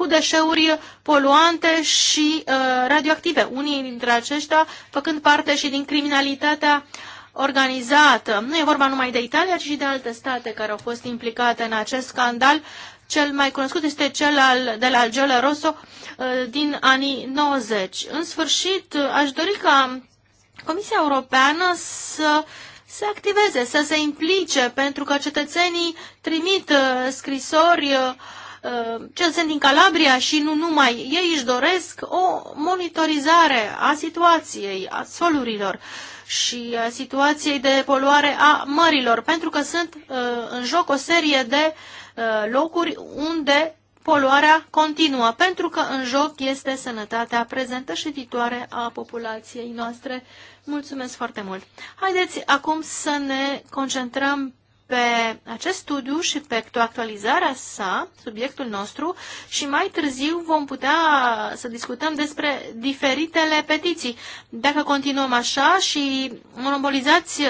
cu deșeuri poluante și uh, radioactive, unii dintre aceștia făcând parte și din criminalitatea organizată. Nu e vorba numai de Italia, ci și de alte state care au fost implicate în acest scandal. Cel mai cunoscut este cel al, de la Giola Rosso uh, din anii 90. În sfârșit, aș dori ca Comisia Europeană să se activeze, să se implice, pentru că cetățenii trimit uh, scrisori uh, sunt uh, din Calabria și nu numai. Ei își doresc o monitorizare a situației, a solurilor și a situației de poluare a mărilor, pentru că sunt uh, în joc o serie de uh, locuri unde poluarea continuă, pentru că în joc este sănătatea prezentă și viitoare a populației noastre. Mulțumesc foarte mult! Haideți acum să ne concentrăm pe acest studiu și pe actualizarea sa, subiectul nostru, și mai târziu vom putea să discutăm despre diferitele petiții. Dacă continuăm așa și monopolizați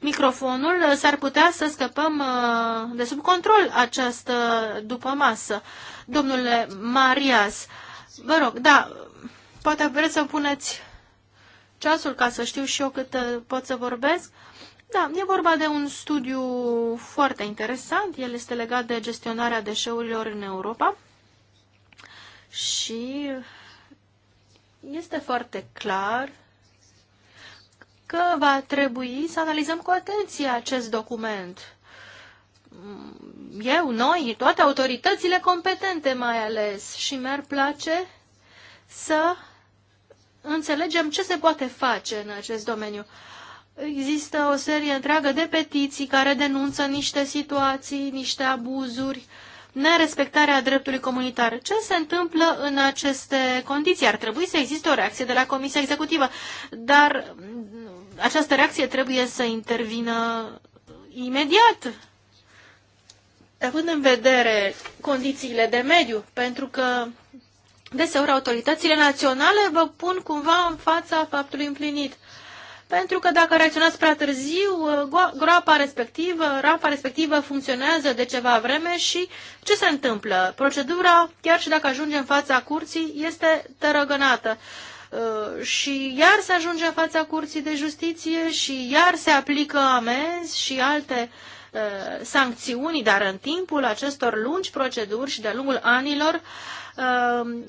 microfonul, s-ar putea să scăpăm uh, de sub control această după masă. Domnule Marias, vă rog, da, poate vreți să puneți ceasul ca să știu și eu cât uh, pot să vorbesc. Da, e vorba de un studiu foarte interesant. El este legat de gestionarea deșeurilor în Europa și este foarte clar că va trebui să analizăm cu atenție acest document. Eu, noi, toate autoritățile competente mai ales și mi-ar place să înțelegem ce se poate face în acest domeniu există o serie întreagă de petiții care denunță niște situații, niște abuzuri, nerespectarea dreptului comunitar. Ce se întâmplă în aceste condiții? Ar trebui să existe o reacție de la Comisia Executivă, dar această reacție trebuie să intervină imediat, având în vedere condițiile de mediu, pentru că deseori autoritățile naționale vă pun cumva în fața faptului împlinit pentru că dacă reacționați prea târziu, uh, groapa respectivă, rampa respectivă funcționează de ceva vreme și ce se întâmplă? Procedura, chiar și dacă ajunge în fața curții, este tărăgănată uh, și iar se ajunge în fața curții de justiție și iar se aplică amenzi și alte uh, sancțiuni, dar în timpul acestor lungi proceduri și de-a lungul anilor,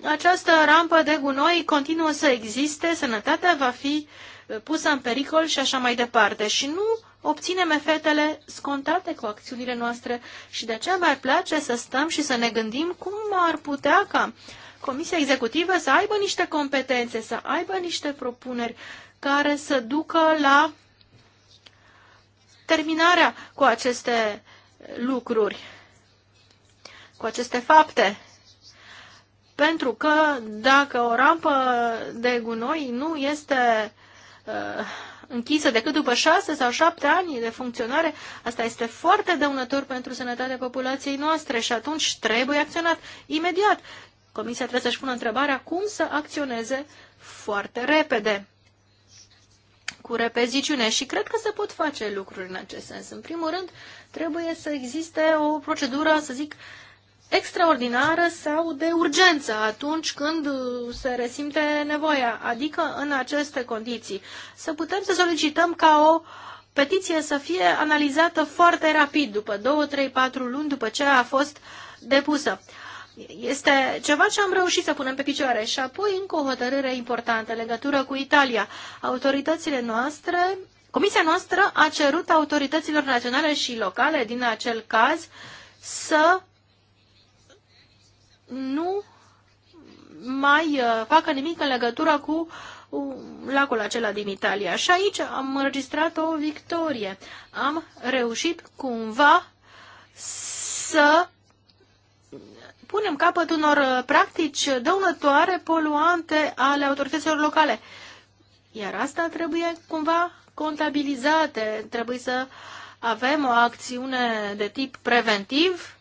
această rampă de gunoi continuă să existe, sănătatea va fi uh, pusă în pericol și așa mai departe. Și nu obținem efectele scontate cu acțiunile noastre și de aceea mi-ar place să stăm și să ne gândim cum ar putea ca Comisia Executivă să aibă niște competențe, să aibă niște propuneri care să ducă la terminarea cu aceste lucruri, cu aceste fapte. Pentru că dacă o rampă de gunoi nu este Uh, închisă decât după șase sau șapte ani de funcționare, asta este foarte dăunător pentru sănătatea populației noastre și atunci trebuie acționat imediat. Comisia trebuie să-și pună întrebarea cum să acționeze foarte repede, cu repeziciune și cred că se pot face lucruri în acest sens. În primul rând, trebuie să existe o procedură, să zic, uh, extraordinară sau de urgență atunci când uh, se resimte nevoia, adică în aceste condiții. Să putem să solicităm ca o petiție să fie analizată foarte rapid, după 2, 3, 4 luni după ce a fost depusă. Este ceva ce am reușit să punem pe picioare și apoi încă o hotărâre importantă legătură cu Italia. Autoritățile noastre, comisia noastră a cerut autorităților naționale și locale din acel caz să nu mai uh, facă nimic în legătură cu uh, lacul acela din Italia. Și aici am înregistrat o victorie. Am reușit cumva să punem capăt unor uh, practici dăunătoare, poluante ale autorităților locale. Iar asta trebuie cumva contabilizate, trebuie să avem o acțiune de tip preventiv,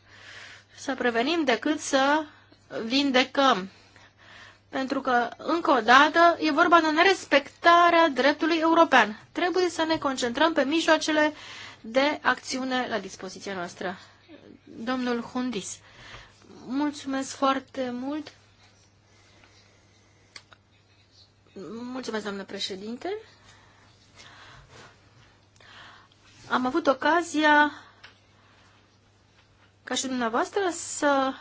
să prevenim decât să vindecăm. Pentru că, încă o dată, e vorba de nerespectarea dreptului european. Trebuie să ne concentrăm pe mijloacele de acțiune la dispoziția noastră. Domnul Hundis, mulțumesc foarte mult. Mulțumesc, doamnă președinte. Am avut ocazia, ca și dumneavoastră, să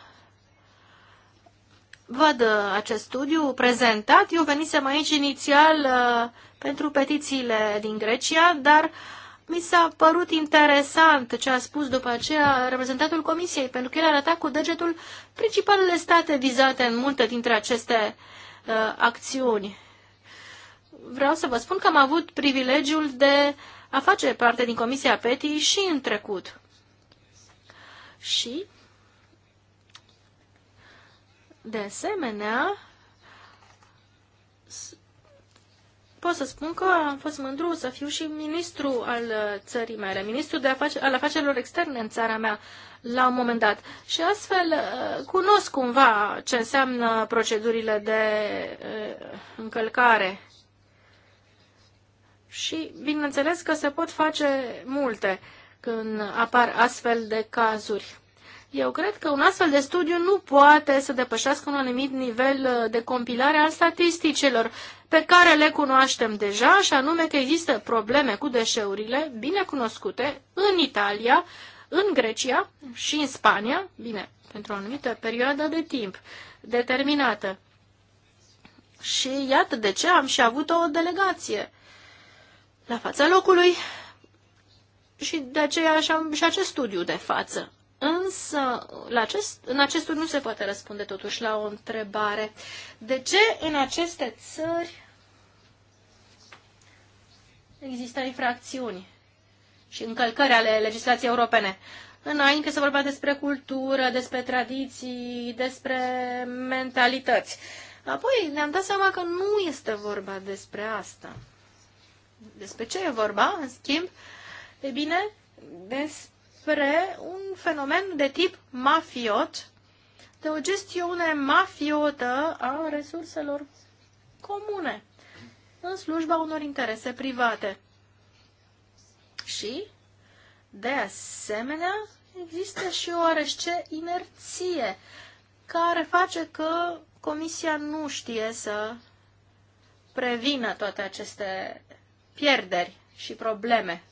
văd acest studiu prezentat. Eu venisem aici inițial uh, pentru petițiile din Grecia, dar mi s-a părut interesant ce a spus după aceea reprezentantul Comisiei, pentru că el arăta cu degetul principalele state vizate în multe dintre aceste uh, acțiuni. Vreau să vă spun că am avut privilegiul de a face parte din Comisia PETI și în trecut. Și de asemenea, pot să spun că am fost mândru să fiu și ministru al uh, țării mele, ministru de afacer, al afacerilor externe în țara mea la un moment dat. Și astfel uh, cunosc cumva ce înseamnă procedurile de uh, încălcare. Și bineînțeles că se pot face multe când apar astfel de cazuri. Eu cred că un astfel de studiu nu poate să depășească un anumit nivel uh, de compilare al statisticilor pe care le cunoaștem deja, și anume că există probleme cu deșeurile bine cunoscute în Italia, în Grecia și în Spania, bine, pentru o anumită perioadă de timp determinată. Și iată de ce am și avut o delegație la fața locului și de aceea și, am, și acest studiu de față. Însă, la acest, în acest nu se poate răspunde totuși la o întrebare. De ce în aceste țări există infracțiuni și încălcări ale legislației europene? Înainte să vorbea despre cultură, despre tradiții, despre mentalități. Apoi ne-am dat seama că nu este vorba despre asta. Despre ce e vorba, în schimb? E bine, despre despre un fenomen de tip mafiot, de o gestiune mafiotă a resurselor comune în slujba unor interese private. Și, de asemenea, există și oarește inerție care face că Comisia nu știe să prevină toate aceste pierderi și probleme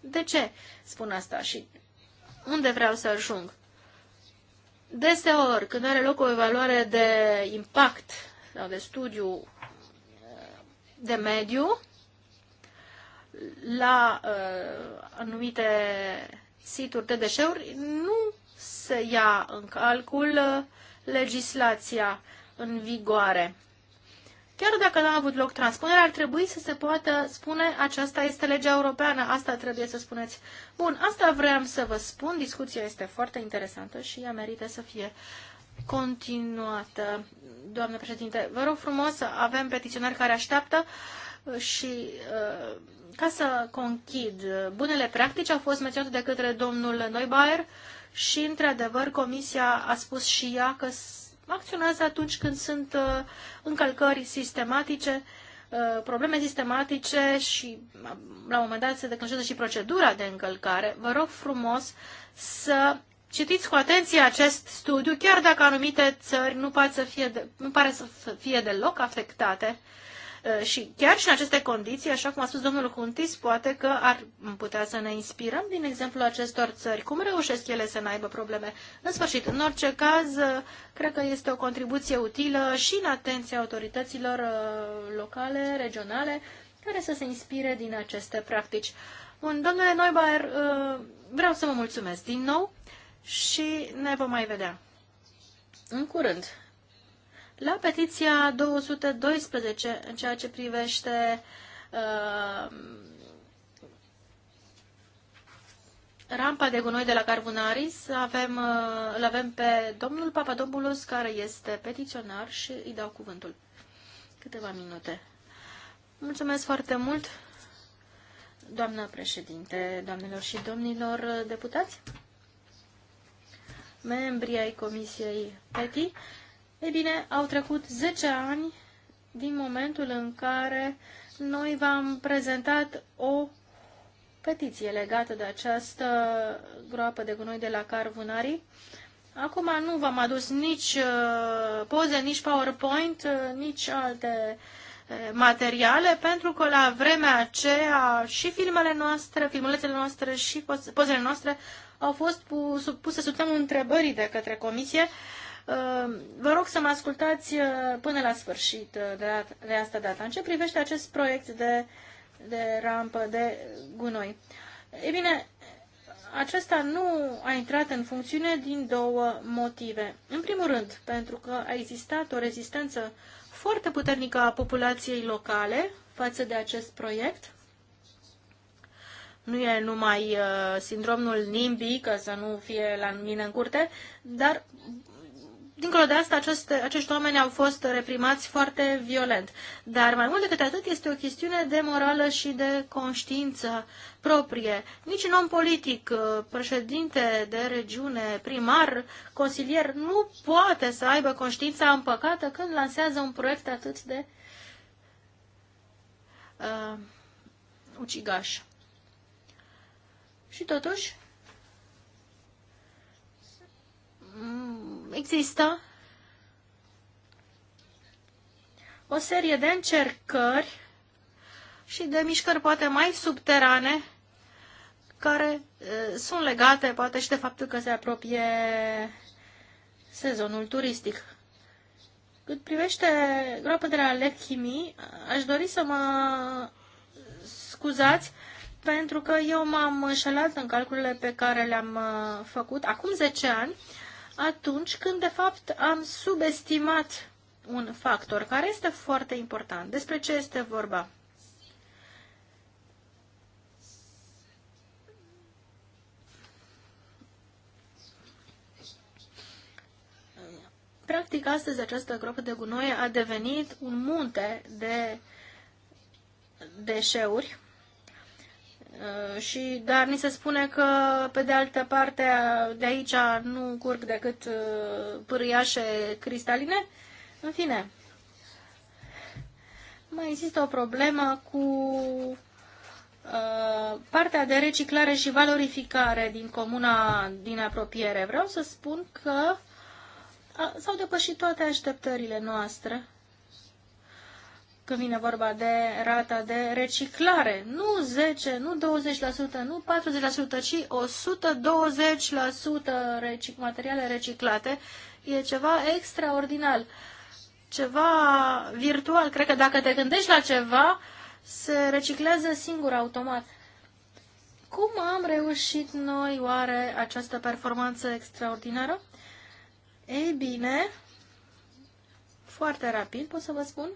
de ce spun asta și unde vreau să ajung? Deseori, când are loc o evaluare de impact sau de studiu de mediu, la uh, anumite situri de deșeuri, nu se ia în calcul ă, legislația în vigoare. Chiar dacă nu a avut loc transpunerea, ar trebui să se poată spune aceasta este legea europeană, asta trebuie să spuneți. Bun, asta vreau să vă spun, discuția este foarte interesantă și ea merită să fie continuată. Doamne președinte, vă rog frumos, să avem petiționari care așteaptă uh, și uh, ca să conchid, uh, bunele practici au fost menționate de către domnul Neubauer și, într-adevăr, Comisia a spus și ea că acționează atunci când sunt uh, încălcări sistematice, uh, probleme sistematice și uh, la un moment dat se declanșează și procedura de încălcare. Vă rog frumos să citiți cu atenție acest studiu, chiar dacă anumite țări nu, par să fie de, nu pare să fie deloc afectate Uh, și chiar și în aceste condiții, așa cum a spus domnul Huntis, poate că ar putea să ne inspirăm din exemplul acestor țări. Cum reușesc ele să nu aibă probleme? În sfârșit, în orice caz, uh, cred că este o contribuție utilă și în atenția autorităților uh, locale, regionale, care să se inspire din aceste practici. Bun, domnule Neubauer, vreau să vă mulțumesc din nou și ne vom mai vedea. În curând. La petiția 212, în ceea ce privește uh, rampa de gunoi de la Carbunaris, avem, uh, îl avem pe domnul Papadomoulos, care este petiționar și îi dau cuvântul. Câteva minute. Mulțumesc foarte mult, doamnă președinte, doamnelor și domnilor deputați membrii ai Comisiei PETI. Ei bine, au trecut 10 ani din momentul în care noi v-am prezentat o petiție legată de această groapă de gunoi de la Carvunari. Acum nu v-am adus nici uh, poze, nici PowerPoint, uh, nici alte uh, materiale, pentru că la vremea aceea și filmele noastre, filmulețele noastre și pozele noastre au fost puse sub temul întrebării de către comisie Ehm, vă rog să mă ascultați eh, până la sfârșit eh, de, asta data. În ce privește acest proiect de, de rampă de gunoi? E bine, acesta nu a intrat în funcțiune din două motive. În primul rând, pentru că a existat o rezistență foarte puternică a populației locale față de acest proiect. Nu e numai uh, sindromul NIMBY, ca să nu fie la mine în curte, dar Dincolo de asta, aceste, acești oameni au fost reprimați foarte violent. Dar mai mult decât atât este o chestiune de morală și de conștiință proprie. Nici un om politic, uh, președinte de regiune, primar, consilier, nu poate să aibă conștiința împăcată când lansează un proiect atât de uh, ucigaș. Și totuși, există o serie de încercări și de mișcări poate mai subterane care sunt legate poate și de faptul că se apropie sezonul turistic. Cât privește groapă de la Lechimi, aș dori să mă scuzați pentru că eu m-am înșelat în calculele pe care le-am uh, făcut acum 10 ani atunci când, de fapt, am subestimat un factor care este foarte important. Despre ce este vorba? Practic, astăzi această groapă de gunoi a devenit un munte de deșeuri Uh, și, dar ni se spune că, pe de altă parte, uh, de aici nu curg decât uh, pâriașe cristaline. În fine, mai există o problemă cu partea de reciclare și valorificare din comuna din apropiere. Vreau să spun că s-au depășit toate așteptările noastre când vine vorba de rata de reciclare. Nu 10, nu 20%, nu 40%, ci 120% recic materiale reciclate. E ceva extraordinar, ceva virtual. Cred că dacă te gândești la ceva, se reciclează singur automat. Cum am reușit noi oare această performanță extraordinară? Ei bine, foarte rapid pot să vă spun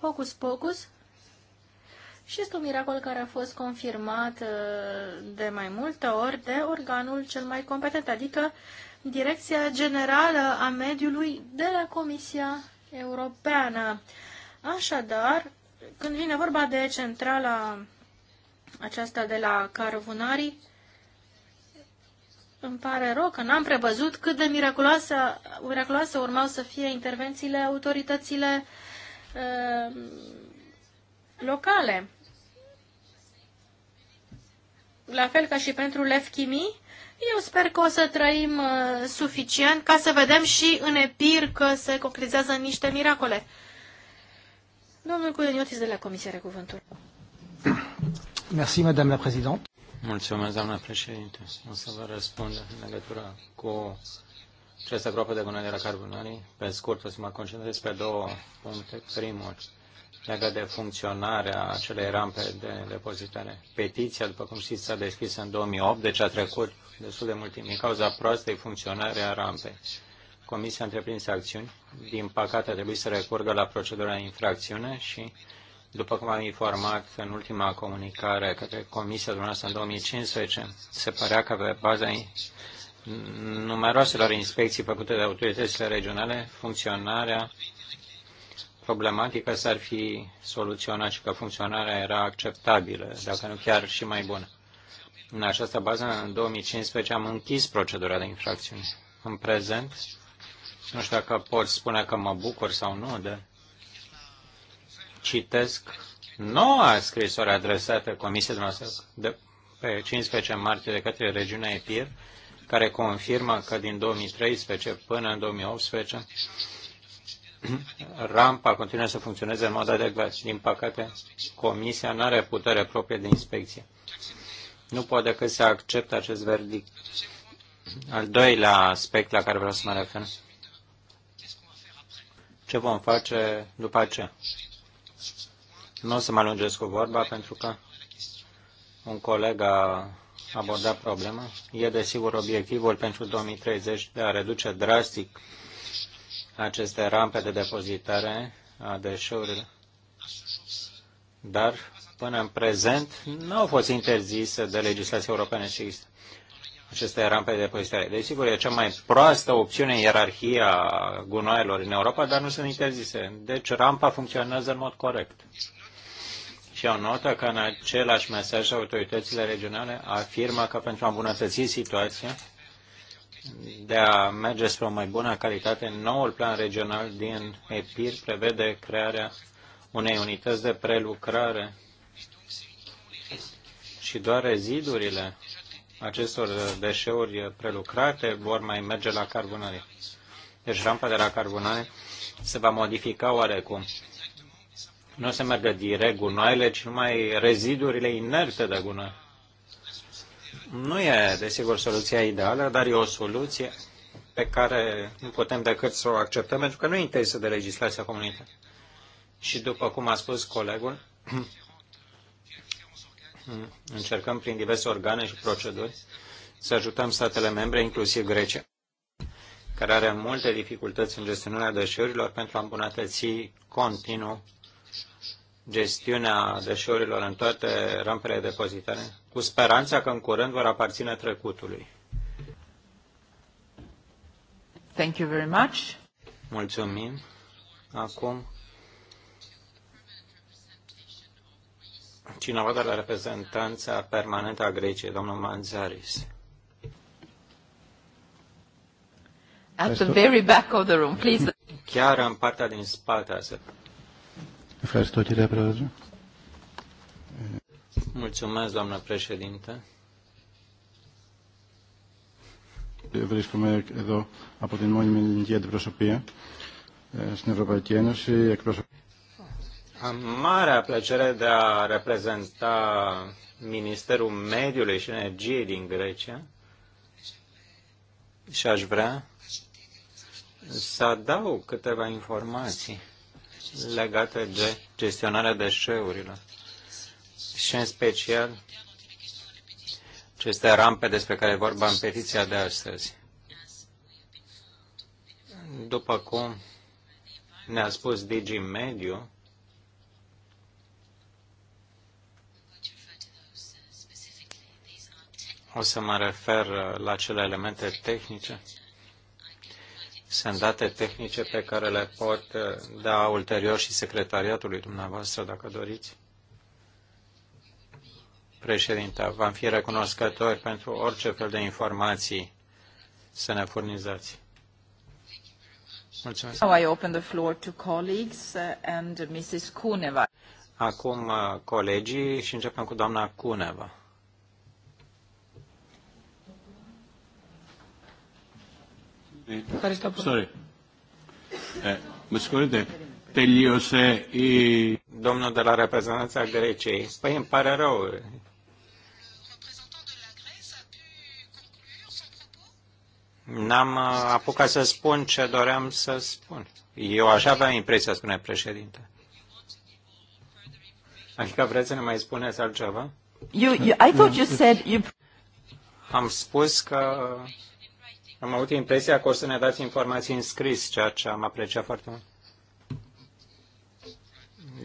Hocus Pocus și este un miracol care a fost confirmat uh, de mai multe ori de organul cel mai competent, adică Direcția Generală a Mediului de la Comisia Europeană. Așadar, când vine vorba de centrala aceasta de la Carvunari, îmi pare rău că n-am prevăzut cât de miraculoase, miraculoase urmau să fie intervențiile autoritățile Um, locale. La fel ca și pentru lefchimii, eu sper că o să trăim uh, suficient ca să vedem și în epir că se concretizează niște miracole. Domnul Cudeniotis de la comisia are cuvântul. Madame la Mulțumesc, doamna președinte. O să vă răspund în legătură cu ce se aproape de gunoaiele carbonării. Pe scurt, o să mă concentrez pe două puncte. Primul, legat de funcționarea acelei rampe de depozitare. Petiția, după cum știți, s-a deschis în 2008, deci a trecut destul de mult timp. Din cauza proastei funcționare a rampei, Comisia a întreprins acțiuni. Din păcate, a trebuit să recurgă la procedura de infracțiune și, după cum am informat în ultima comunicare către Comisia dumneavoastră în 2015, se părea că pe baza numeroaselor inspecții făcute de autoritățile regionale, funcționarea problematică s-ar fi soluționat și că funcționarea era acceptabilă, dacă nu chiar și mai bună. În această bază, în 2015, am închis procedura de infracțiune. În prezent, nu știu dacă pot spune că mă bucur sau nu, de citesc noua scrisoare adresată Comisiei noastre de, pe 15 martie de către regiunea EPIR, care confirmă că din 2013 până în 2018 rampa continuă să funcționeze în mod adecvat. Din păcate, Comisia nu are putere proprie de inspecție. Nu poate decât să accepte acest verdict. Al doilea aspect la care vreau să mă refer. Ce vom face după ce? Nu o să mă alungesc cu vorba, pentru că un coleg a aborda problema. E desigur obiectivul pentru 2030 de a reduce drastic aceste rampe de depozitare a deșeurilor. Dar până în prezent nu au fost interzise de legislația europeană și aceste rampe de depozitare. Desigur, e cea mai proastă opțiune în ierarhia gunoaielor în Europa, dar nu sunt interzise. Deci rampa funcționează în mod corect. Și o notă că în același mesaj autoritățile regionale afirmă că pentru a îmbunătăți situația de a merge spre o mai bună calitate, noul plan regional din EPIR prevede crearea unei unități de prelucrare și doar rezidurile acestor deșeuri prelucrate vor mai merge la carbonare. Deci rampa de la carbonare se va modifica oarecum nu se meargă direct gunoaiele, ci numai rezidurile inerte de gunoi. Nu e, desigur, soluția ideală, dar e o soluție pe care nu putem decât să o acceptăm, pentru că nu interesă de legislația comunită. Și după cum a spus colegul, încercăm prin diverse organe și proceduri să ajutăm statele membre, inclusiv Grecia, care are multe dificultăți în gestionarea deșeurilor pentru a îmbunătăți continuu gestiunea deșeurilor în toate rampele depozitare, cu speranța că în curând vor aparține trecutului. Thank you very much. Mulțumim. Acum, cineva de la reprezentanța permanentă a Greciei, domnul Manzaris. At the very back of the room, please. Chiar în partea din spate, a Ευχαριστώ κύριε Πρόεδρε. Mulțumesc, doamnă președinte. Βρίσκομαι εδώ από την μόνιμη ελληνική αντιπροσωπεία στην Ευρωπαϊκή Ένωση. marea plăcere de a reprezenta Ministerul Mediului și Energiei din Grecia și aș vrea să adaug câteva informații legate de gestionarea deșeurilor și în special aceste rampe despre care vorba în petiția de astăzi. După cum ne-a spus Digi Mediu, o să mă refer la cele elemente tehnice. Sunt date tehnice pe care le pot uh, da ulterior și secretariatului dumneavoastră, dacă doriți. Președinta, v-am fi recunoscători pentru orice fel de informații să ne furnizați. Mulțumesc. Now I open the floor to colleagues uh, and Mrs. Acum uh, colegii și începem cu doamna Cuneva. Ευχαριστώ πολύ. Με συγχωρείτε. Τελείωσε η... Domnul de la reprezentanța Greciei. Păi îmi pare rău. N-am uh, apucat să spun ce doream să spun. Eu așa aveam impresia, spune președinte. Adică vreți să ne mai spuneți altceva? You, you, I thought you said you... Am spus că am avut impresia că o să ne dați informații în scris, ceea ce am apreciat foarte mult.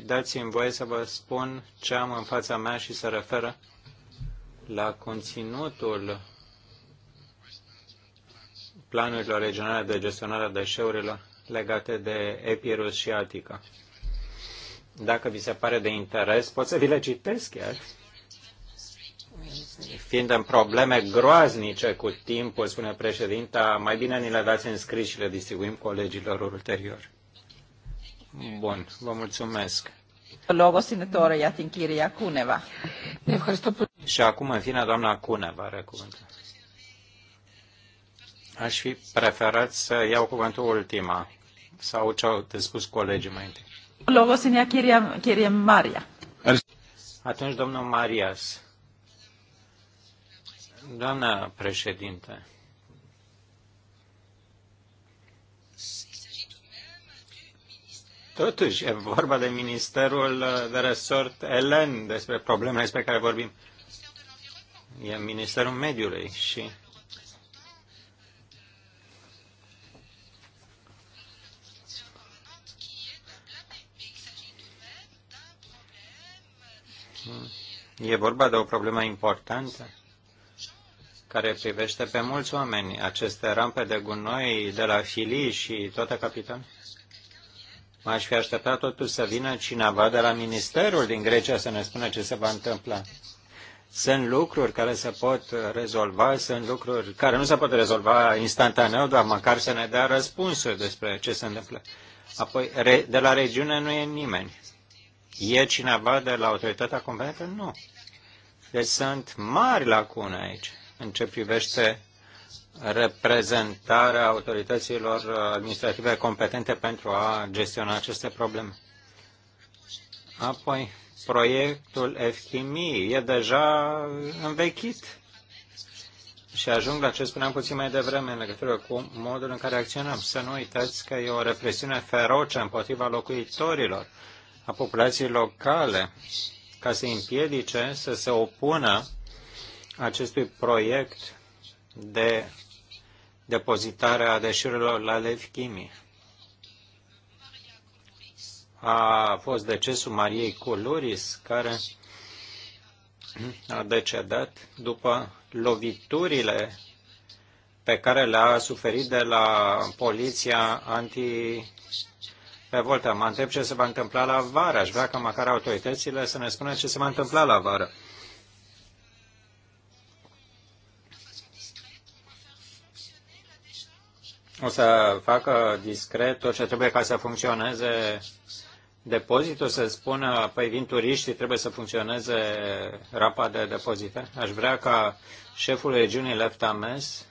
Dați-mi voie să vă spun ce am în fața mea și să referă la conținutul planurilor regionale de gestionare a deșeurilor legate de Epirus și Atica. Dacă vi se pare de interes, pot să vi le citesc chiar fiind în probleme groaznice cu timpul, spune președinta, mai bine ni le dați în scris și le distribuim colegilor ulterior. Bun, vă mulțumesc. Cuneva. Și acum, în fine, doamna Cuneva are cuvântul. Aș fi preferat să iau cuvântul ultima sau ce au de spus colegii mai întâi. Logosinia, senea Maria. Atunci, domnul Marias. Doamna președinte, Totuși, e vorba de Ministerul de Resort Elen, despre problemele despre care vorbim. E Ministerul Mediului și E vorba de o problemă importantă care privește pe mulți oameni. Aceste rampe de gunoi de la Filii și toată capitala. M-aș fi așteptat totuși să vină cineva de la Ministerul din Grecia să ne spună ce se va întâmpla. Sunt lucruri care se pot rezolva, sunt lucruri care nu se pot rezolva instantaneu, dar măcar să ne dea răspunsuri despre ce se întâmplă. Apoi, de la regiune nu e nimeni. E cineva de la autoritatea competentă? Nu. Deci sunt mari lacune aici în ce privește reprezentarea autorităților administrative competente pentru a gestiona aceste probleme. Apoi, proiectul FCHIMI e deja învechit și ajung la ce spuneam puțin mai devreme în legătură cu modul în care acționăm. Să nu uitați că e o represiune feroce împotriva locuitorilor, a populației locale, ca să împiedice să se opună acestui proiect de depozitare a deșeurilor la Levchimie. A fost decesul Mariei Coloris, care a decedat după loviturile pe care le-a suferit de la poliția anti volta Mă întreb ce se va întâmpla la vară. Aș vrea ca măcar autoritățile să ne spună ce se va întâmpla la vară. o să facă discret tot ce trebuie ca să funcționeze depozitul, să spună, păi vin turiștii, trebuie să funcționeze rapa de depozite. Aș vrea ca șeful regiunii Leftames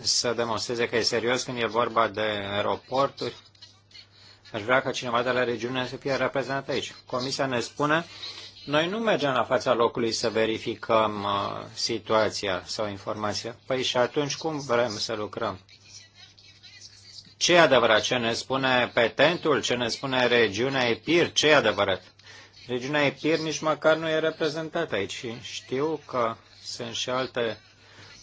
să demonstreze că e serios când e vorba de aeroporturi. Aș vrea ca cineva de la regiune să fie reprezentat aici. Comisia ne spune noi nu mergem la fața locului să verificăm uh, situația sau informația. Păi și atunci cum vrem să lucrăm? Ce e adevărat? Ce ne spune petentul? Ce ne spune regiunea EPIR? Ce e adevărat? Regiunea EPIR nici măcar nu e reprezentată aici. Știu că sunt și alte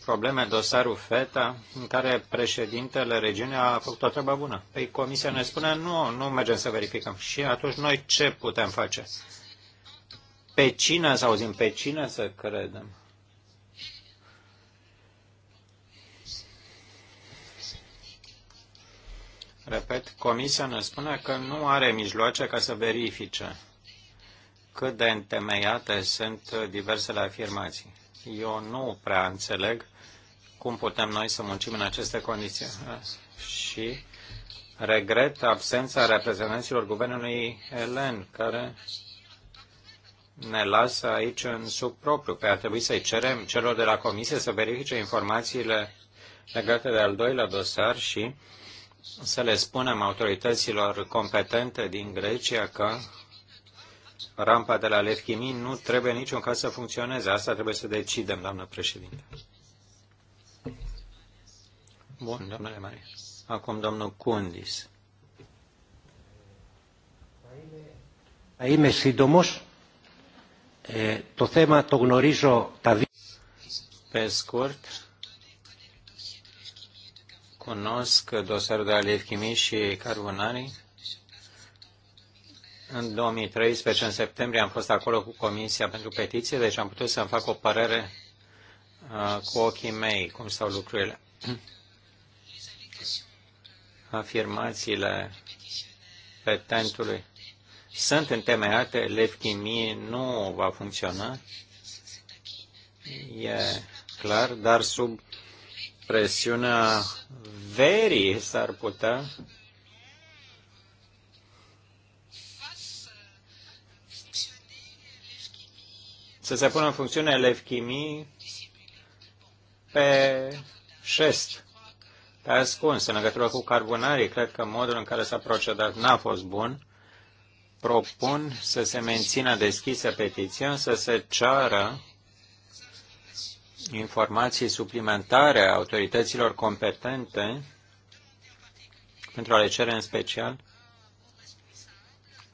probleme, dosarul FETA, în care președintele regiunii a făcut o treabă bună. Păi comisia ne spune, nu, nu mergem să verificăm. Și atunci noi ce putem face? pe cine să auzim, pe cine să credem. Repet, Comisia ne spune că nu are mijloace ca să verifice cât de întemeiate sunt diversele afirmații. Eu nu prea înțeleg cum putem noi să muncim în aceste condiții. Și regret absența reprezentanților guvernului Elen, care ne lasă aici în sub propriu. Pe ar trebui să-i cerem celor de la comisie să verifice informațiile legate de al doilea dosar și să le spunem autorităților competente din Grecia că rampa de la Lefchimin nu trebuie niciun caz să funcționeze. Asta trebuie să decidem, doamnă președinte. Bun, domnule Marie. Acum domnul Cundis. Aime domoși? Pe scurt, cunosc dosarul de Aliev Chimii și Carbonari. În 2013, în septembrie, am fost acolo cu Comisia pentru Petiție, deci am putut să-mi fac o părere uh, cu ochii mei cum stau lucrurile. Afirmațiile petentului sunt întemeiate, lefchimie nu va funcționa, e clar, dar sub presiunea verii s-ar putea să se pună în funcțiune lefchimii pe șest, pe ascuns, în legătură cu carbonarii. Cred că modul în care s-a procedat n-a fost bun propun să se mențină deschisă petiția, să se ceară informații suplimentare a autorităților competente pentru a le cere în special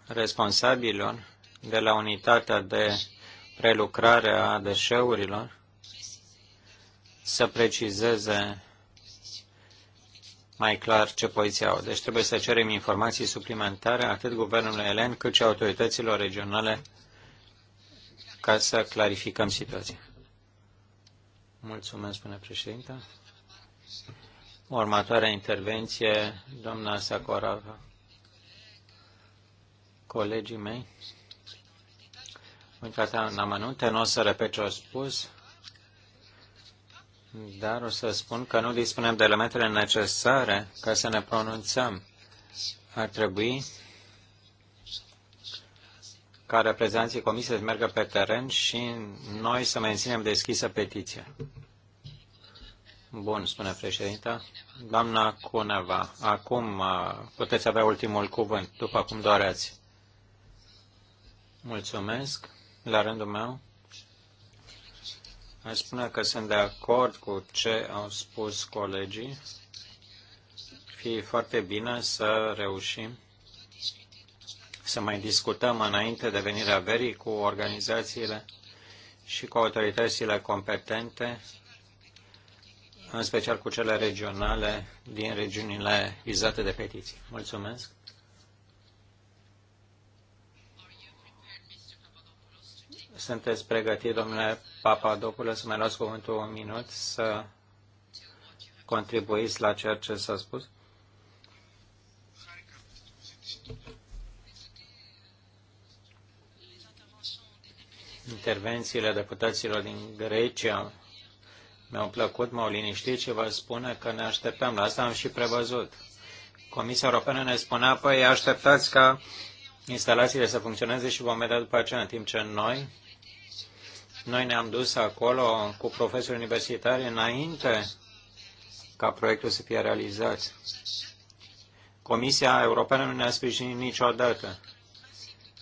responsabilor de la unitatea de prelucrare a deșeurilor să precizeze mai clar ce poziție au. Deci trebuie să cerem informații suplimentare atât guvernului elen cât și autorităților regionale ca să clarificăm situația. Mulțumesc, spune președinte. Următoarea intervenție, doamna Sacorava. Colegii mei, în în amănunte, nu o să repet ce au spus, dar o să spun că nu dispunem de elementele necesare ca să ne pronunțăm. Ar trebui ca reprezentanții comisiei să meargă pe teren și noi să menținem deschisă petiția. Bun, spune președinta. Doamna Cuneva, acum uh, puteți avea ultimul cuvânt, după cum doreați. Mulțumesc. La rândul meu. Aș spune că sunt de acord cu ce au spus colegii. Fi foarte bine să reușim să mai discutăm înainte de venirea verii cu organizațiile și cu autoritățile competente, în special cu cele regionale din regiunile vizate de petiții. Mulțumesc! sunteți pregătit, domnule Papadopoulos, să mai luați cuvântul un minut să contribuiți la ceea ce s-a spus? Intervențiile deputaților din Grecia mi-au plăcut, m-au liniștit și vă spune că ne așteptăm. La asta am și prevăzut. Comisia Europeană ne spunea, păi așteptați ca instalațiile să funcționeze și vom vedea după aceea, în timp ce noi noi ne-am dus acolo cu profesori universitari înainte ca proiectul să fie realizat. Comisia Europeană nu ne-a sprijinit niciodată.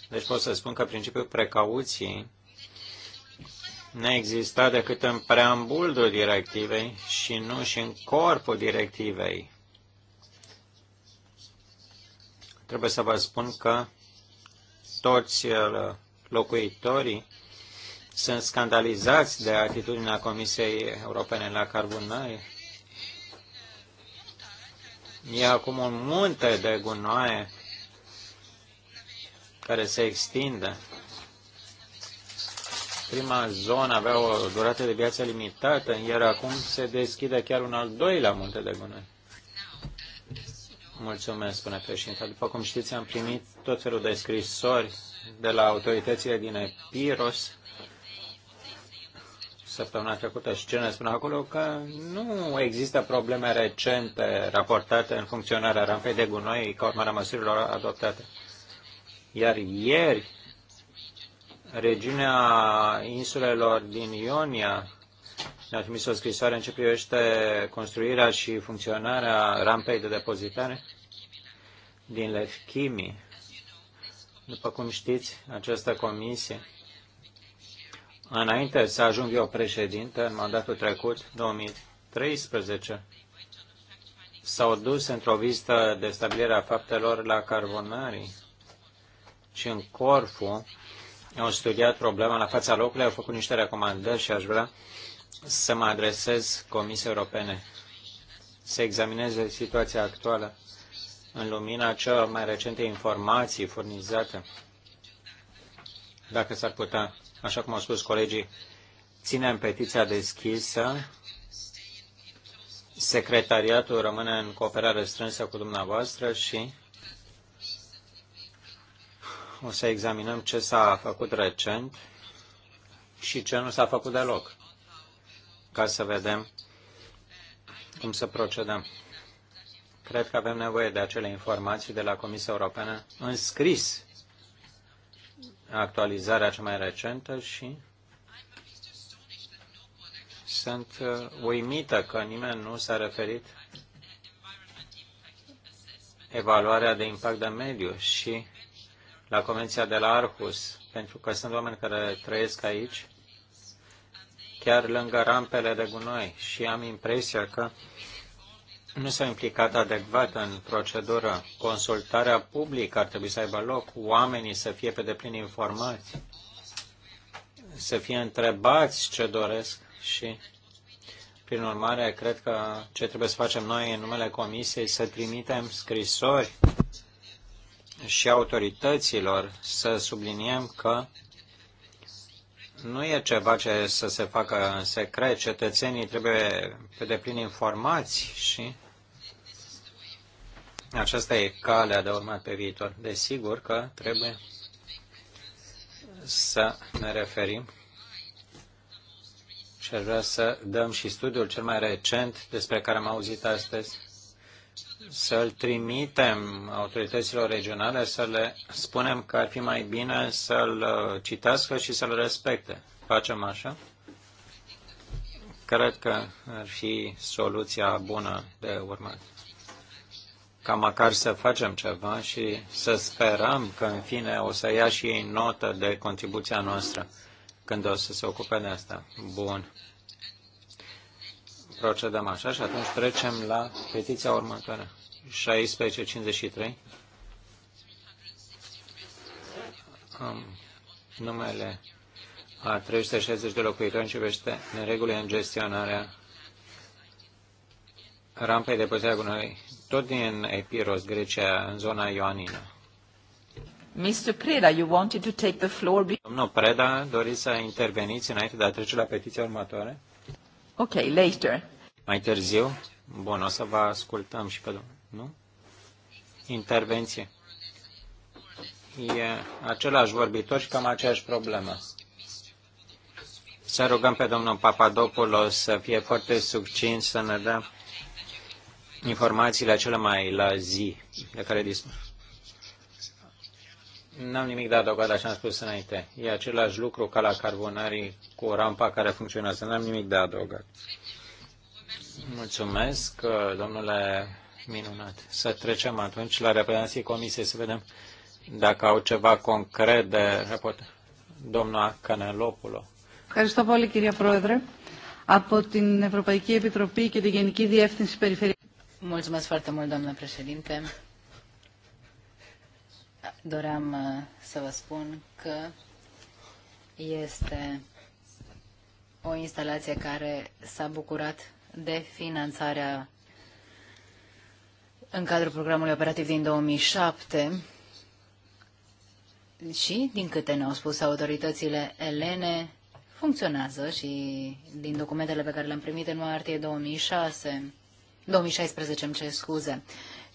Deci pot să spun că principiul precauției nu exista decât în preambulul directivei și nu și în corpul directivei. Trebuie să vă spun că toți uh, locuitorii sunt scandalizați de atitudinea Comisiei Europene la carbunai. E acum un munte de gunoaie care se extinde. Prima zonă avea o durată de viață limitată, iar acum se deschide chiar un al doilea munte de gunoi. Mulțumesc, spune președinte. După cum știți, am primit tot felul de scrisori de la autoritățile din Epiros, săptămâna trecută și ce ne spun acolo, că nu există probleme recente raportate în funcționarea rampei de gunoi ca urmare a măsurilor adoptate. Iar ieri, regiunea insulelor din Ionia ne-a trimis o scrisoare în ce privește construirea și funcționarea rampei de depozitare din Lefchimi. După cum știți, această comisie Înainte să ajung eu președinte, în mandatul trecut, 2013, s-au dus într-o vizită de stabilire a faptelor la Carbonari și în Corfu au studiat problema la fața locului, au făcut niște recomandări și aș vrea să mă adresez Comisiei Europene să examineze situația actuală în lumina celor mai recente informații furnizate, dacă s-ar putea așa cum au spus colegii, ținem petiția deschisă. Secretariatul rămâne în cooperare strânsă cu dumneavoastră și o să examinăm ce s-a făcut recent și ce nu s-a făcut deloc, ca să vedem cum să procedăm. Cred că avem nevoie de acele informații de la Comisia Europeană în scris actualizarea cea mai recentă și sunt uh, uimită că nimeni nu s-a referit evaluarea de impact de mediu și la Convenția de la Arhus, pentru că sunt oameni care trăiesc aici, chiar lângă rampele de gunoi și am impresia că nu s a implicat adecvat în procedură. Consultarea publică ar trebui să aibă loc, oamenii să fie pe deplin informați, să fie întrebați ce doresc și, prin urmare, cred că ce trebuie să facem noi în numele Comisiei, să trimitem scrisori și autorităților, să subliniem că nu e ceva ce să se facă în secret. Cetățenii trebuie pe deplin informați și aceasta e calea de urmat pe viitor. Desigur că trebuie să ne referim și aș vrea să dăm și studiul cel mai recent despre care am auzit astăzi să-l trimitem autorităților regionale, să le spunem că ar fi mai bine să-l uh, citească și să-l respecte. Facem așa? Cred că ar fi soluția bună de urmat. Ca măcar să facem ceva și să sperăm că în fine o să ia și ei notă de contribuția noastră când o să se ocupe de asta. Bun procedăm așa și atunci trecem la petiția următoare. 1653. numele a 360 de locuitori începește regulă în gestionarea rampei de păzirea gunoi, tot din Epiros, Grecia, în zona Ioanina. Mr. Preda, you wanted to take the floor. Domnul Preda, doriți să interveniți înainte de a trece la petiția următoare? Ok, later. Mai târziu? Bun, o să vă ascultăm și pe domnul. Nu? Intervenție. E același vorbitor și cam aceeași problemă. Să rugăm pe domnul Papadopoulos să fie foarte succint, să ne dea informațiile cele mai la zi de care dispunem. N-am nimic de adăugat, așa am spus înainte. E același lucru ca la carbonarii cu rampa care funcționează. N-am nimic de adăugat. Mulțumesc, domnule minunat. Să trecem atunci la reprezentanții comisiei să vedem dacă au ceva concret de raport. Doamna Canelopulo. Ευχαριστώ πολύ κυρία Πρόεδρε. Από την Ευρωπαϊκή Επιτροπή και την Γενική Διεύθυνση Περιφερειακή. Mulțumesc foarte mult, doamnă președinte. Doream uh, să vă spun că este o instalație care s-a bucurat de finanțarea în cadrul programului operativ din 2007 și, din câte ne-au spus autoritățile elene, funcționează și din documentele pe care le-am primit în martie 2006, 2016, îmi ce scuze,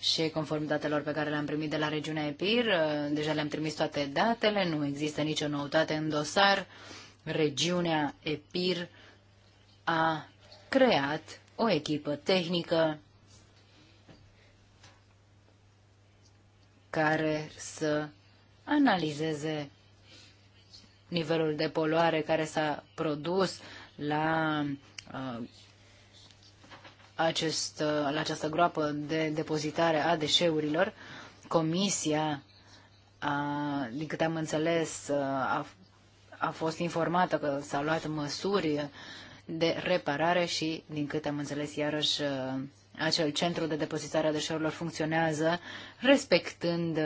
și conform datelor pe care le-am primit de la regiunea EPIR, uh, deja le-am trimis toate datele, nu există nicio noutate în dosar. Regiunea EPIR a creat o echipă tehnică care să analizeze nivelul de poluare care s-a produs la uh, acest, la această groapă de depozitare a deșeurilor. Comisia, a, din câte am înțeles, a, a fost informată că s-au luat măsuri de reparare și, din câte am înțeles, iarăși acel centru de depozitare a deșeurilor funcționează respectând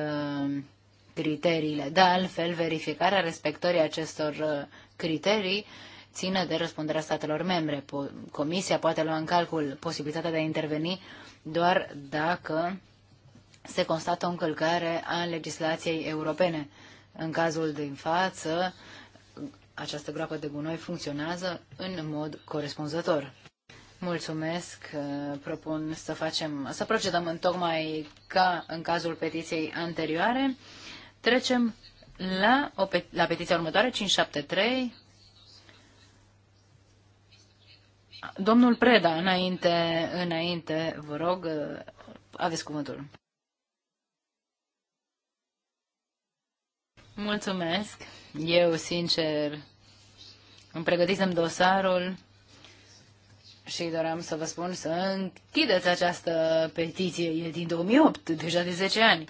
criteriile. De altfel, verificarea respectării acestor criterii ține de răspunderea statelor membre. Comisia poate lua în calcul posibilitatea de a interveni doar dacă se constată o încălcare a legislației europene. În cazul din față, această groapă de gunoi funcționează în mod corespunzător. Mulțumesc. Uh, propun să facem, să procedăm în tocmai ca în cazul petiției anterioare. Trecem la, o, la petiția următoare, 573. Domnul Preda, înainte, înainte, vă rog, aveți cuvântul. Mulțumesc. Eu, sincer, îmi pregătisem dosarul și doream să vă spun să închideți această petiție. E din 2008, deja de 10 ani.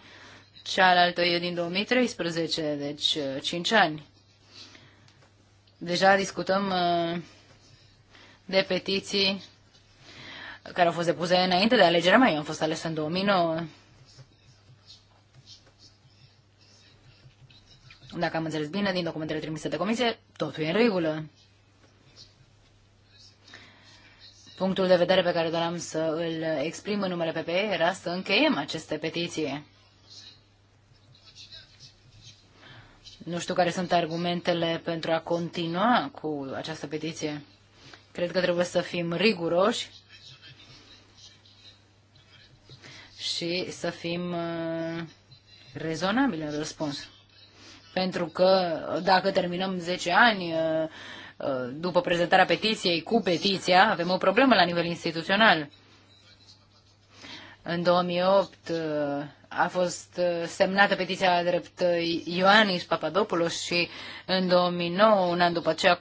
Cealaltă e din 2013, deci 5 uh, ani. Deja discutăm uh, de petiții care au fost depuse înainte de alegerea mea. Eu am fost ales în 2009. Dacă am înțeles bine din documentele trimise de comisie, totul e în regulă. Punctul de vedere pe care doream să îl exprim în numele PPE era să încheiem aceste petiții. Nu știu care sunt argumentele pentru a continua cu această petiție. Cred că trebuie să fim riguroși și să fim uh, rezonabili în răspuns. Pentru că dacă terminăm 10 ani uh, uh, după prezentarea petiției cu petiția, avem o problemă la nivel instituțional. În 2008 a fost semnată petiția drept Ioanis Papadopoulos și în 2009, un an după aceea,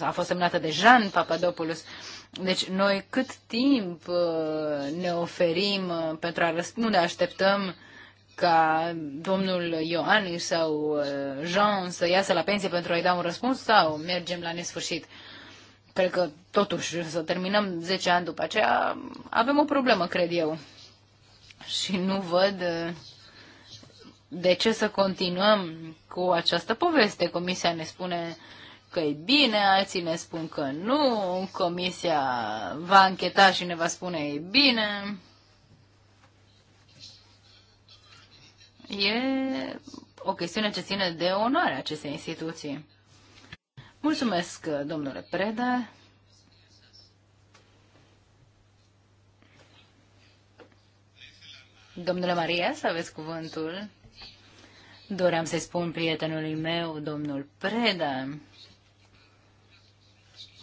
a fost semnată de Jean Papadopoulos. Deci noi cât timp uh, ne oferim uh, pentru a răspunde, așteptăm ca domnul Ioan sau uh, Jean să iasă la pensie pentru a-i da un răspuns sau mergem la nesfârșit? Cred că totuși să terminăm 10 ani după aceea avem o problemă, cred eu. Și nu văd de ce să continuăm cu această poveste. Comisia ne spune uh, că e bine, alții ne spun că nu, comisia va încheta și ne va spune e bine. E o chestiune ce ține de onoare acestei instituții. Mulțumesc, domnule Preda. Domnule Maria, să aveți cuvântul. Doream să-i spun prietenului meu, domnul Preda,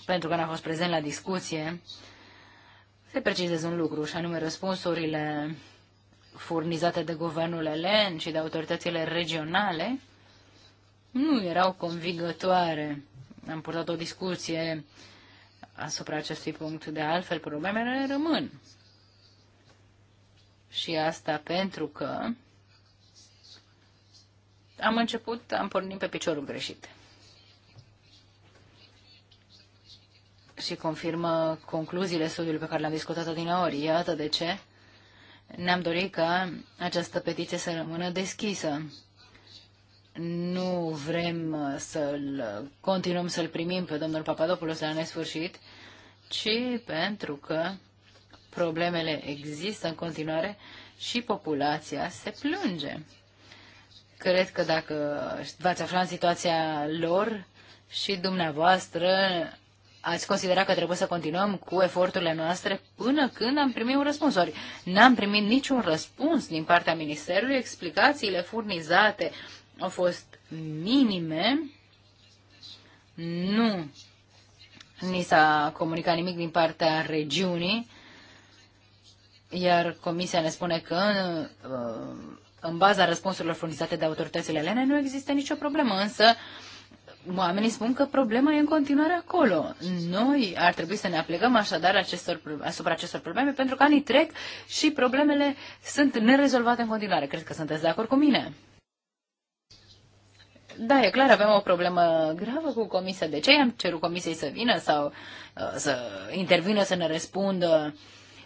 pentru că n-a fost prezent la discuție, se precizez un lucru, și anume răspunsurile furnizate de guvernul elen și de autoritățile regionale nu erau convingătoare. Am purtat o discuție asupra acestui punct, de altfel problemele rămân. Și asta pentru că am început, am pornit pe piciorul greșit. și confirmă concluziile studiului pe care le-am discutat adineori. Iată de ce ne-am dorit ca această petiție să rămână deschisă. Nu vrem să continuăm să-l primim pe domnul Papadopoulos la nesfârșit, ci pentru că problemele există în continuare și populația se plânge. Cred că dacă v-ați afla în situația lor și dumneavoastră ați considera că trebuie să continuăm cu eforturile noastre până când am primit un răspuns. Ori n-am primit niciun răspuns din partea Ministerului, explicațiile furnizate au fost minime, nu ni s-a comunicat nimic din partea regiunii, iar Comisia ne spune că uh, în baza răspunsurilor furnizate de autoritățile elene nu există nicio problemă, însă oamenii spun că problema e în continuare acolo. Noi ar trebui să ne aplicăm așadar acestor, asupra acestor probleme, pentru că anii trec și problemele sunt nerezolvate în continuare. Cred că sunteți de acord cu mine. Da, e clar, avem o problemă gravă cu comisia. De ce am cerut comisiei să vină sau uh, să intervină, să ne răspundă?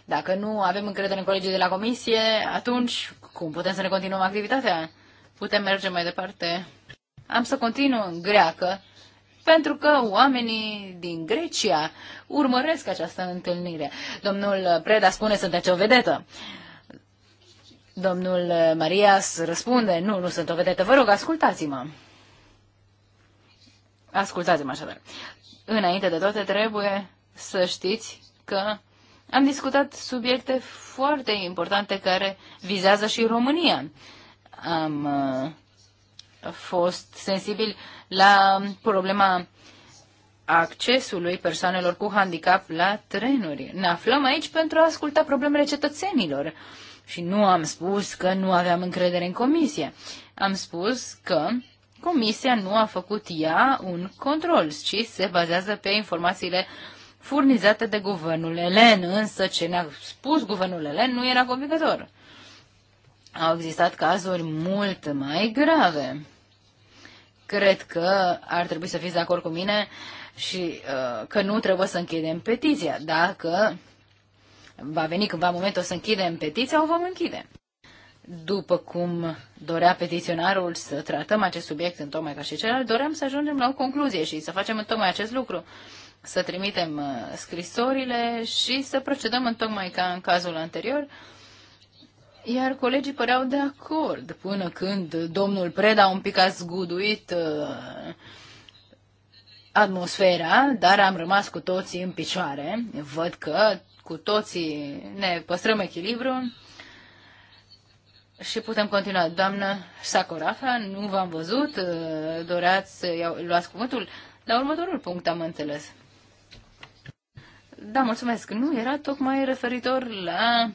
Dacă nu avem încredere în colegii de la comisie, atunci cum putem să ne continuăm activitatea? Putem merge mai departe am să continu în greacă, pentru că oamenii din Grecia urmăresc această întâlnire. Domnul Preda spune, sunteți o vedetă. Domnul Marias răspunde, nu, nu sunt o vedetă, vă rog, ascultați-mă. Ascultați-mă așadar. Înainte de toate, trebuie să știți că am discutat subiecte foarte importante care vizează și România. Am uh, fost sensibili la problema accesului persoanelor cu handicap la trenuri. Ne aflăm aici pentru a asculta problemele cetățenilor. Și nu am spus că nu aveam încredere în comisie. Am spus că comisia nu a făcut ea un control, ci se bazează pe informațiile furnizate de guvernul elen. Însă ce ne-a spus guvernul elen nu era convingător au existat cazuri mult mai grave. Cred că ar trebui să fiți de acord cu mine și uh, că nu trebuie să închidem petiția. Dacă va veni cândva momentul să închidem petiția, o vom închide. După cum dorea petiționarul să tratăm acest subiect în tocmai ca și celălalt, doream să ajungem la o concluzie și să facem în tocmai acest lucru. Să trimitem uh, scrisorile și să procedăm în tocmai ca în cazul anterior, uh, iar colegii păreau de acord până când domnul Preda un pic a zguduit uh, atmosfera, dar am rămas cu toții în picioare. Văd că cu toții ne păstrăm echilibru și putem continua. Doamnă Sacorafa, nu v-am văzut, uh, doreați să luați cuvântul. La următorul punct am înțeles. Da, mulțumesc. Nu, era tocmai referitor la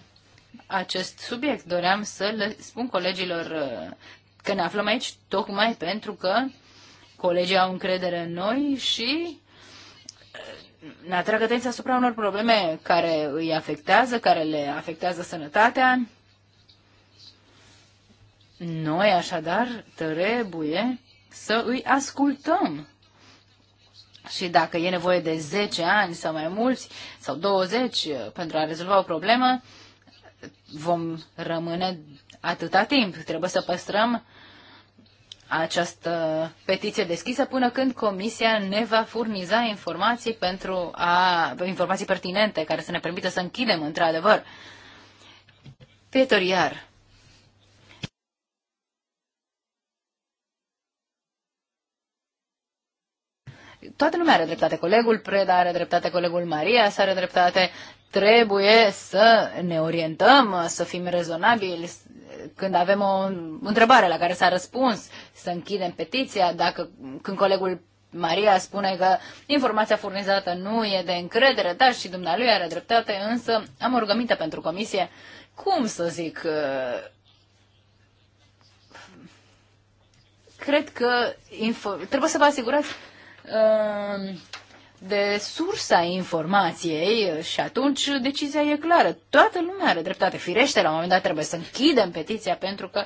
acest subiect. Doream să le spun colegilor uh, că ne aflăm aici tocmai pentru că colegii au încredere în noi și uh, ne atrag atenția asupra unor probleme care îi afectează, care le afectează sănătatea. Noi, așadar, trebuie să îi ascultăm. Și dacă e nevoie de 10 ani sau mai mulți, sau 20 uh, pentru a rezolva o problemă, vom rămâne atâta timp. Trebuie să păstrăm această petiție deschisă până când Comisia ne va furniza informații pentru a, informații pertinente care să ne permită să închidem într-adevăr. Peter Iar. Toată lumea are dreptate. Colegul Preda are dreptate, colegul Maria are dreptate, trebuie să ne orientăm, să fim rezonabili când avem o întrebare la care s-a răspuns, să închidem petiția, dacă când colegul Maria spune că informația furnizată nu e de încredere, dar și dumnealui are dreptate, însă am o rugăminte pentru comisie. Cum să zic? Cred că info... trebuie să vă asigurați uh, de sursa informației și atunci decizia e clară. Toată lumea are dreptate. Firește, la un moment dat trebuie să închidem petiția pentru că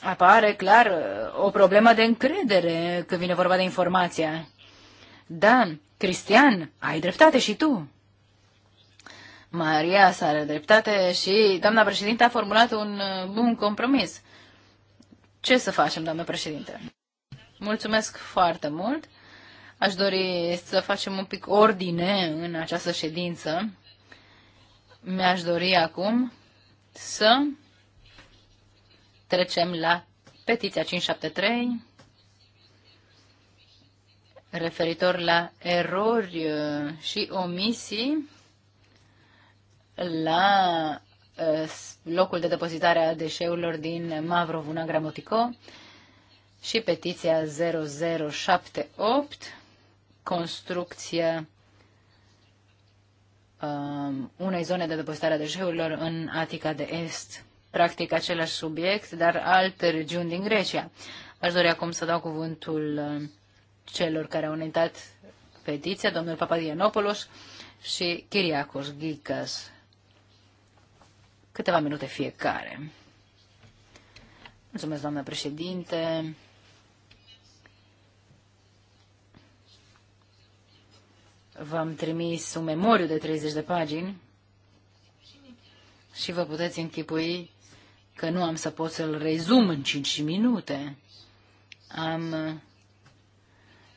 apare clar uh, o problemă de încredere când vine vorba de informația. Dan, Cristian, ai dreptate și tu. Maria s are dreptate și doamna președinte a formulat un uh, bun compromis. Ce să facem, doamnă președinte? Mulțumesc foarte mult. Aș dori să facem un pic ordine în această ședință. Mi-aș dori acum să trecem la petiția 573 referitor la erori uh, și omisii la uh, locul de depozitare a deșeurilor din Mavrovuna Gramotico și petiția 0078 construcție uh, unei zone de depozitare a deșeurilor în Atica de Est. Practic același subiect, dar alte regiuni din Grecia. Aș dori acum să dau cuvântul um, celor care au înaintat petiția, domnul Papadienopoulos și Chiriacos Ghicas. Câteva minute fiecare. Mulțumesc, doamnă președinte. V-am trimis un memoriu de 30 de pagini și vă puteți închipui că nu am să pot să-l rezum în 5 minute. Am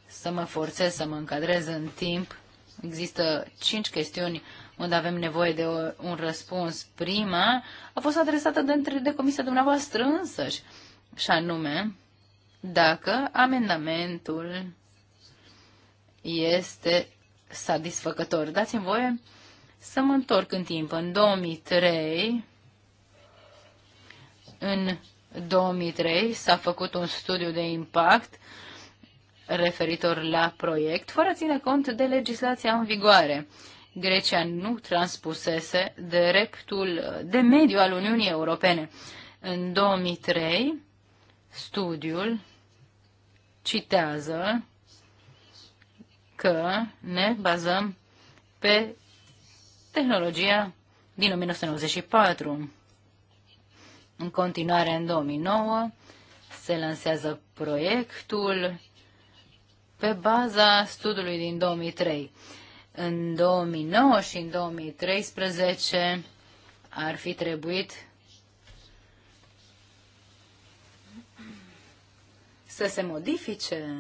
să mă forțez să mă încadrez în timp. Există 5 chestiuni unde avem nevoie de o, un răspuns. Prima a fost adresată de, între, de comisia dumneavoastră însăși, și anume dacă amendamentul este satisfăcător. Dați-mi voie să mă întorc în timp. În 2003, în 2003 s-a făcut un studiu de impact referitor la proiect, fără ține cont de legislația în vigoare. Grecia nu transpusese dreptul de mediu al Uniunii Europene. În 2003, studiul citează că ne bazăm pe tehnologia din 1994. În continuare, în 2009, se lansează proiectul pe baza studiului din 2003. În 2009 și în 2013 ar fi trebuit să se modifice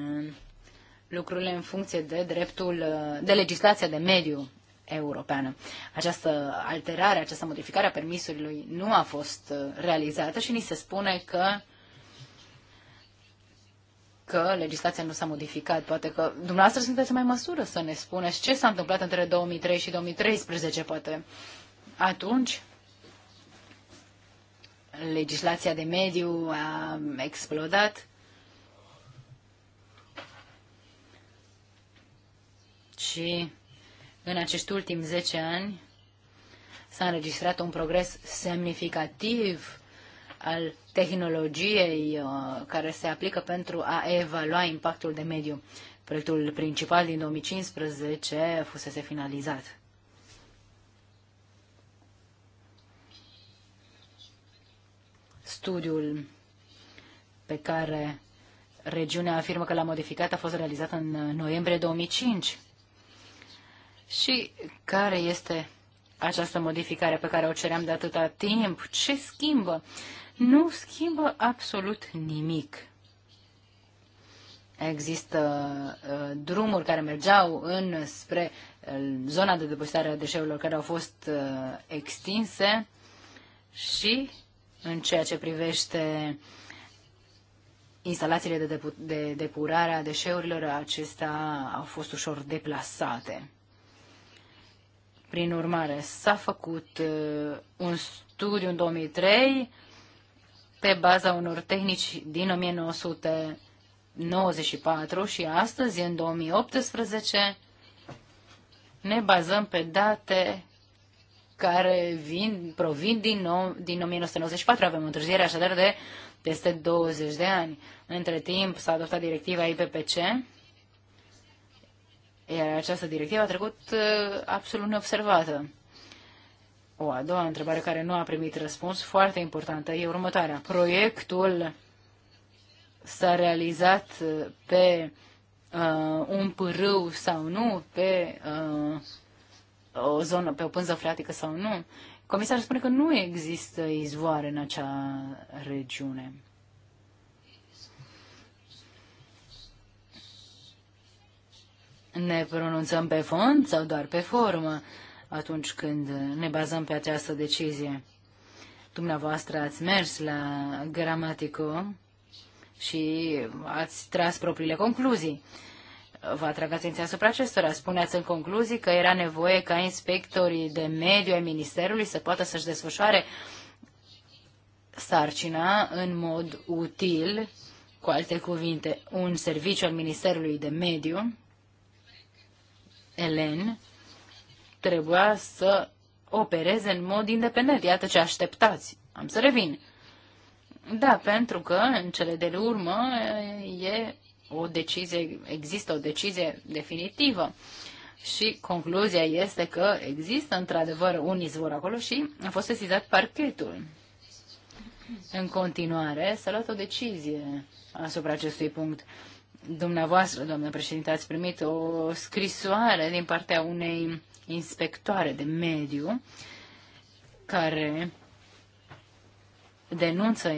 lucrurile în funcție de dreptul, de legislația de mediu europeană. Această alterare, această modificare a permisului nu a fost uh, realizată și ni se spune că că legislația nu s-a modificat. Poate că dumneavoastră sunteți mai măsură să ne spuneți ce s-a întâmplat între 2003 și 2013, poate. Atunci, legislația de mediu a explodat și în acești ultimi 10 ani s-a înregistrat un progres semnificativ al tehnologiei uh, care se aplică pentru a evalua impactul de mediu. Proiectul principal din 2015 fusese finalizat. Studiul pe care regiunea afirmă că l-a modificat a fost realizat în noiembrie 2005. Și care este această modificare pe care o ceream de atâta timp? Ce schimbă? Nu schimbă absolut nimic. Există uh, drumuri care mergeau în spre uh, zona de depozitare a deșeurilor care au fost uh, extinse și în ceea ce privește instalațiile de, depu- de depurare a deșeurilor, acestea au fost ușor deplasate. Prin urmare, s-a făcut uh, un studiu în 2003 pe baza unor tehnici din 1994 și astăzi, în 2018, ne bazăm pe date care vin, provin din, nou, din 1994. Avem întârziere așadar de peste 20 de ani. Între timp s-a adoptat directiva IPPC, iar această directivă a trecut uh, absolut neobservată. O a doua întrebare care nu a primit răspuns, foarte importantă, e următoarea. Proiectul s-a realizat uh, pe uh, un pârâu sau nu, pe uh, o zonă, pe o pânză freatică sau nu. Comisarul spune că nu există izvoare în acea regiune. ne pronunțăm pe fond sau doar pe formă atunci când ne bazăm pe această decizie. Dumneavoastră ați mers la gramatico și ați tras propriile concluzii. Vă atrag atenția asupra acestora. Spuneați în concluzii că era nevoie ca inspectorii de mediu ai Ministerului să poată să-și desfășoare sarcina în mod util, cu alte cuvinte, un serviciu al Ministerului de Mediu, Elen trebuia să opereze în mod independent. Iată ce așteptați. Am să revin. Da, pentru că în cele de urmă e o decizie, există o decizie definitivă. Și concluzia este că există într-adevăr un izvor acolo și a fost sesizat parchetul. În continuare, s-a luat o decizie asupra acestui punct dumneavoastră, doamnă președinte, ați primit o scrisoare din partea unei inspectoare de mediu care denunță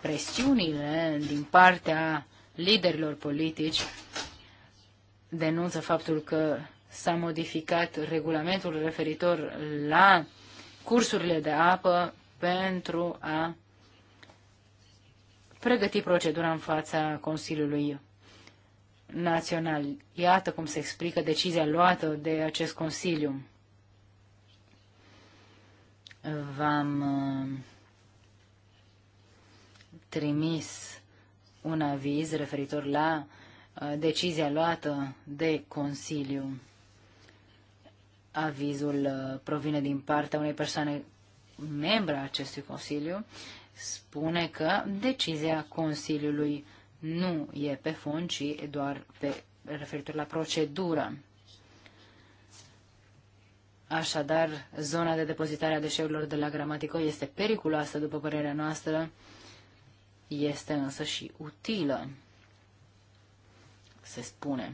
presiunile din partea liderilor politici, denunță faptul că s-a modificat regulamentul referitor la cursurile de apă pentru a pregăti procedura în fața Consiliului Național. Iată cum se explică decizia luată de acest Consiliu. V-am uh, trimis un aviz referitor la uh, decizia luată de Consiliu. Avizul uh, provine din partea unei persoane membra acestui Consiliu spune că decizia Consiliului nu e pe fond, ci doar pe referitor la procedură. Așadar, zona de depozitare a deșeurilor de la Gramatico este periculoasă, după părerea noastră, este însă și utilă, se spune.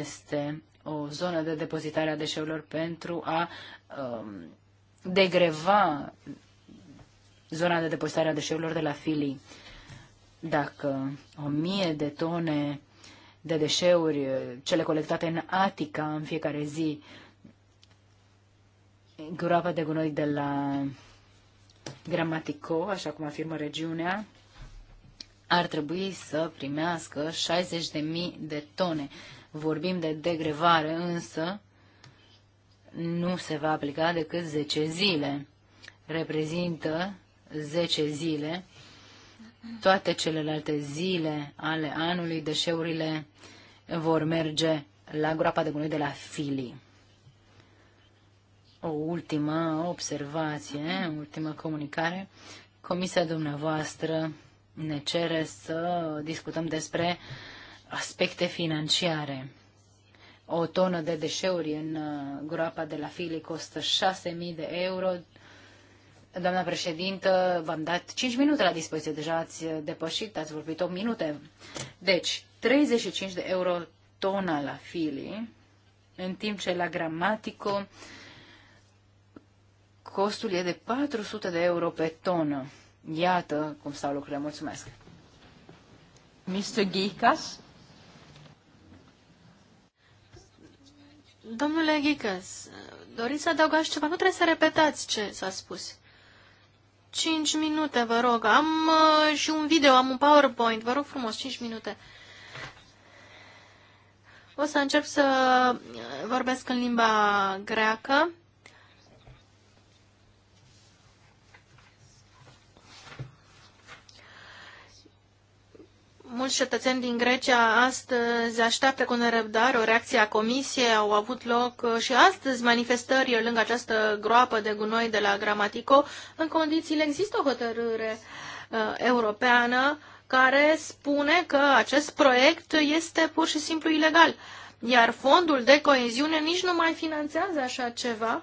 Este o zonă de depozitare a deșeurilor pentru a um, degreva zona de depozitare a deșeurilor de la filii. Dacă o mie de tone de deșeuri, uh, cele colectate în Atica în fiecare zi, groapa de gunoi de la Gramatico, așa cum afirmă regiunea, ar trebui să primească 60.000 de tone. Vorbim de degrevare, însă nu se va aplica decât 10 zile. Reprezintă 10 zile toate celelalte zile ale anului, deșeurile vor merge la groapa de gunoi de la Fili. O ultimă observație, o ultimă comunicare. Comisia dumneavoastră ne cere să discutăm despre uh, aspecte financiare. O tonă de deșeuri în uh, groapa de la Fili costă 6.000 de euro. Doamna președintă, v-am dat 5 minute la dispoziție, deja ați depășit, ați vorbit 8 minute. Deci, 35 de euro tona la Fili, în timp ce la Gramatico costul e de 400 de euro pe tonă. Iată cum stau lucrurile. Mulțumesc. Mr. Ghicas? Domnule Ghicăs, doriți să adăugați ceva? Nu trebuie să repetați ce s-a spus. Cinci minute, vă rog. Am uh, și un video, am un PowerPoint. Vă rog frumos, cinci minute. O să încep să uh, vorbesc în limba greacă. Mulți cetățeni din Grecia astăzi așteaptă cu nerăbdare o reacție a comisiei. Au avut loc uh, și astăzi manifestări lângă această groapă de gunoi de la Gramatico. În condițiile există o hotărâre uh, europeană care spune că acest proiect este pur și simplu ilegal. Iar fondul de coeziune nici nu mai finanțează așa ceva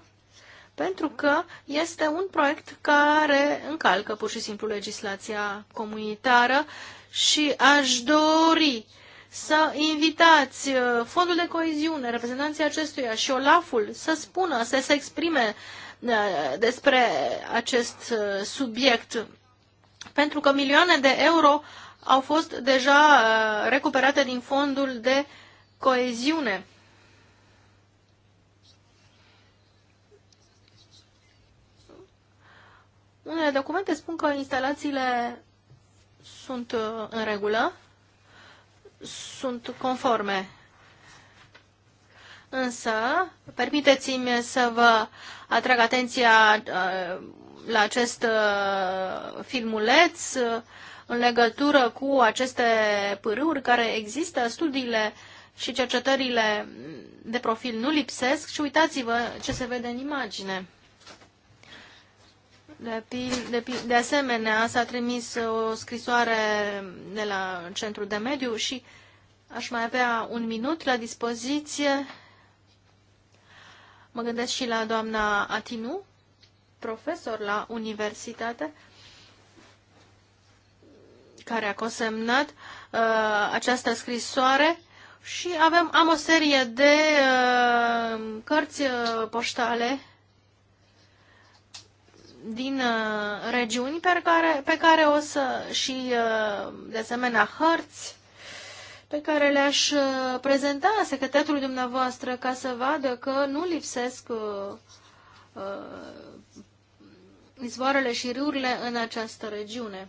pentru că este un proiect care încalcă pur și simplu legislația comunitară și aș dori să invitați uh, fondul de coeziune, reprezentanții acestuia și Olaful să spună, să se exprime uh, despre acest uh, subiect, pentru că milioane de euro au fost deja recuperate din fondul de coeziune. Unele documente spun că instalațiile sunt uh, în regulă, sunt conforme. Însă, permiteți-mi să vă atrag atenția uh, la acest uh, filmuleț în legătură cu aceste pârâuri care există, studiile și cercetările de profil nu lipsesc și uitați-vă ce se vede în imagine. De, de, de asemenea, s-a trimis o scrisoare de la Centrul de Mediu și aș mai avea un minut la dispoziție. Mă gândesc și la doamna Atinu, profesor la universitate, care a consemnat uh, această scrisoare și avem, am o serie de uh, cărți uh, poștale din uh, regiuni pe care, pe care o să și uh, de asemenea hărți pe care le-aș uh, prezenta secretarului dumneavoastră ca să vadă că nu lipsesc izvoarele și râurile în această regiune.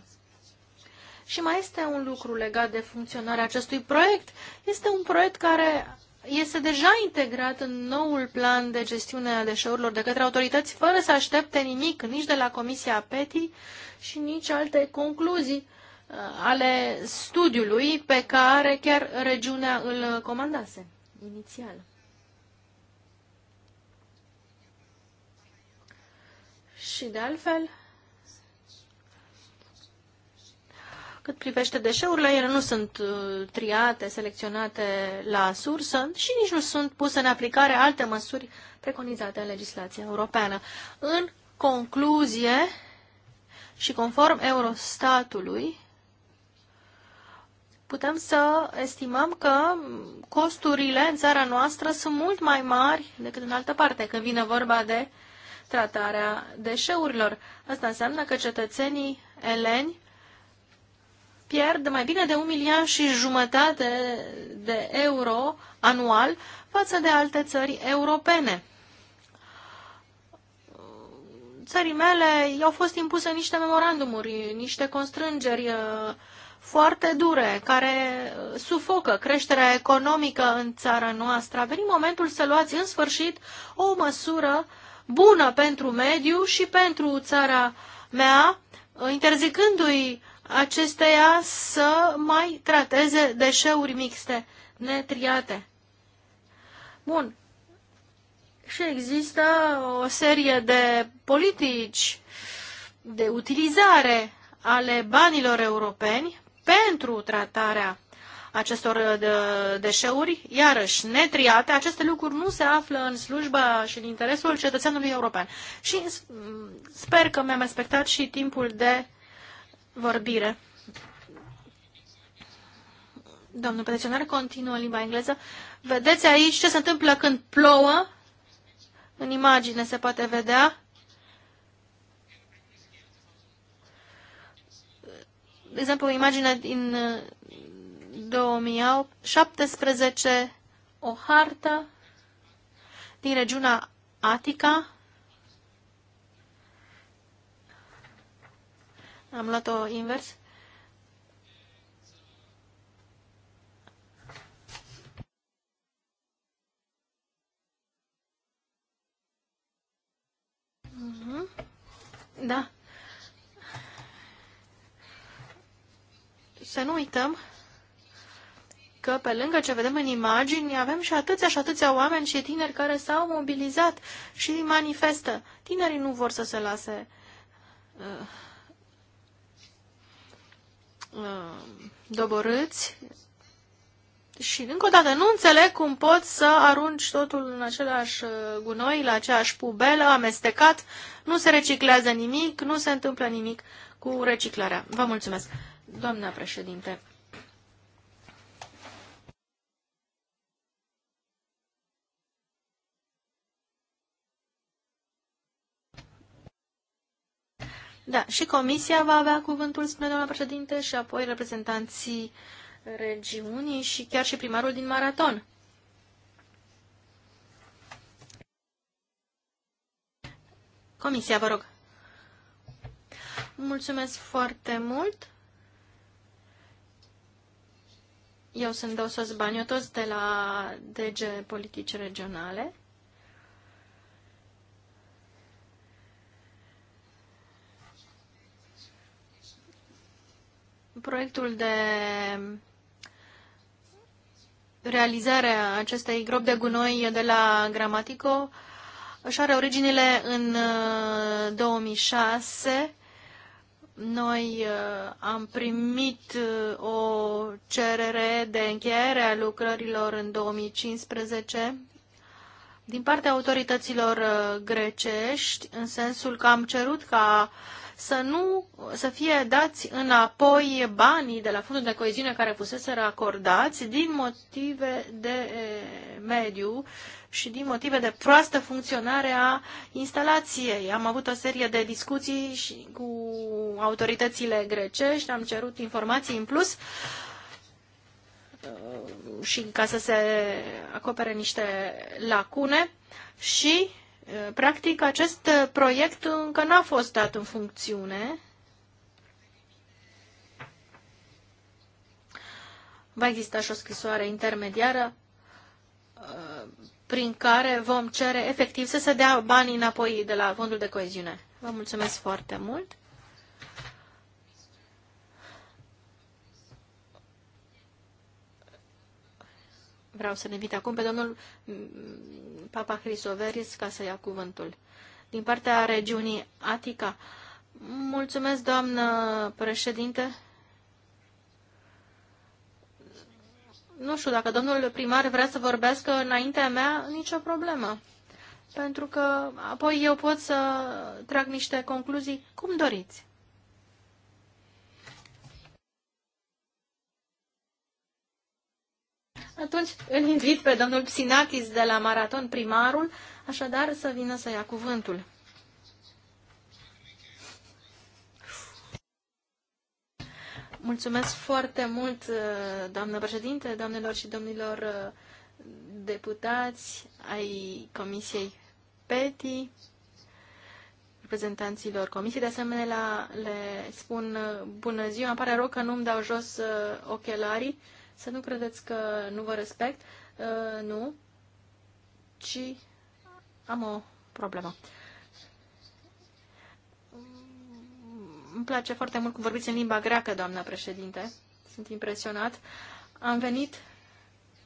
Și mai este un lucru legat de funcționarea acestui proiect. Este un proiect care este deja integrat în noul plan de gestiune a deșeurilor de către autorități, fără să aștepte nimic nici de la Comisia PETI și nici alte concluzii uh, ale studiului pe care chiar regiunea îl comandase inițial. Și de altfel, Cât privește deșeurile, ele nu sunt uh, triate, selecționate la sursă și nici nu sunt puse în aplicare alte măsuri preconizate în legislația europeană. În concluzie și conform Eurostatului, putem să estimăm că costurile în țara noastră sunt mult mai mari decât în altă parte, când vine vorba de tratarea deșeurilor. Asta înseamnă că cetățenii eleni pierd mai bine de un miliard și jumătate de euro anual față de alte țări europene. Țării mele i-au fost impuse niște memorandumuri, niște constrângeri uh, foarte dure, care uh, sufocă creșterea economică în țara noastră. A venit momentul să luați în sfârșit o măsură bună pentru mediu și pentru țara mea, uh, interzicându-i acesteia să mai trateze deșeuri mixte, netriate. Bun. Și există o serie de politici de utilizare ale banilor europeni pentru tratarea acestor uh, deșeuri, iarăși netriate, aceste lucruri nu se află în slujba și în interesul cetățeanului european. Și mm, sper că mi-am respectat și timpul de vorbire. Domnul petreționar continuă în limba engleză. Vedeți aici ce se întâmplă când plouă? În imagine se poate vedea. De exemplu, imagine din 2017 uh, o hartă din regiunea Atica, Am luat-o invers. Mhm. Da. Să nu uităm că pe lângă ce vedem în imagini, avem și atâția și atâția oameni și tineri care s-au mobilizat și manifestă. Tinerii nu vor să se lase uh, Um, doborâți și încă o dată nu înțeleg cum poți să arunci totul în același uh, gunoi, la aceeași pubelă, amestecat, nu se reciclează nimic, nu se întâmplă nimic cu reciclarea. Vă mulțumesc, doamna președinte. Da, și comisia va avea cuvântul, spune doamna președinte, și apoi reprezentanții regiunii și chiar și primarul din Maraton. Comisia, vă rog. Mulțumesc foarte mult. Eu sunt Dosos Baniotos de la DG Politici Regionale. proiectul de realizare a acestei gropi de gunoi de la Gramatico își are originile în 2006. Uh, Noi uh, am primit uh, o cerere de încheiere a lucrărilor în 2015 din partea autorităților grecești, în sensul că am cerut ca uh, să nu să fie dați înapoi banii de la fondul de coeziune care fusese acordați din motive de mediu și din motive de proastă funcționare a instalației. Am avut o serie de discuții și cu autoritățile grecești, am cerut informații în plus uh, și ca să se acopere niște lacune și Practic, acest proiect încă n-a fost dat în funcțiune. Va exista și o scrisoare intermediară uh, prin care vom cere efectiv să se dea banii înapoi de la fondul de coeziune. Vă mulțumesc foarte mult! Vreau să-l invit acum pe domnul mm, Papa Hrisoveris ca să ia cuvântul. Din partea regiunii Atica. Mulțumesc, doamnă președinte. Nu știu, dacă domnul primar vrea să vorbească înaintea mea, nicio problemă. Pentru că apoi eu pot să trag niște concluzii cum doriți. Atunci îl invit pe domnul Psinatis de la Maraton Primarul, așadar să vină să ia cuvântul. Mulțumesc foarte mult, doamnă președinte, doamnelor și domnilor uh, deputați ai Comisiei PETI, reprezentanților Comisiei. De asemenea, la, le spun uh, bună ziua. Îmi pare rău că nu-mi dau jos uh, ochelarii să nu credeți că nu vă respect. Uh, nu, ci am o problemă. Îmi place foarte mult cum vorbiți în limba greacă, doamna președinte. Sunt impresionat. Am venit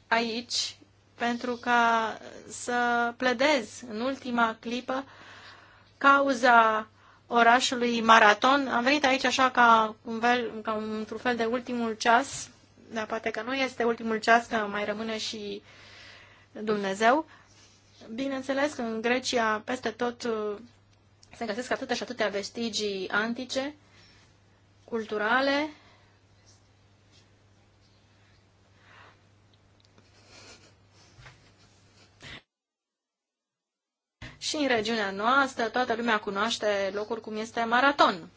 aici pentru ca să pledez în ultima clipă cauza orașului Maraton. Am venit aici așa ca, ca într-un fel de ultimul ceas da, poate că nu este ultimul ceas, că mai rămâne și Dumnezeu. Bineînțeles că în Grecia, peste tot, uh, se găsesc atâtea și atâtea vestigii antice, culturale, Și în regiunea noastră toată lumea cunoaște locuri cum este Maraton.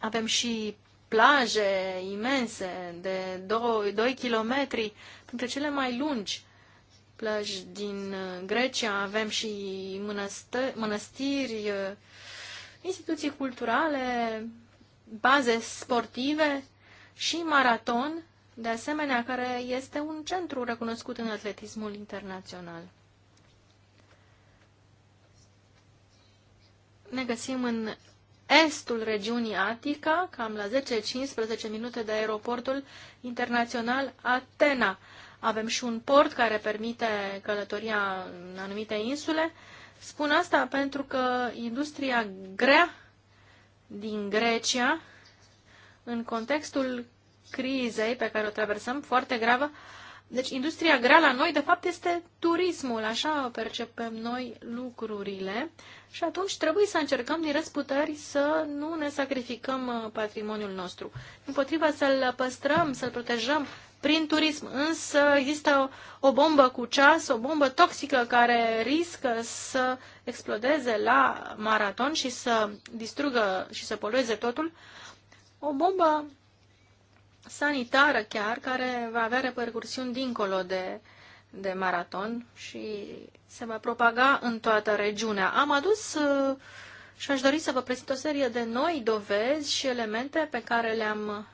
Avem și plaje imense de 2, km. kilometri, printre cele mai lungi plaje din uh, Grecia. Avem și mănăstă, mănăstiri, uh, instituții culturale, baze sportive și maraton, de asemenea, care este un centru recunoscut în atletismul internațional. Ne găsim în estul regiunii Atica, cam la 10-15 minute de aeroportul internațional Atena. Avem și un port care permite călătoria în anumite insule. Spun asta pentru că industria grea din Grecia, în contextul crizei pe care o traversăm, foarte gravă, deci industria grea la noi, de fapt, este turismul, așa percepem noi lucrurile și atunci trebuie să încercăm din răsputeri să nu ne sacrificăm uh, patrimoniul nostru. Împotriva să-l păstrăm, să-l protejăm prin turism, însă există o bombă cu ceas, o bombă toxică care riscă să explodeze la maraton și să distrugă și să polueze totul. O bombă sanitară chiar, care va avea repercursiuni dincolo de, de maraton și se va propaga în toată regiunea. Am adus uh, și aș dori să vă prezint o serie de noi dovezi și elemente pe care le-am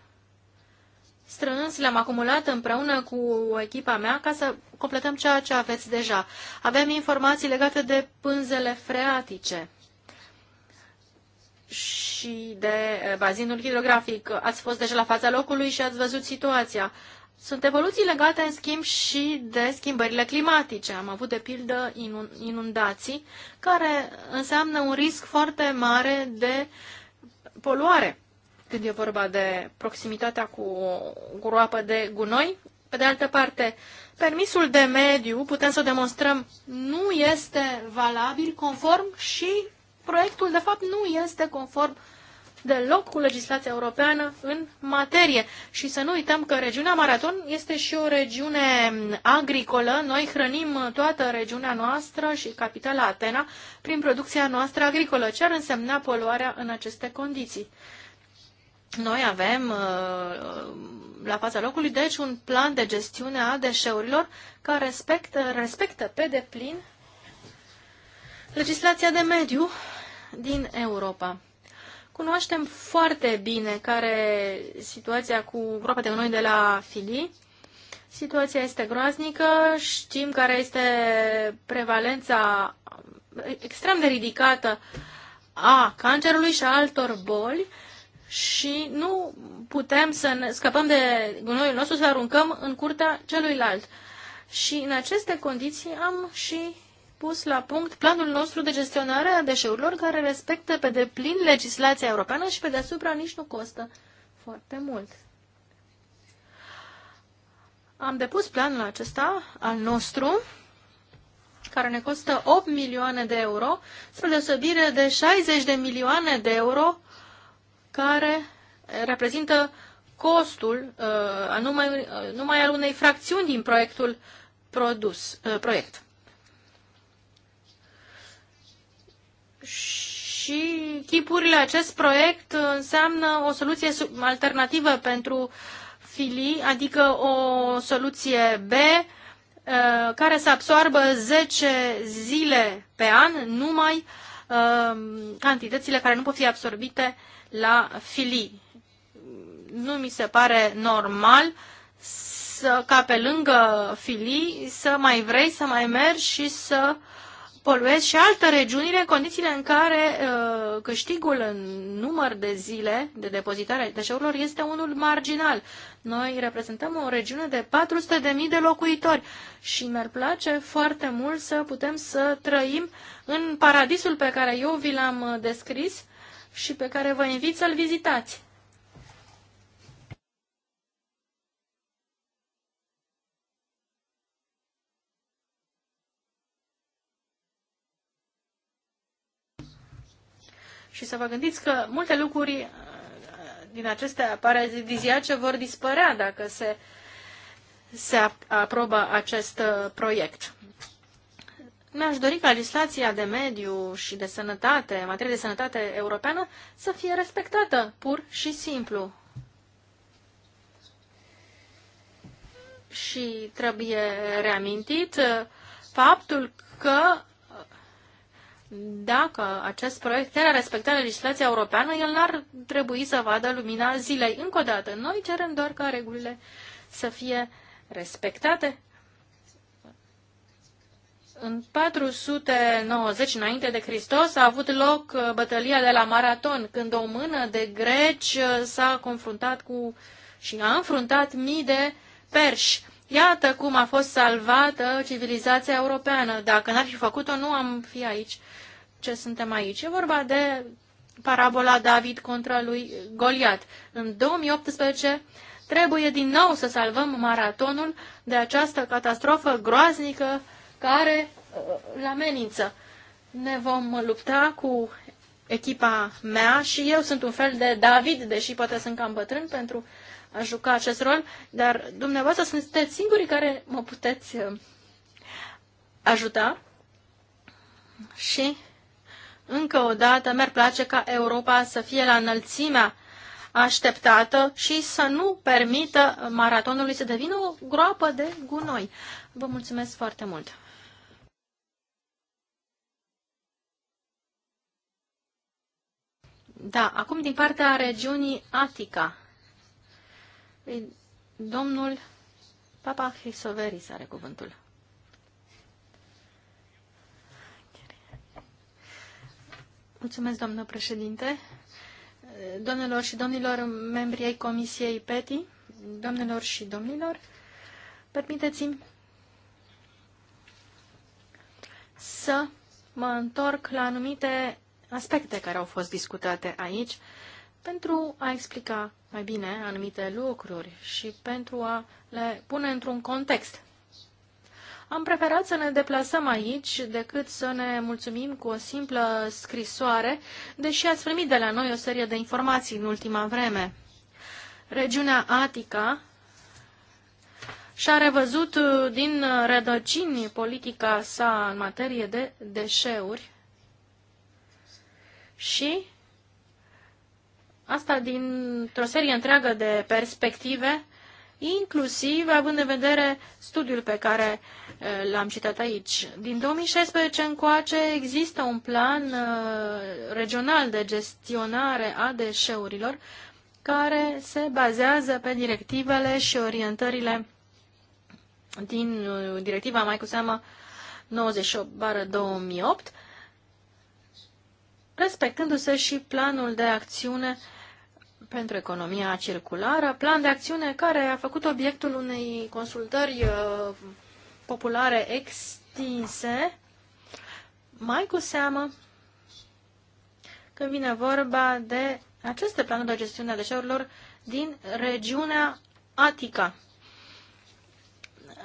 strâns, le-am acumulat împreună cu echipa mea ca să completăm ceea ce aveți deja. Avem informații legate de pânzele freatice, și de eh, bazinul hidrografic. Ați fost deja la fața locului și ați văzut situația. Sunt evoluții legate, în schimb, și de schimbările climatice. Am avut, de pildă, inundații, care înseamnă un risc foarte mare de poluare, când e vorba de proximitatea cu groapă de gunoi. Pe de altă parte, permisul de mediu, putem să o demonstrăm, nu este valabil conform și proiectul de fapt nu este conform deloc cu legislația europeană în materie. Și să nu uităm că regiunea Maraton este și o regiune agricolă. Noi hrănim toată regiunea noastră și capitala Atena prin producția noastră agricolă. Ce ar însemna poluarea în aceste condiții? Noi avem uh, uh, la fața locului, deci, un plan de gestiune a deșeurilor care respectă, respectă pe deplin legislația de mediu din Europa. Cunoaștem foarte bine care situația cu groapa de noi de la Filii. Situația este groaznică, știm care este prevalența extrem de ridicată a cancerului și a altor boli și nu putem să ne scăpăm de gunoiul nostru, să aruncăm în curtea celuilalt. Și în aceste condiții am și pus la punct planul nostru de gestionare a deșeurilor care respectă pe deplin legislația europeană și pe deasupra nici nu costă foarte mult. Am depus planul acesta al nostru care ne costă 8 milioane de euro, spre deosebire de 60 de milioane de euro care reprezintă costul uh, numai, uh, numai al unei fracțiuni din proiectul produs, uh, proiect. și chipurile acest proiect uh, înseamnă o soluție alternativă pentru filii, adică o soluție B uh, care să absoarbă 10 zile pe an numai uh, cantitățile care nu pot fi absorbite la filii. Nu mi se pare normal să, ca pe lângă filii să mai vrei să mai mergi și să uh, poluez și altă regiunile, în condițiile în care uh, câștigul în număr de zile de depozitare a deșeurilor este unul marginal. Noi reprezentăm o regiune de 400.000 de locuitori și mi-ar place foarte mult să putem să trăim în paradisul pe care eu vi l-am uh, descris și pe care vă invit să-l vizitați. și să vă gândiți că multe lucruri uh, din acestea paradiziace vor dispărea dacă se, se aprobă acest uh, proiect. Mi-aș dori ca legislația de mediu și de sănătate, în materie de sănătate europeană, să fie respectată, pur și simplu. Și trebuie reamintit uh, faptul că dacă acest proiect chiar ar respecta legislația europeană, el n-ar trebui să vadă lumina zilei. Încă o dată, noi cerem doar ca regulile să fie respectate. În 490 înainte de Hristos a avut loc uh, bătălia de la Maraton, când o mână de greci uh, s-a confruntat cu și a înfruntat mii de perși. Iată cum a fost salvată civilizația europeană. Dacă n-ar fi făcut-o, nu am fi aici ce suntem aici. E vorba de parabola David contra lui Goliat. În 2018 trebuie din nou să salvăm maratonul de această catastrofă groaznică care uh, îl amenință. Ne vom lupta cu echipa mea și eu sunt un fel de David, deși poate sunt cam bătrân pentru a juca acest rol, dar dumneavoastră sunteți singurii care mă puteți uh, ajuta și încă o dată mi-ar place ca Europa să fie la înălțimea așteptată și să nu permită maratonului să devină o groapă de gunoi. Vă mulțumesc foarte mult! Da, acum din partea regiunii Atica. Domnul Papa Hrisoveris are cuvântul. Mulțumesc, doamnă președinte. Doamnelor și domnilor, membri ai Comisiei PETI, doamnelor și domnilor, permiteți-mi să mă întorc la anumite aspecte care au fost discutate aici pentru a explica mai bine anumite lucruri și pentru a le pune într-un context. Am preferat să ne deplasăm aici decât să ne mulțumim cu o simplă scrisoare, deși ați primit de la noi o serie de informații în ultima vreme. Regiunea Atica și-a revăzut uh, din rădăcini politica sa în materie de deșeuri și asta dintr-o serie întreagă de perspective inclusiv având în vedere studiul pe care eh, l-am citat aici. Din 2016 încoace există un plan eh, regional de gestionare a deșeurilor care se bazează pe directivele și orientările din eh, directiva mai cu seamă 98-2008, respectându-se și planul de acțiune uh, pentru economia circulară, plan de acțiune care a făcut obiectul unei consultări uh, populare extinse, mai cu seamă când vine vorba de aceste planuri de gestiune a deșeurilor din regiunea Atica.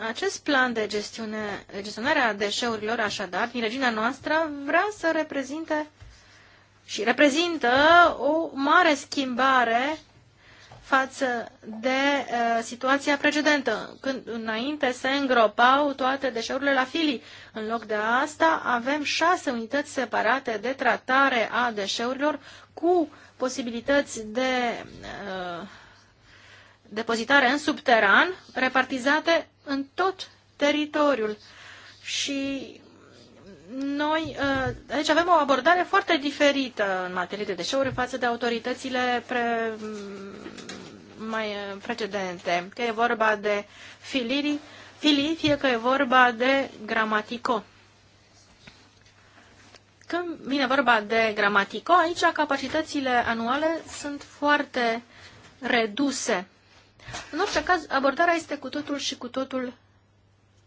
Acest plan de gestiune, gestionare a deșeurilor, așadar, din regiunea noastră, vrea să reprezinte și reprezintă o mare schimbare față de uh, situația precedentă, când înainte se îngropau toate deșeurile la filii. În loc de asta, avem șase unități separate de tratare a deșeurilor cu posibilități de uh, depozitare în subteran, repartizate în tot teritoriul. Și noi uh, aici avem o abordare foarte diferită în materie de deșeuri față de autoritățile pre, mm, mai uh, precedente, că e vorba de filiri, filii, fie că e vorba de gramatico. Când vine vorba de gramatico, aici capacitățile anuale sunt foarte reduse. În orice caz, abordarea este cu totul și cu totul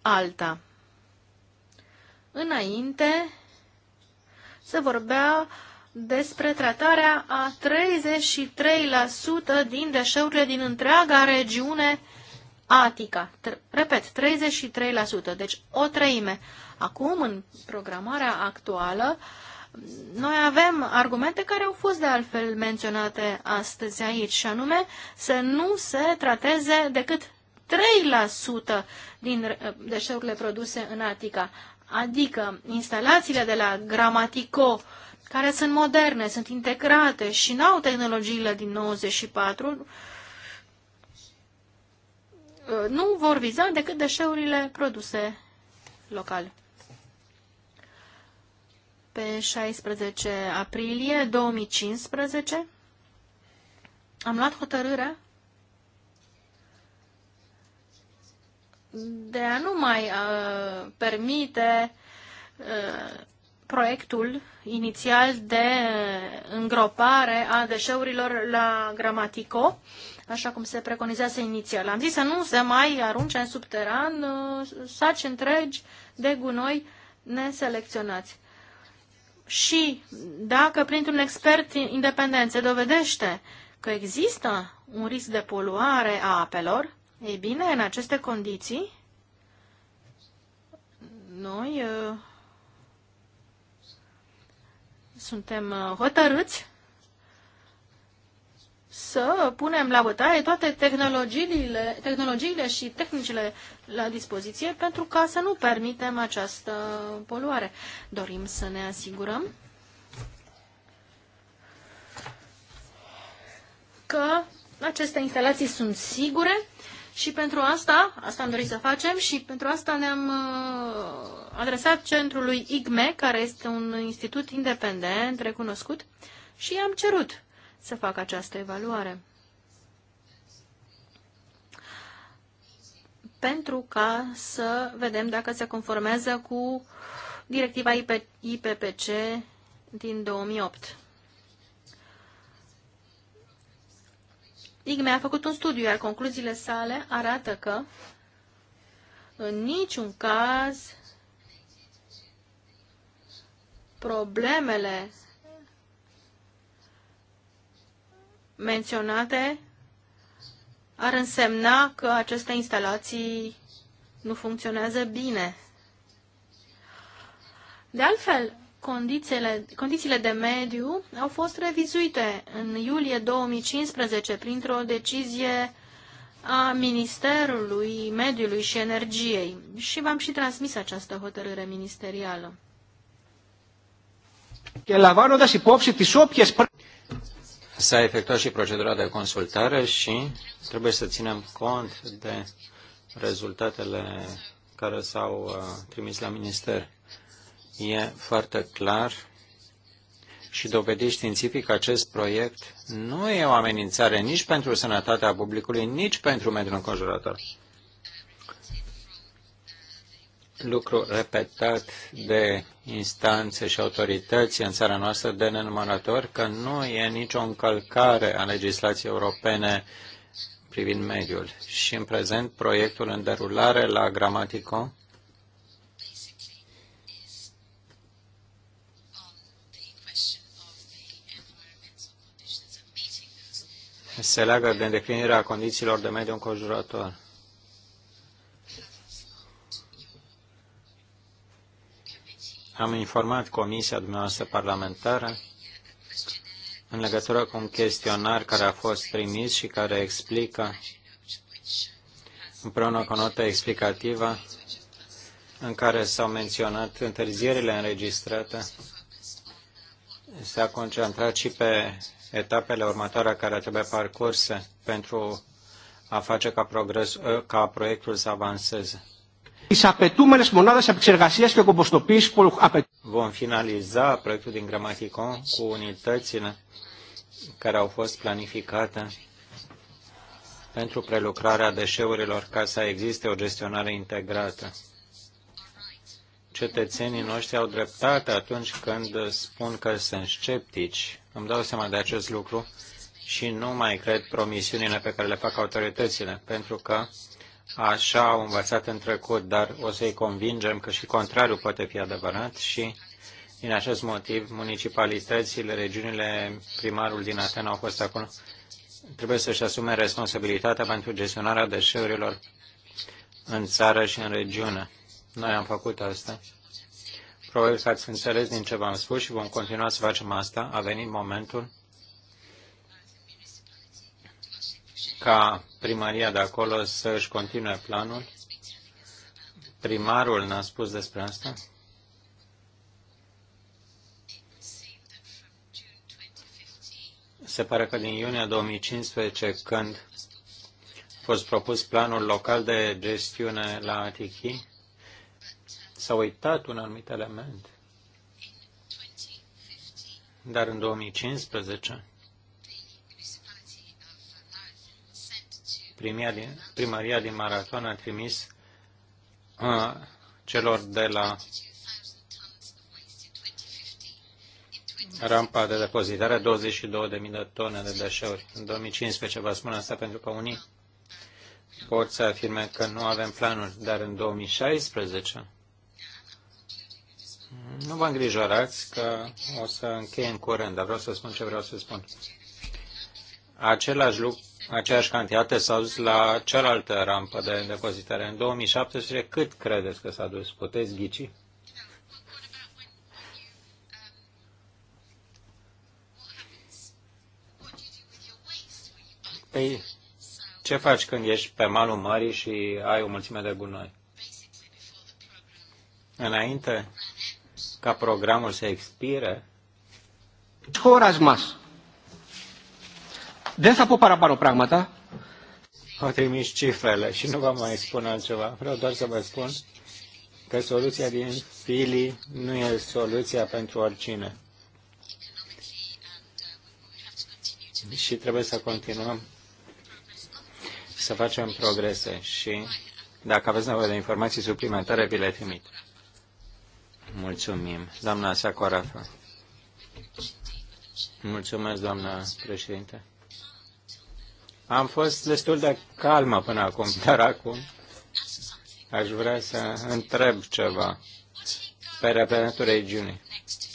alta. Înainte se vorbea despre tratarea a 33% din deșeurile din întreaga regiune Atica. Repet, 33%, deci o treime. Acum, în programarea actuală, noi avem argumente care au fost de altfel menționate astăzi aici, și anume să nu se trateze decât 3% din eh, deșeurile produse în Atica. Adică instalațiile de la Gramatico, care sunt moderne, sunt integrate și nu au tehnologiile din 94, uh, nu vor viza decât deșeurile produse local. Pe 16 aprilie 2015 am luat hotărârea de a nu mai uh, permite uh, proiectul inițial de uh, îngropare a deșeurilor la Gramatico, așa cum se preconizează inițial. Am zis să nu se mai arunce în subteran uh, saci întregi de gunoi neselecționați. Și dacă printr-un expert independent se dovedește că există un risc de poluare a apelor, ei bine, în aceste condiții, noi uh, suntem uh, hotărâți să punem la bătaie toate tehnologiile, tehnologiile și tehnicile la dispoziție pentru ca să nu permitem această poluare. Dorim să ne asigurăm că aceste instalații sunt sigure și pentru asta, asta am dorit să facem și pentru asta ne-am uh, adresat centrului IGME, care este un institut independent, recunoscut, și am cerut să facă această evaluare. Pentru ca să vedem dacă se conformează cu directiva IP IPPC din 2008. IGME a făcut un studiu, iar concluziile sale arată că în niciun caz problemele menționate ar însemna că aceste instalații nu funcționează bine. De altfel, condițiile, condițiile de mediu au fost revizuite în iulie 2015 printr-o decizie a Ministerului Mediului și Energiei și v-am și transmis această hotărâre ministerială. S-a efectuat și procedura de consultare și trebuie să ținem cont de rezultatele care s-au uh, trimis la minister. E foarte clar și dovedit științific că acest proiect nu e o amenințare nici pentru sănătatea publicului, nici pentru mediul înconjurător. Lucru repetat de instanțe și autorități în țara noastră de nenumărători că nu e nicio încălcare a legislației europene privind mediul. Și în prezent proiectul în derulare la Gramatico se leagă de îndeplinirea condițiilor de mediu înconjurător. Am informat Comisia dumneavoastră parlamentară în legătură cu un chestionar care a fost trimis și care explică, împreună cu o notă explicativă, în care s-au menționat întârzierile înregistrate, s-a concentrat și pe etapele următoare care trebuie parcurse pentru a face ca, progres, ă, ca proiectul să avanseze. Vom finaliza proiectul din Gramaticon cu unitățile care au fost planificate pentru prelucrarea deșeurilor ca să existe o gestionare integrată. Cetățenii noștri au dreptate atunci când spun că sunt sceptici îmi dau seama de acest lucru și nu mai cred promisiunile pe care le fac autoritățile, pentru că așa au învățat în trecut, dar o să-i convingem că și contrariul poate fi adevărat și din acest motiv municipalitățile, regiunile, primarul din Atena au fost acolo, trebuie să-și asume responsabilitatea pentru gestionarea deșeurilor în țară și în regiune. Noi am făcut asta Probabil că ați înțeles din ce v-am spus și vom continua să facem asta. A venit momentul ca primăria de acolo să își continue planul. Primarul ne-a spus despre asta. Se pare că din iunie 2015, când a fost propus planul local de gestiune la Atichi, s-a uitat un anumit element. Dar în 2015, din, primăria din Maraton a trimis a, celor de la rampa de depozitare 22.000 de tone de deșeuri. În 2015 vă spun asta pentru că unii pot să afirme că nu avem planuri, dar în 2016 nu vă îngrijorați că o să încheie în curând, dar vreau să spun ce vreau să spun. Același lucru, aceeași cantitate s-a dus la cealaltă rampă de depozitare. În 2017, cât credeți că s-a dus? Puteți ghici? Păi, ce faci când ești pe malul mării și ai o mulțime de gunoi? Înainte ca programul să expire? Χώρας μας. Δεν θα πω παραπάνω πράγματα. Au trimis cifrele și nu vă mai spun altceva. Vreau doar să vă spun că soluția din Fili nu e soluția pentru oricine. Și trebuie să continuăm să facem progrese și dacă aveți nevoie de informații suplimentare, vi le trimit. Mulțumim. Doamna Sacoarafa. Mulțumesc, doamna președinte. Am fost destul de calmă până acum, dar acum aș vrea să întreb ceva pe reprezentul regiunii.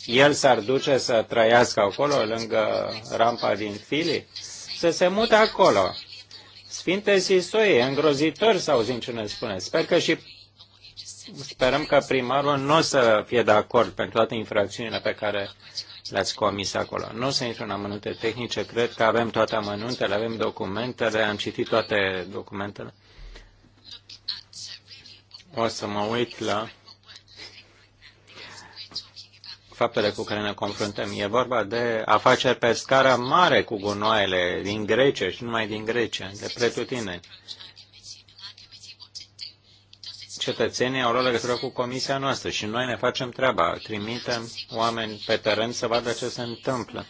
El s-ar duce să trăiască acolo, lângă rampa din Fili? Să se mute acolo. Sfinte Sisoie, îngrozitor să auzim ce ne spune. Sper că și sperăm că primarul nu o să fie de acord pentru toate infracțiunile pe care le-ați comis acolo. Nu o să intru în amănunte tehnice, cred că avem toate amănuntele, avem documentele, am citit toate documentele. O să mă uit la faptele cu care ne confruntăm. E vorba de afaceri pe scară mare cu gunoaiele din Grecia și numai din Grecia, de pretutine cetățenii au luat legătură cu comisia noastră și noi ne facem treaba, trimitem oameni pe teren să vadă ce se întâmplă.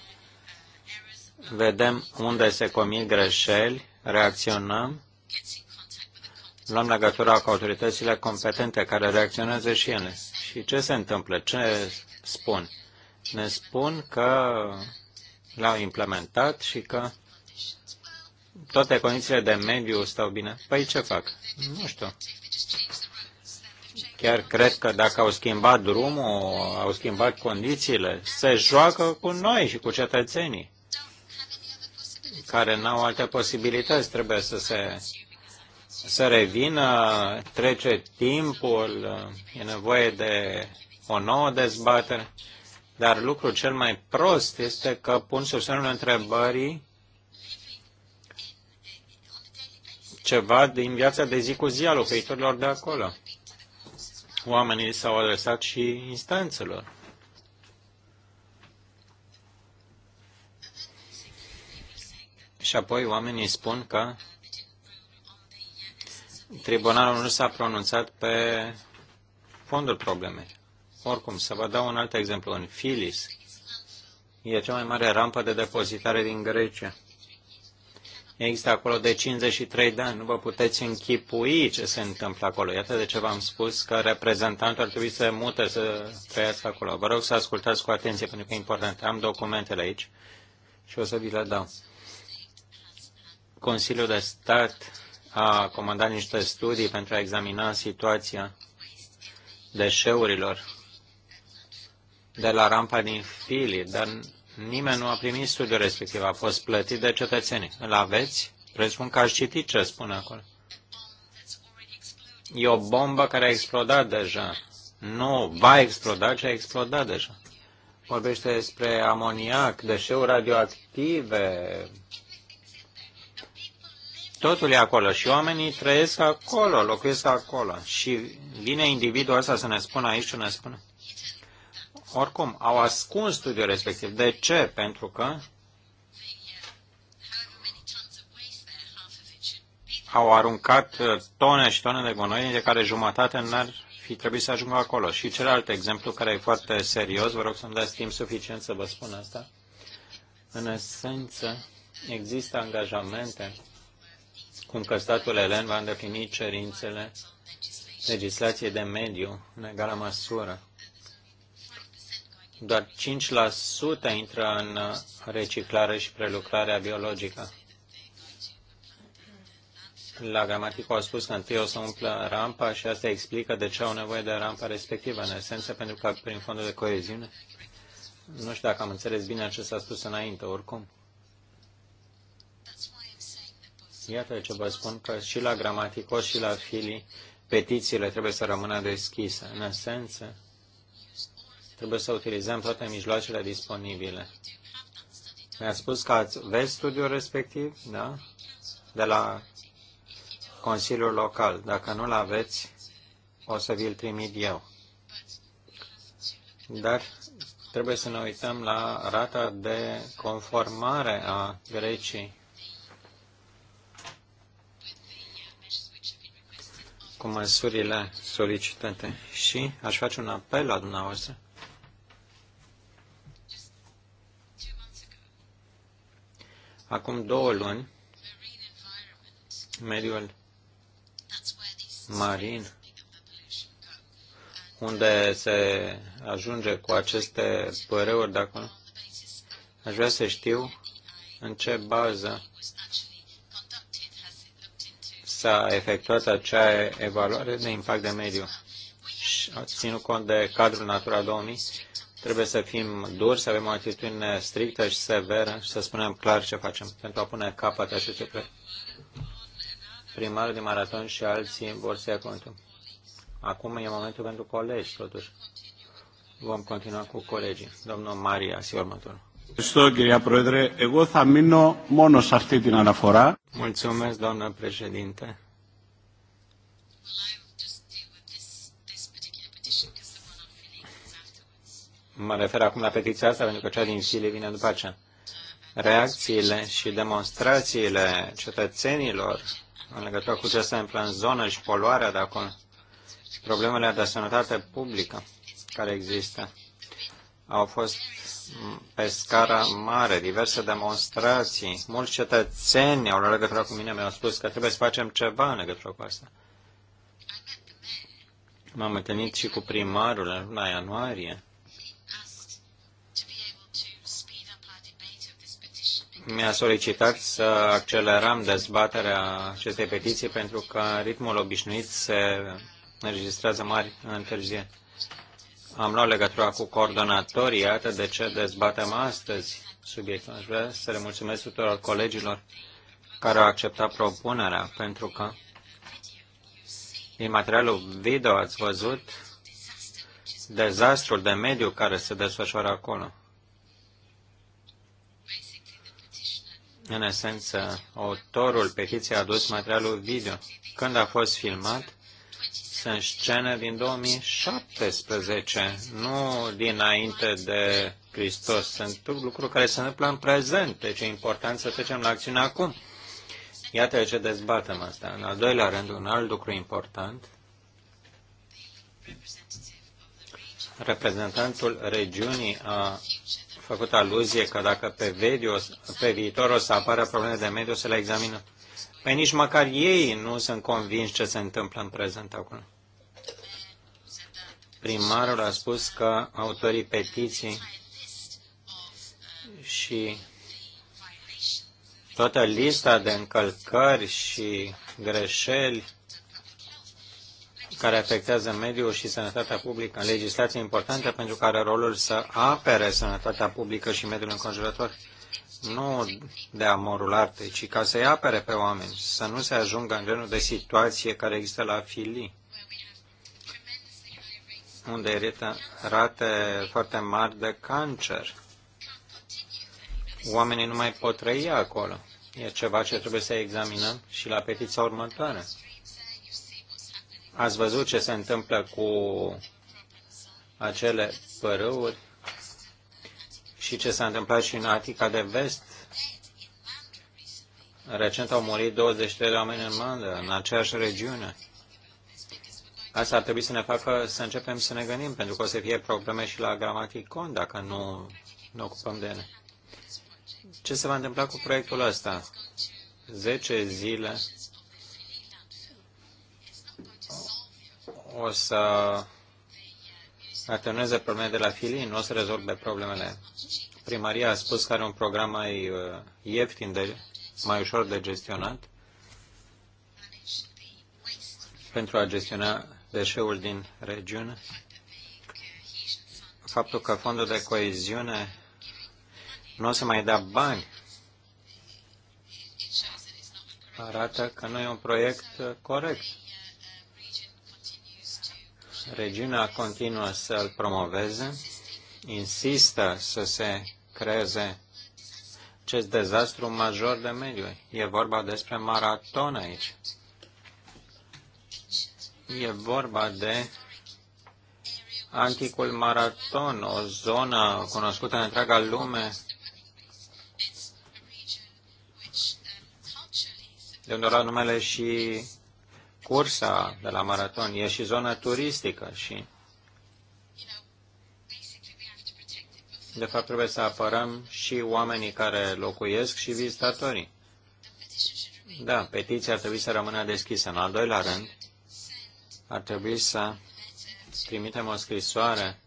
Vedem unde se comit greșeli, reacționăm, luăm legătura cu autoritățile competente care reacționează și ele. Și ce se întâmplă? Ce spun? Ne spun că l-au implementat și că toate condițiile de mediu stau bine. Păi ce fac? Nu știu. Chiar cred că dacă au schimbat drumul, au schimbat condițiile, se joacă cu noi și cu cetățenii care n-au alte posibilități. Trebuie să se să revină, trece timpul, e nevoie de o nouă dezbatere, dar lucrul cel mai prost este că pun sub semnul întrebării ceva din viața de zi cu zi a locuitorilor de acolo oamenii s-au adresat și instanțelor. Și apoi oamenii spun că tribunalul nu s-a pronunțat pe fondul problemei. Oricum, să vă dau un alt exemplu. În Filis e cea mai mare rampă de depozitare din Grecia. Există acolo de 53 de ani. Nu vă puteți închipui ce se întâmplă acolo. Iată de ce v-am spus că reprezentantul ar trebui să mute, să trăiască acolo. Vă rog să ascultați cu atenție, pentru că e important. Am documentele aici și o să vi le dau. Consiliul de Stat a comandat niște studii pentru a examina situația deșeurilor de la rampa din Fili, dar Nimeni nu a primit studiul respectiv, a fost plătit de cetățeni Îl aveți? Presupun că ați citit ce spune acolo. E o bombă care a explodat deja. Nu va exploda, ci a explodat deja. Vorbește despre amoniac, deșeuri radioactive. Totul e acolo și oamenii trăiesc acolo, locuiesc acolo. Și vine individul ăsta să ne spună aici ce ne spune. Oricum, au ascuns studiul respectiv. De ce? Pentru că au aruncat uh, tone și tone de gunoi, de care jumătate n-ar fi trebuit să ajungă acolo. Și celălalt exemplu, care e foarte serios, vă rog să-mi dați timp suficient să vă spun asta. În esență, există angajamente cum că statul elen va îndeplini cerințele legislației de mediu în egală măsură doar 5% intră în reciclare și prelucrarea biologică. La gramatică au spus că întâi o să umplă rampa și asta explică de ce au nevoie de rampa respectivă, în esență, pentru că prin fondul de coeziune, nu știu dacă am înțeles bine ce s-a spus înainte, oricum. Iată ce vă spun că și la gramaticos și la filii petițiile trebuie să rămână deschise. În esență, Trebuie să utilizăm toate mijloacele disponibile. Mi-a spus că ați vezi studiul respectiv, da? De la Consiliul Local. Dacă nu-l aveți, o să vi-l trimit eu. Dar trebuie să ne uităm la rata de conformare a grecii cu măsurile solicitate. Și aș face un apel la dumneavoastră Acum două luni, mediul marin, unde se ajunge cu aceste păreuri de acolo, aș vrea să știu în ce bază s-a efectuat acea evaluare de impact de mediu. Și ținut cont de cadrul Natura 2000 Trebuie să fim duri, să avem o atitudine strictă și severă și să spunem clar ce facem pentru a pune capăt acestui proiect. Primarul de maraton și alții vor să ia contul. Acum e momentul pentru colegi, totuși. Vom continua cu colegii. Domnul Maria, si următorul. Mulțumesc, doamnă președinte. Mă refer acum la petiția asta, pentru că cea din Chile vine după aceea. Reacțiile și demonstrațiile cetățenilor în legătură cu ce se întâmplă în zonă și poluarea de acolo, problemele de sănătate publică care există, au fost pe scară mare, diverse demonstrații. Mulți cetățeni au luat legătură cu mine, mi-au spus că trebuie să facem ceva în legătură cu asta. M-am întâlnit și cu primarul în luna ianuarie mi-a solicitat să accelerăm dezbaterea acestei petiții pentru că ritmul obișnuit se înregistrează mari întârzieri. Am luat legătura cu coordonatorii, iată de ce dezbatem astăzi subiectul. Aș vrea să le mulțumesc tuturor colegilor care au acceptat propunerea, pentru că din materialul video ați văzut dezastrul de mediu care se desfășoară acolo. În esență, autorul petiției a adus materialul video. Când a fost filmat, sunt scene din 2017, nu dinainte de Hristos. Sunt lucruri care se întâmplă în prezent, deci e important să trecem la acțiune acum. Iată ce dezbatem asta. În al doilea rând, un alt lucru important, reprezentantul regiunii a făcut aluzie că dacă pe, video, pe viitor o să apară probleme de mediu, să le examină. Păi nici măcar ei nu sunt convinși ce se întâmplă în prezent acum. Primarul a spus că autorii petiții și toată lista de încălcări și greșeli care afectează mediul și sănătatea publică în legislație importantă pentru care are rolul să apere sănătatea publică și mediul înconjurător, nu de amorul artei, ci ca să-i apere pe oameni, să nu se ajungă în genul de situație care există la filii, unde erită rate foarte mari de cancer. Oamenii nu mai pot trăi acolo. E ceva ce trebuie să examinăm și la petiția următoare Ați văzut ce se întâmplă cu acele părâuri și ce s-a întâmplat și în Atica de Vest. Recent au murit 23 de oameni în mandă, în aceeași regiune. Asta ar trebui să ne facă să începem să ne gândim, pentru că o să fie probleme și la Gramaticon dacă nu ne ocupăm de ele. Ce se va întâmpla cu proiectul ăsta? 10 zile o să acționeze problemele de la filii, nu o să rezolve problemele. Primaria a spus că are un program mai uh, ieftin, de, mai ușor de gestionat pentru a gestiona deșeul din regiune. Faptul că fondul de coeziune nu o să mai dea bani arată că nu e un proiect uh, corect Regiunea continuă să îl promoveze, insistă să se creeze acest dezastru major de mediu. E vorba despre maraton aici. E vorba de anticul maraton, o zonă cunoscută în întreaga lume, de unde au numele și cursa de la maraton, e și zona turistică și de fapt trebuie să apărăm și oamenii care locuiesc și vizitatorii. Da, petiția ar trebui să rămână deschisă. În al doilea rând, ar trebui să trimitem o scrisoare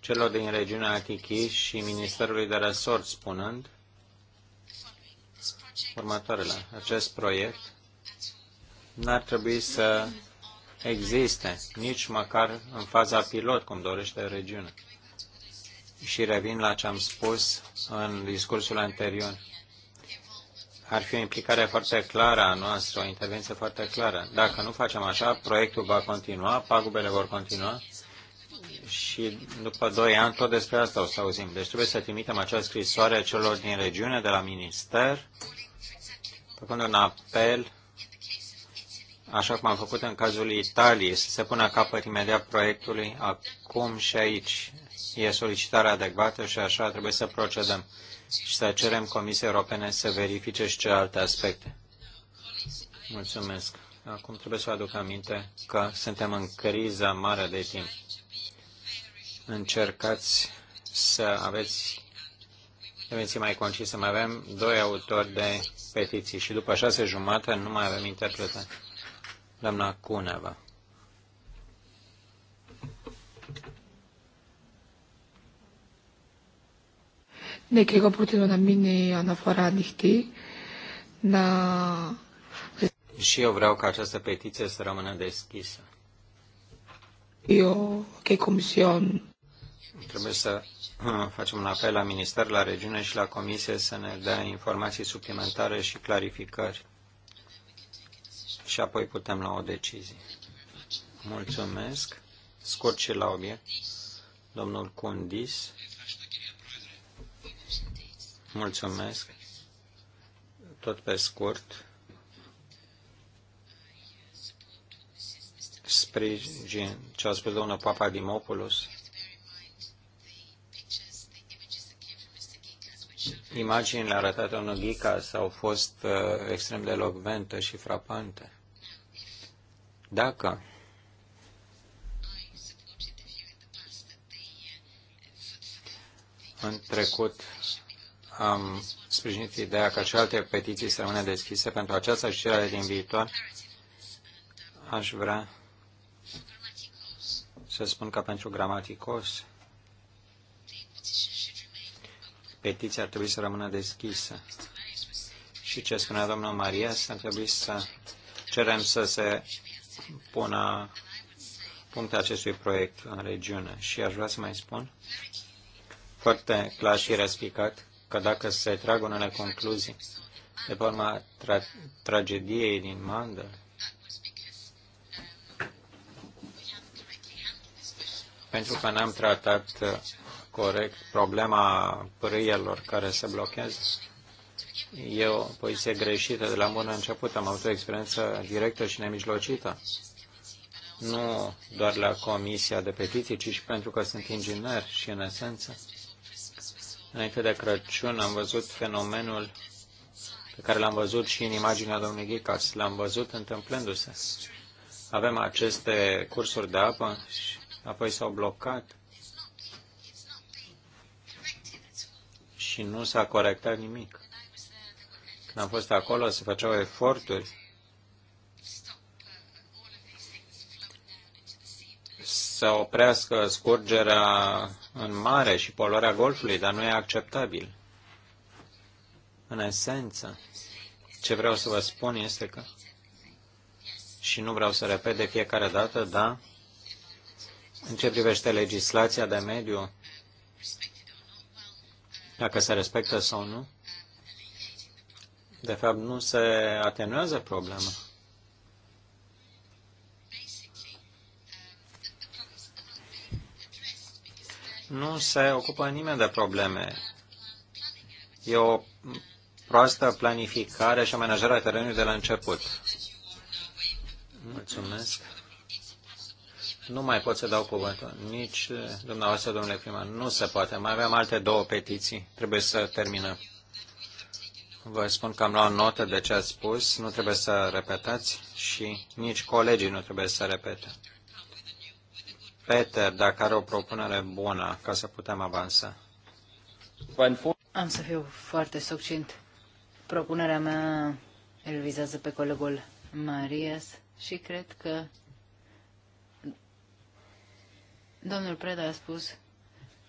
celor din regiunea Atichi și Ministerului de Resort, spunând următoarele. Acest proiect n-ar trebui să existe, nici măcar în faza pilot, cum dorește regiunea. Și revin la ce am spus în discursul anterior. Ar fi o implicare foarte clară a noastră, o intervenție foarte clară. Dacă nu facem așa, proiectul va continua, pagubele vor continua și după doi ani tot despre asta o să auzim. Deci trebuie să trimitem această scrisoare celor din regiune, de la minister, făcând un apel așa cum am făcut în cazul Italiei, să se pună capăt imediat proiectului acum și aici. E solicitarea adecvată și așa trebuie să procedăm și să cerem Comisiei Europene să verifice și celelalte aspecte. Mulțumesc. Acum trebuie să aduc aminte că suntem în criză mare de timp. Încercați să aveți Deveniți mai concise. Mai avem doi autori de petiții și după șase jumate nu mai avem interpretare. Doamna Cuneva. Ναι, και εγώ προτείνω να μείνει αναφορά ανοιχτή, να... Și eu vreau ca această petiție să rămână deschisă. Eu, că comision... Trebuie să uh, facem un apel la Minister, la Regiune și la Comisie să ne dea informații suplimentare și clarificări și apoi putem lua o decizie. Mulțumesc. Scurt și la obiect. Domnul Condis. Mulțumesc. Tot pe scurt. Sprijin ce a spus domnul Papa Dimopoulos. Imaginile arătate în Ghica au fost uh, extrem de locvente și frapante. Dacă în trecut am sprijinit ideea ca și alte petiții să rămână deschise pentru aceasta și cele din viitor, aș vrea să spun că pentru gramaticos petiția ar trebui să rămână deschisă. Și ce spunea domnul Maria, ar trebui să cerem să se pună puncte acestui proiect în regiune. Și aș vrea să mai spun foarte clar și răspicat că dacă se trag unele concluzii de pe urma tra- tragediei din Mandă, pentru că n-am tratat uh, corect problema pârâielor care se blochează, E o poziție greșită. De la bun început am avut o experiență directă și nemijlocită. Nu doar la Comisia de Petiții, ci și pentru că sunt inginer și, în esență, înainte de Crăciun am văzut fenomenul pe care l-am văzut și în imaginea domnului Ghicas. L-am văzut întâmplându-se. Avem aceste cursuri de apă și apoi s-au blocat și nu s-a corectat nimic. Când am fost acolo, se făceau eforturi să oprească scurgerea în mare și poluarea golfului, dar nu e acceptabil. În esență, ce vreau să vă spun este că, și nu vreau să repet de fiecare dată, da, în ce privește legislația de mediu, dacă se respectă sau nu, de fapt, nu se atenuează problema. Nu se ocupă nimeni de probleme. E o proastă planificare și amenajarea terenului de la început. Mulțumesc. Nu mai pot să dau cuvântul. Nici dumneavoastră, domnule primar. Nu se poate. Mai avem alte două petiții. Trebuie să terminăm. Vă spun că am luat notă de ce ați spus, nu trebuie să repetați și nici colegii nu trebuie să repete. Peter, dacă are o propunere bună ca să putem avansa. Am să fiu foarte succint. Propunerea mea îl vizează pe colegul Marias și cred că domnul Preda a spus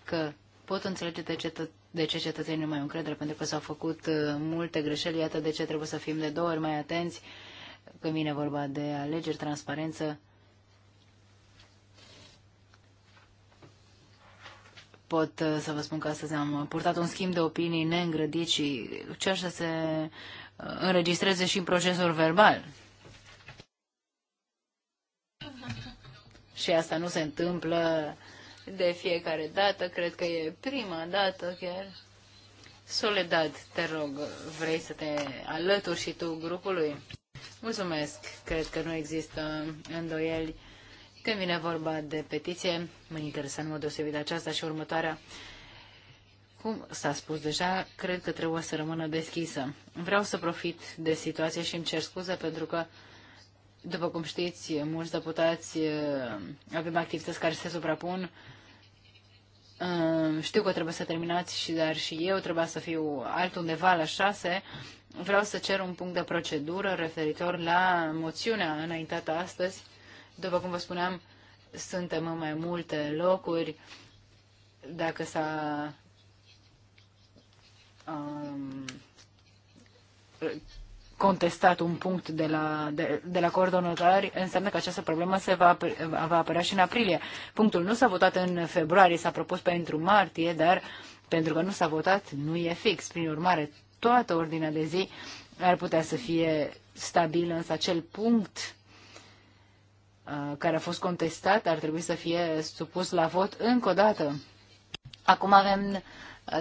că pot înțelege de ce de ce cetățenii nu mai au încredere, pentru că s-au făcut uh, multe greșeli, iată de ce trebuie să fim de două ori mai atenți când vine vorba de alegeri, transparență. Pot uh, să vă spun că astăzi am purtat un schimb de opinii neîngrădit și cer să se uh, înregistreze și în procesul verbal. Și asta nu se întâmplă de fiecare dată, cred că e prima dată chiar. Soledad, te rog, vrei să te alături și tu grupului? Mulțumesc, cred că nu există îndoieli. Când vine vorba de petiție, mă interesa în mod deosebit aceasta și următoarea. Cum s-a spus deja, cred că trebuie să rămână deschisă. Vreau să profit de situație și îmi cer scuze pentru că, după cum știți, mulți deputați eh, avem activități care se suprapun. Ehm, știu că trebuie să terminați, și dar și eu trebuia să fiu altundeva la șase. Vreau să cer un punct de procedură referitor la moțiunea înaintată astăzi. După cum vă spuneam, suntem în mai multe locuri. Dacă s-a um, contestat un punct de la, de, de la coordonatari, înseamnă că această problemă se va, va apărea și în aprilie. Punctul nu s-a votat în februarie, s-a propus pentru martie, dar pentru că nu s-a votat, nu e fix. Prin urmare, toată ordinea de zi ar putea să fie stabilă, însă acel punct uh, care a fost contestat ar trebui să fie supus la vot încă o dată. Acum avem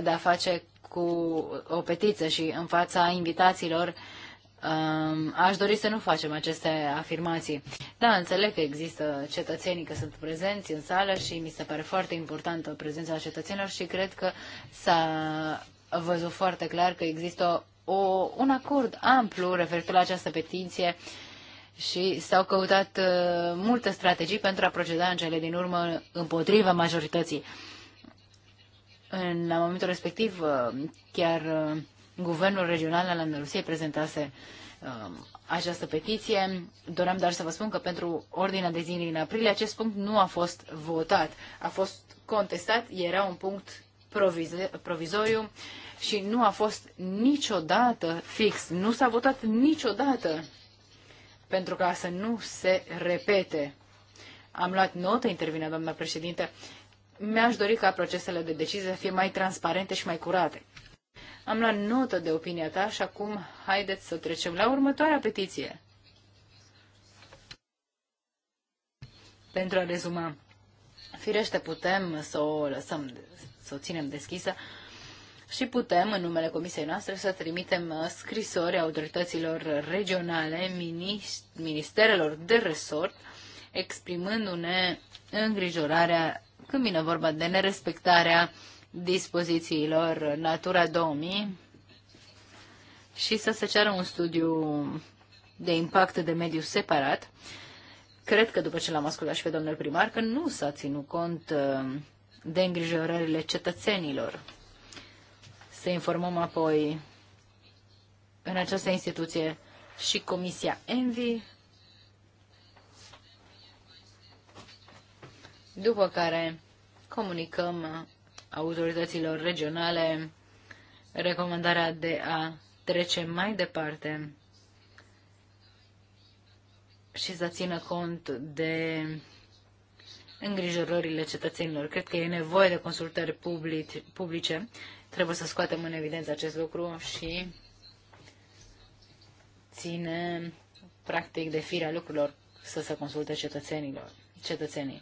de-a face cu o petiță și în fața invitațiilor aș dori să nu facem aceste afirmații. Da, înțeleg că există cetățenii că sunt prezenți în sală și mi se pare foarte importantă prezența cetățenilor și cred că s-a văzut foarte clar că există o, un acord amplu referitor la această petiție și s-au căutat uh, multe strategii pentru a proceda în cele din urmă împotriva majorității. În momentul respectiv, uh, chiar uh, Guvernul regional al Andalusiei prezentase uh, această petiție. Doream doar să vă spun că pentru ordinea de zi din aprilie acest punct nu a fost votat. A fost contestat, era un punct provizoriu și nu a fost niciodată fix. Nu s-a votat niciodată pentru ca să nu se repete. Am luat notă, intervine doamna președinte. Mi-aș dori ca procesele de decizie să fie mai transparente și mai curate. Am luat notă de opinia ta și acum haideți să trecem la următoarea petiție. Pentru a rezuma, firește putem să o lăsăm, să o ținem deschisă și putem, în numele comisiei noastre, să trimitem scrisori autorităților regionale, ministerelor de resort, exprimându-ne îngrijorarea când vine vorba de nerespectarea uh, dispozițiilor Natura 2000 și să se ceară un studiu de impact de mediu separat. Cred că după ce l-am ascultat și pe domnul primar, că nu s-a ținut cont uh, de îngrijorările cetățenilor. Să informăm apoi în această instituție și Comisia Envi, după care comunicăm autorităților regionale recomandarea de a trece mai departe și să țină cont de îngrijorările cetățenilor. Cred că e nevoie de consultări publice. Trebuie să scoatem în evidență acest lucru și ține practic de firea lucrurilor să se consulte cetățenilor, cetățenii.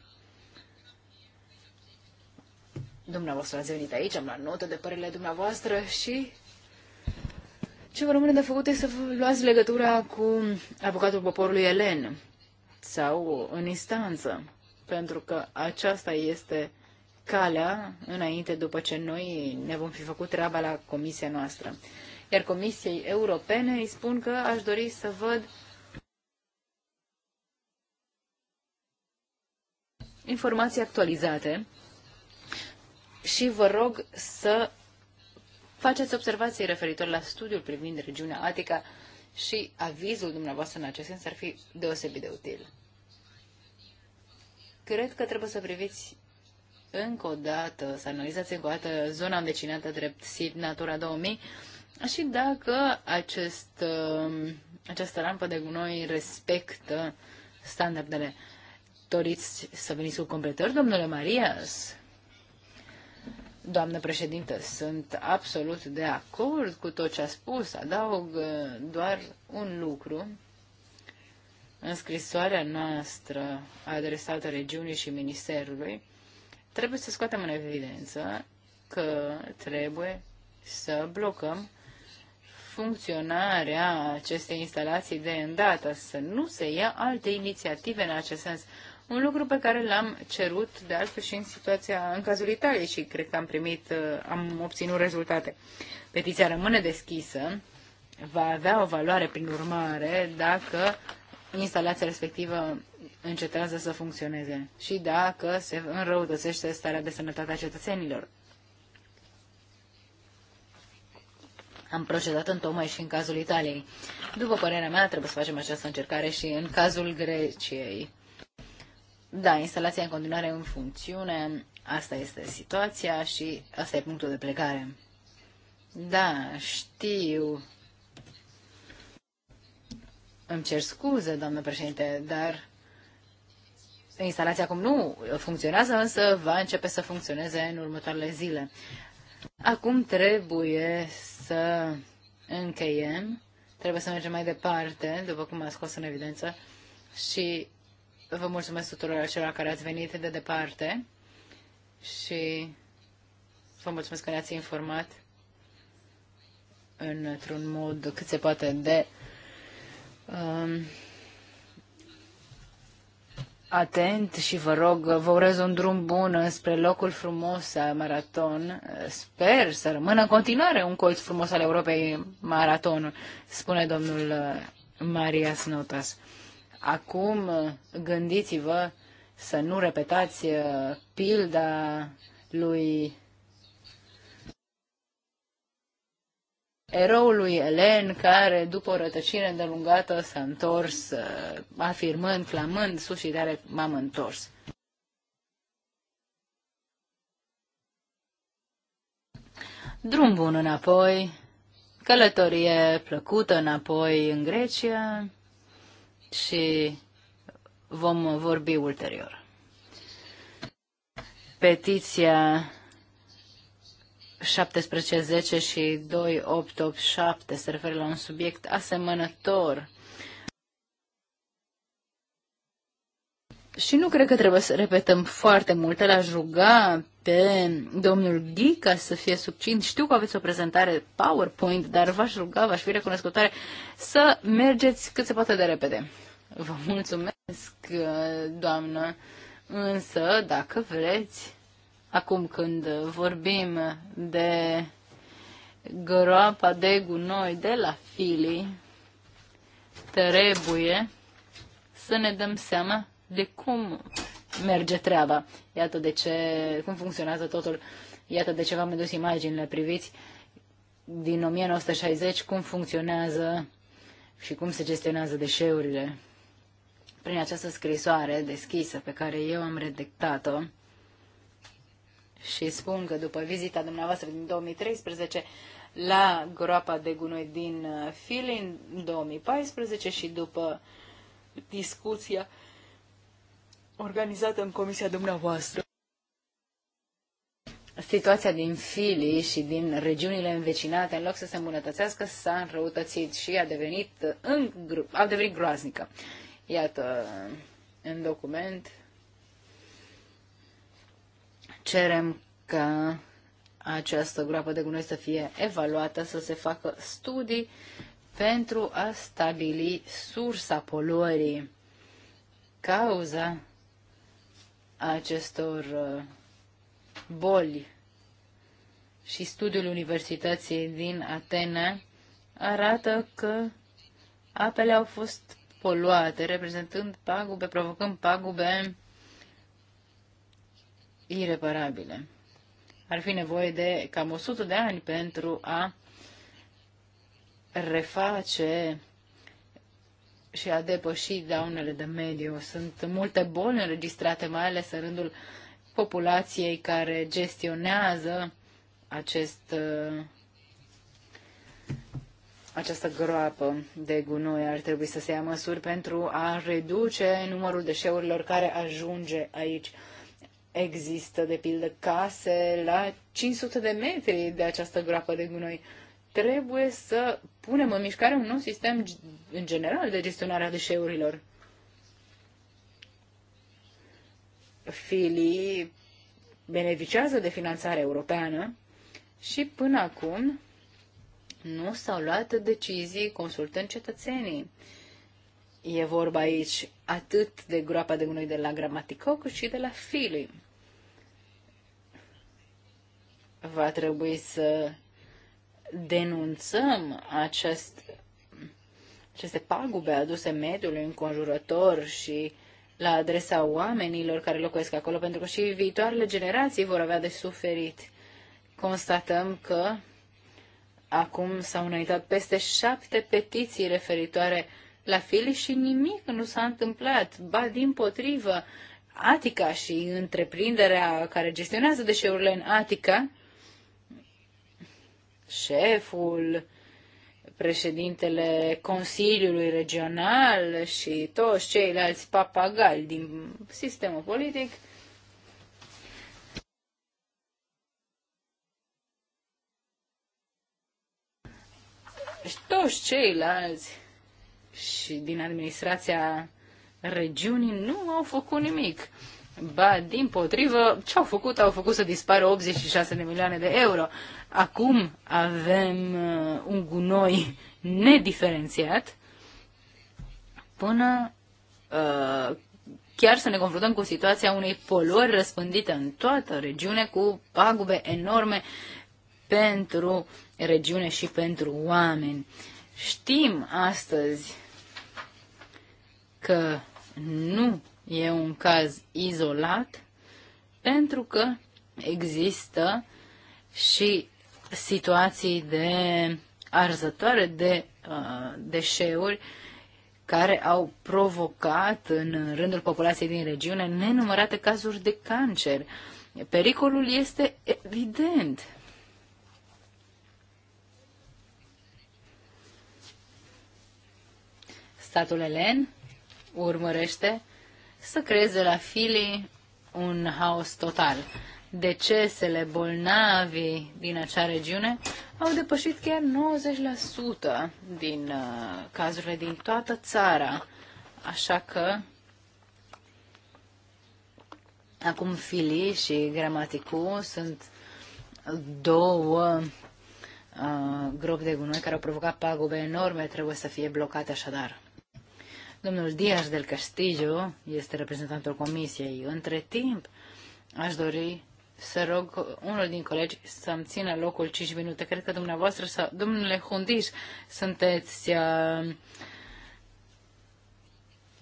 Dumneavoastră ați venit aici, am luat notă de părerile dumneavoastră și ce vă rămâne de făcut este să luați legătura cu avocatul poporului Elen sau în instanță, pentru că aceasta este calea înainte după ce noi ne vom fi făcut treaba la comisia noastră. Iar comisiei europene îi spun că aș dori să văd informații actualizate și vă rog să faceți observații referitor la studiul privind regiunea Atica și avizul dumneavoastră în acest sens ar fi deosebit de util. Cred că trebuie să priviți încă o dată, să analizați încă o dată zona învecinată drept SID Natura 2000 și dacă acest, um, această rampă de gunoi respectă standardele. Doriți să veniți cu completări, domnule Marias? Doamnă președintă, sunt absolut de acord cu tot ce a spus. Adaug uh, doar un lucru. În scrisoarea noastră adresată regiunii și ministerului, trebuie să scoatem în evidență că trebuie să blocăm funcționarea acestei instalații de îndată, să nu se ia alte inițiative în acest sens. Un lucru pe care l-am cerut, de altfel, și în situația, în cazul Italiei și cred că am primit, uh, am obținut rezultate. Petiția rămâne deschisă, va avea o valoare prin urmare dacă instalația respectivă încetează să funcționeze și dacă se înrăutățește starea de sănătate a cetățenilor. Am procedat în tocmai și în cazul Italiei. După părerea mea, trebuie să facem această încercare și în cazul Greciei. Da, instalația în continuare în funcțiune, asta este situația și asta e punctul de plecare. Da, știu. Îmi cer scuze, doamnă președinte, dar instalația acum nu funcționează, însă va începe să funcționeze în următoarele zile. Acum trebuie să încheiem, trebuie să mergem mai departe, după cum a scos în evidență, și Vă mulțumesc tuturor celor care ați venit de departe și vă mulțumesc că ne-ați informat într-un mod cât se poate de um, atent și vă rog, vă urez un drum bun spre locul frumos al maraton. Sper să rămână în continuare un colț frumos al Europei maraton, spune domnul uh, Marias Notas. Acum uh, gândiți-vă să nu repetați uh, pilda lui eroului Elen, care după o rătăcire îndelungată s-a întors, uh, afirmând, clamând, sus și tare m-am întors. Drum bun înapoi, călătorie plăcută înapoi în Grecia, și vom vorbi ulterior. Petiția 1710 și 2887 se referă la un subiect asemănător. Și nu cred că trebuie să repetăm foarte multe. la aș ruga pe domnul ca să fie subțint. Știu că aveți o prezentare PowerPoint, dar v-aș ruga, v-aș fi recunoscătoare să mergeți cât se poate de repede. Vă mulțumesc, doamnă, însă, dacă vreți, acum când vorbim de groapa de gunoi de la filii, trebuie să ne dăm seama de cum merge treaba. Iată de ce, cum funcționează totul, iată de ce v-am adus imaginile, priviți din 1960 cum funcționează și cum se gestionează deșeurile. Prin această scrisoare deschisă pe care eu am redactat-o și spun că după vizita dumneavoastră din 2013 la groapa de gunoi din Filin 2014 și după discuția organizată în comisia dumneavoastră. Situația din fili și din regiunile învecinate, în loc să se îmbunătățească, s-a înrăutățit și a devenit, în, a devenit groaznică. Iată, în document cerem ca această groapă de gunoi să fie evaluată, să se facă studii pentru a stabili sursa poluării, cauza acestor uh, boli și studiul Universității din Atena arată că apele au fost poluate, reprezentând pagube, provocând pagube ireparabile. Ar fi nevoie de cam 100 de ani pentru a reface și a depăși daunele de mediu. Sunt multe boli înregistrate, mai ales în rândul populației care gestionează acest, uh, această groapă de gunoi. Ar trebui să se ia măsuri pentru a reduce numărul deșeurilor care ajunge aici. Există, de pildă, case la 500 de metri de această groapă de gunoi trebuie să punem în mișcare un nou sistem în general de gestionare a deșeurilor. Filii beneficiază de finanțare europeană și până acum nu s-au luat decizii consultând cetățenii. E vorba aici atât de groapa de gunoi de la Gramatico, cât și de la Filii. Va trebui să denunțăm acest, aceste pagube aduse mediului înconjurător și la adresa oamenilor care locuiesc acolo, pentru că și viitoarele generații vor avea de suferit. Constatăm că acum s-au înaintat peste șapte petiții referitoare la fili și nimic nu s-a întâmplat. Ba, din potrivă, Atica și întreprinderea care gestionează deșeurile în Atica șeful, președintele Consiliului Regional și toți ceilalți papagali din sistemul politic, Și toți ceilalți și din administrația regiunii nu au făcut nimic. Ba, din potrivă, ce au făcut? Au făcut să dispară 86 de milioane de euro. Acum avem uh, un gunoi nediferențiat până uh, chiar să ne confruntăm cu situația unei poluări răspândite în toată regiune, cu pagube enorme pentru regiune și pentru oameni. Știm astăzi că nu e un caz izolat pentru că există și situații de arzătoare de uh, deșeuri care au provocat în rândul populației din regiune nenumărate cazuri de cancer. Pericolul este evident. Statul elen urmărește să creeze la filii un haos total. Decesele bolnavi din acea regiune au depășit chiar 90% din uh, cazurile din toată țara. Așa că acum Fili și gramaticu sunt două uh, gropi de gunoi care au provocat pagube enorme, trebuie să fie blocate așadar. Domnul Diaz del Castillo este reprezentantul comisiei. Între timp, aș dori să rog unul din colegi să-mi țină locul 5 minute. Cred că dumneavoastră sau domnule Hundiș sunteți uh,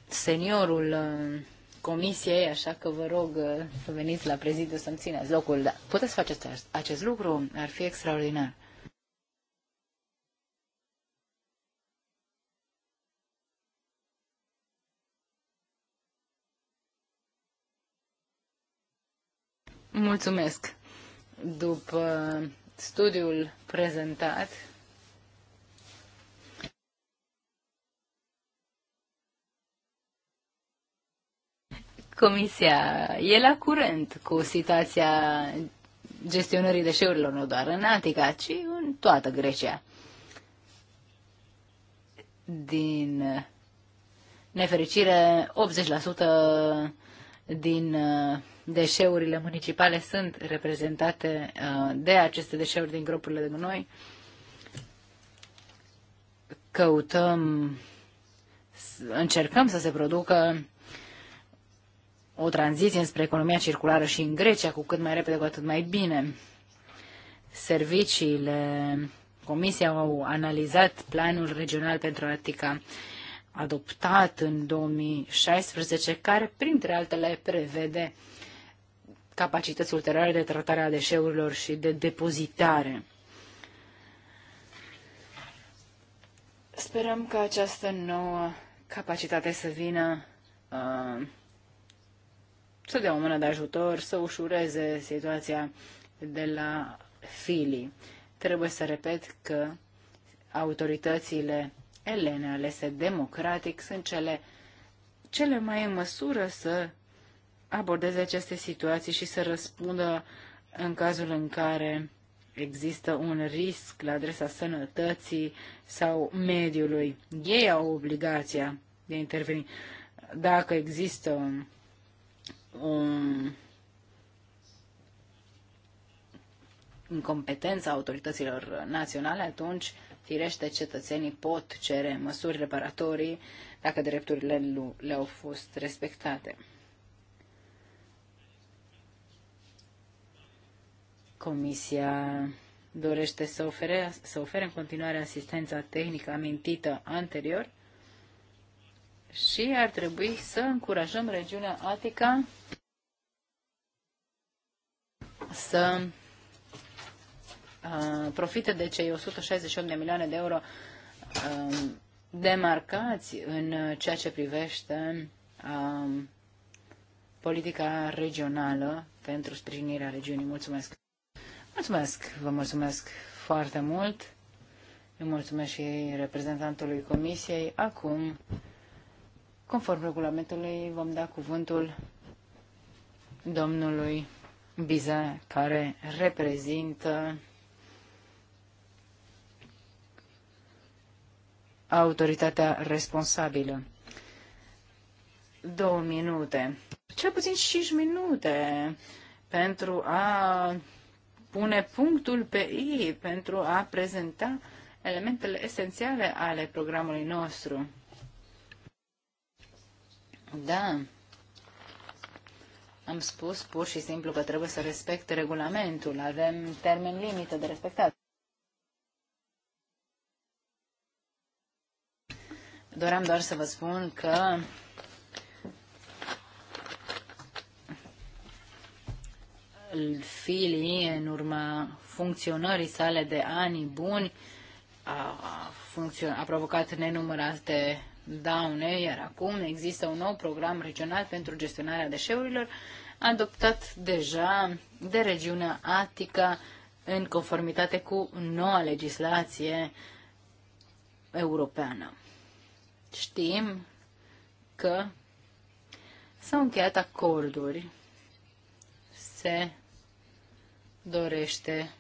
seniorul uh, comisiei, așa că vă rog uh, să veniți la prezidiu să-mi țineți locul. Da. Puteți face acest lucru? Ar fi extraordinar. Mulțumesc. După studiul prezentat, Comisia e la curent cu situația gestionării deșeurilor, nu doar în Atica, ci în toată Grecia. Din nefericire, 80% din uh, deșeurile municipale sunt reprezentate uh, de aceste deșeuri din grupurile de gunoi. Căutăm, încercăm să se producă o tranziție spre economia circulară și în Grecia, cu cât mai repede, cu atât mai bine. Serviciile Comisiei au analizat planul regional pentru Atica adoptat în 2016, care, printre altele, prevede capacități ulterioare de tratare a deșeurilor și de depozitare. Sperăm că această nouă capacitate să vină uh, să dea o mână de ajutor, să ușureze situația de la filii. Trebuie să repet că autoritățile elene alese democratic sunt cele, cele mai în măsură să abordeze aceste situații și să răspundă în cazul în care există un risc la adresa sănătății sau mediului. Ei au obligația de a interveni. Dacă există un, incompetența autorităților naționale, atunci, firește, cetățenii pot cere măsuri reparatorii dacă drepturile le-au fost respectate. Comisia dorește să ofere, să ofere în continuare asistența tehnică amintită anterior și ar trebui să încurajăm regiunea Atica să profite de cei 168 de milioane de euro demarcați în ceea ce privește politica regională pentru sprijinirea regiunii. Mulțumesc! Mulțumesc, vă mulțumesc foarte mult. Îi mulțumesc și reprezentantului Comisiei. Acum, conform regulamentului, vom da cuvântul domnului Biza, care reprezintă autoritatea responsabilă. Două minute, cel puțin cinci minute pentru a pune punctul pe i pentru a prezenta elementele esențiale ale programului nostru. Da. Am spus pur și simplu că trebuie să respecte regulamentul. Avem termen limită de respectat. Doream doar să vă spun că Fili, în urma funcționării sale de ani buni, a, funcțion- a provocat nenumărate daune, iar acum există un nou program regional pentru gestionarea deșeurilor, adoptat deja de regiunea Atica în conformitate cu noua legislație europeană. Știm că s-au încheiat acorduri, se dorește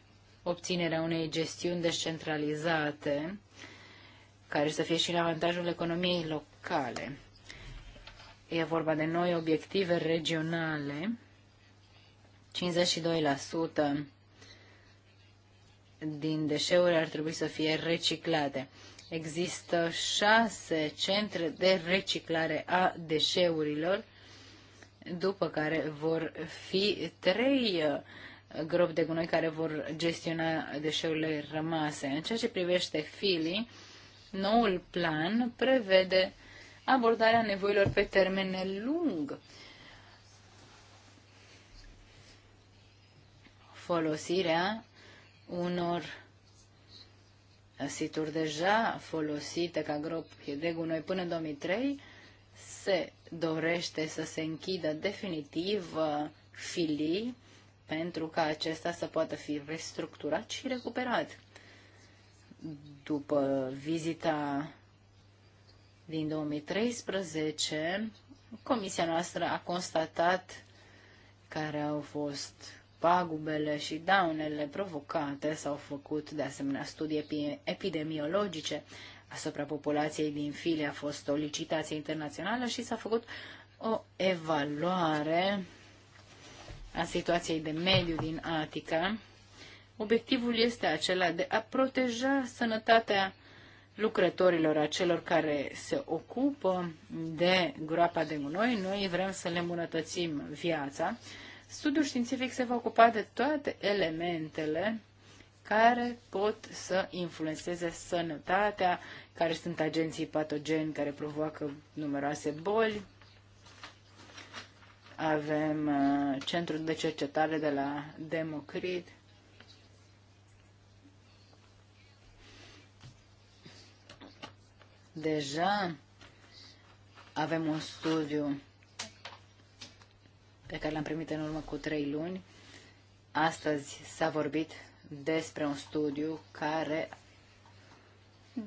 obținerea unei gestiuni descentralizate care să fie și în avantajul economiei locale. E vorba de noi obiective regionale, 52% din deșeuri ar trebui să fie reciclate. Există șase centre de reciclare a deșeurilor, după care vor fi trei uh, gropi de gunoi care vor gestiona deșeurile rămase. În ceea ce privește filii, noul plan prevede abordarea nevoilor pe termen lung, folosirea unor situri deja folosite ca gropi de gunoi până în 2003, se dorește să se închidă definitiv uh, filii pentru ca acesta să poată fi restructurat și recuperat. După vizita din 2013, comisia noastră a constatat care au fost pagubele și daunele provocate, s-au făcut de asemenea studii epidemiologice asupra populației din File, a fost o licitație internațională și s-a făcut o evaluare a situației de mediu din Atica, obiectivul este acela de a proteja sănătatea lucrătorilor, a celor care se ocupă de groapa de gunoi. Noi vrem să le îmbunătățim viața. Studiul științific se va ocupa de toate elementele care pot să influențeze sănătatea, care sunt agenții patogeni care provoacă numeroase boli, avem uh, centrul de cercetare de la Democrit, deja avem un studiu pe care l-am primit în urmă cu trei luni. Astăzi s-a vorbit despre un studiu care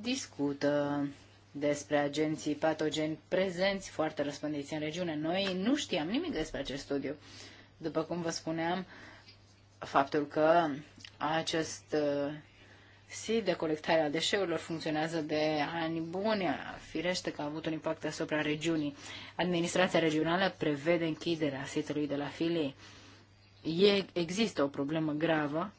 discută despre agenții patogeni prezenți foarte răspândiți în regiune. Noi nu știam nimic despre acest studiu. După cum vă spuneam, faptul că acest uh, SID de colectare a deșeurilor funcționează de ani buni, firește că a avut un impact asupra regiunii. Administrația regională prevede închiderea sitului de la Filii. E, există o problemă gravă.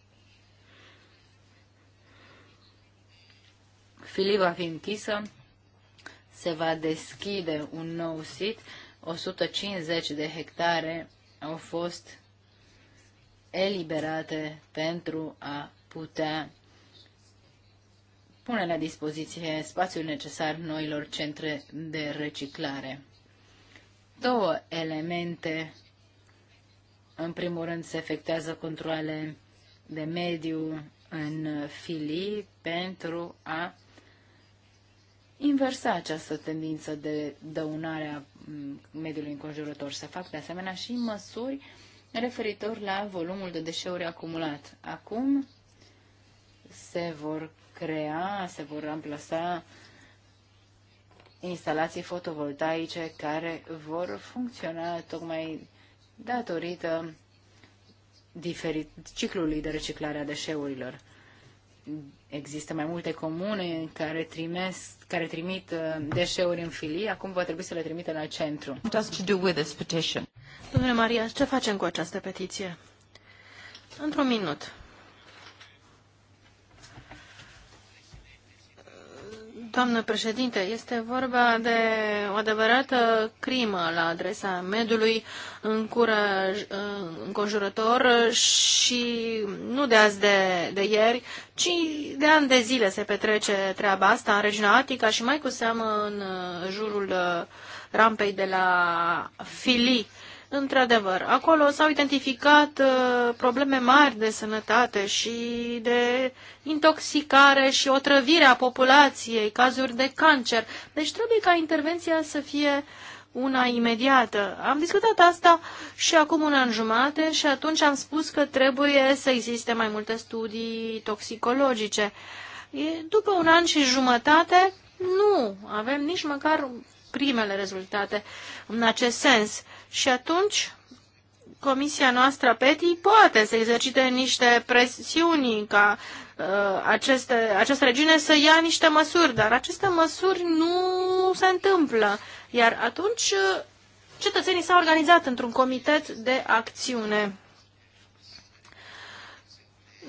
Filii va fi închisă se va deschide un nou sit. 150 de hectare au fost eliberate pentru a putea pune la dispoziție spațiul necesar noilor centre de reciclare. Două elemente. În primul rând se efectuează controle de mediu în filii pentru a inversa această tendință de dăunare a mm, mediului înconjurător. Se fac de asemenea și măsuri referitor la volumul de deșeuri acumulat. Acum se vor crea, se vor amplasa instalații fotovoltaice care vor funcționa tocmai datorită diferit, ciclului de reciclare a deșeurilor există mai multe comune care, trimesc, care trimit uh, deșeuri în filii, acum va trebui să le trimite la centru. Domnule Maria, ce facem cu această petiție? Într-un minut. Doamnă președinte, este vorba de o adevărată crimă la adresa mediului încuraj, înconjurător și nu de azi de, de ieri, ci de ani de zile se petrece treaba asta în regiunea Atica și mai cu seamă în uh, jurul uh, rampei de la Filii Într-adevăr, acolo s-au identificat uh, probleme mari de sănătate și de intoxicare și otrăvire a populației, cazuri de cancer. Deci trebuie ca intervenția să fie una imediată. Am discutat asta și acum un an jumate și atunci am spus că trebuie să existe mai multe studii toxicologice. După un an și jumătate, nu avem nici măcar primele rezultate în acest sens. Și atunci, comisia noastră PETI poate să exercite niște presiuni ca uh, aceste, această regiune să ia niște măsuri, dar aceste măsuri nu se întâmplă. Iar atunci uh, cetățenii s-au organizat într-un comitet de acțiune.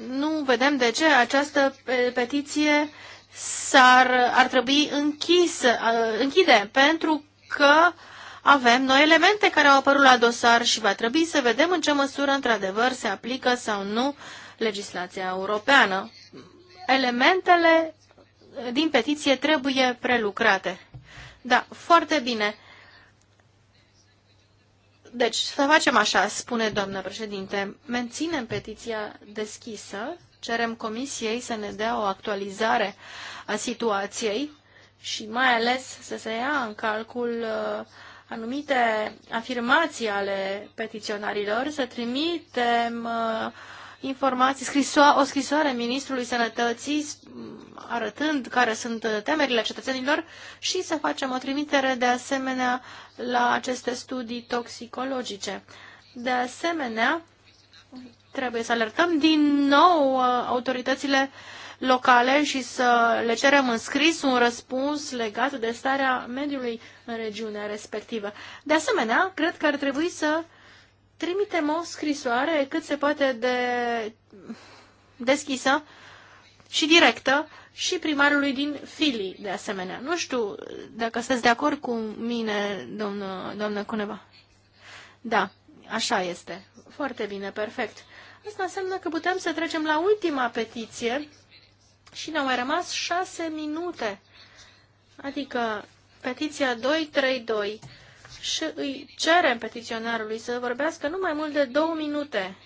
Nu vedem de ce această petiție uh, s-ar, ar trebui închis, închide, pentru că avem noi elemente care au apărut la dosar și va trebui să vedem în ce măsură, într-adevăr, se aplică sau nu legislația europeană. Elementele din petiție trebuie prelucrate. Da, foarte bine. Deci, să facem așa, spune doamna președinte. Menținem petiția deschisă Cerem Comisiei să ne dea o actualizare a situației și mai ales să se ia în calcul uh, anumite afirmații ale petiționarilor, să trimitem uh, informații, scrisoa, o scrisoare Ministrului Sănătății arătând care sunt temerile cetățenilor și să facem o trimitere de asemenea la aceste studii toxicologice. De asemenea, Trebuie să alertăm din nou uh, autoritățile locale și să le cerem în scris un răspuns legat de starea mediului în regiunea respectivă. De asemenea, cred că ar trebui să trimitem o scrisoare cât se poate de deschisă și directă și primarului din fili. de asemenea. Nu știu dacă sunteți de acord cu mine, domnă, doamnă Cuneva. Da, așa este. Foarte bine, perfect. Asta înseamnă că putem să trecem la ultima petiție și ne-au mai rămas șase minute. Adică petiția 232 și îi cerem petiționarului să vorbească nu mai mult de două minute.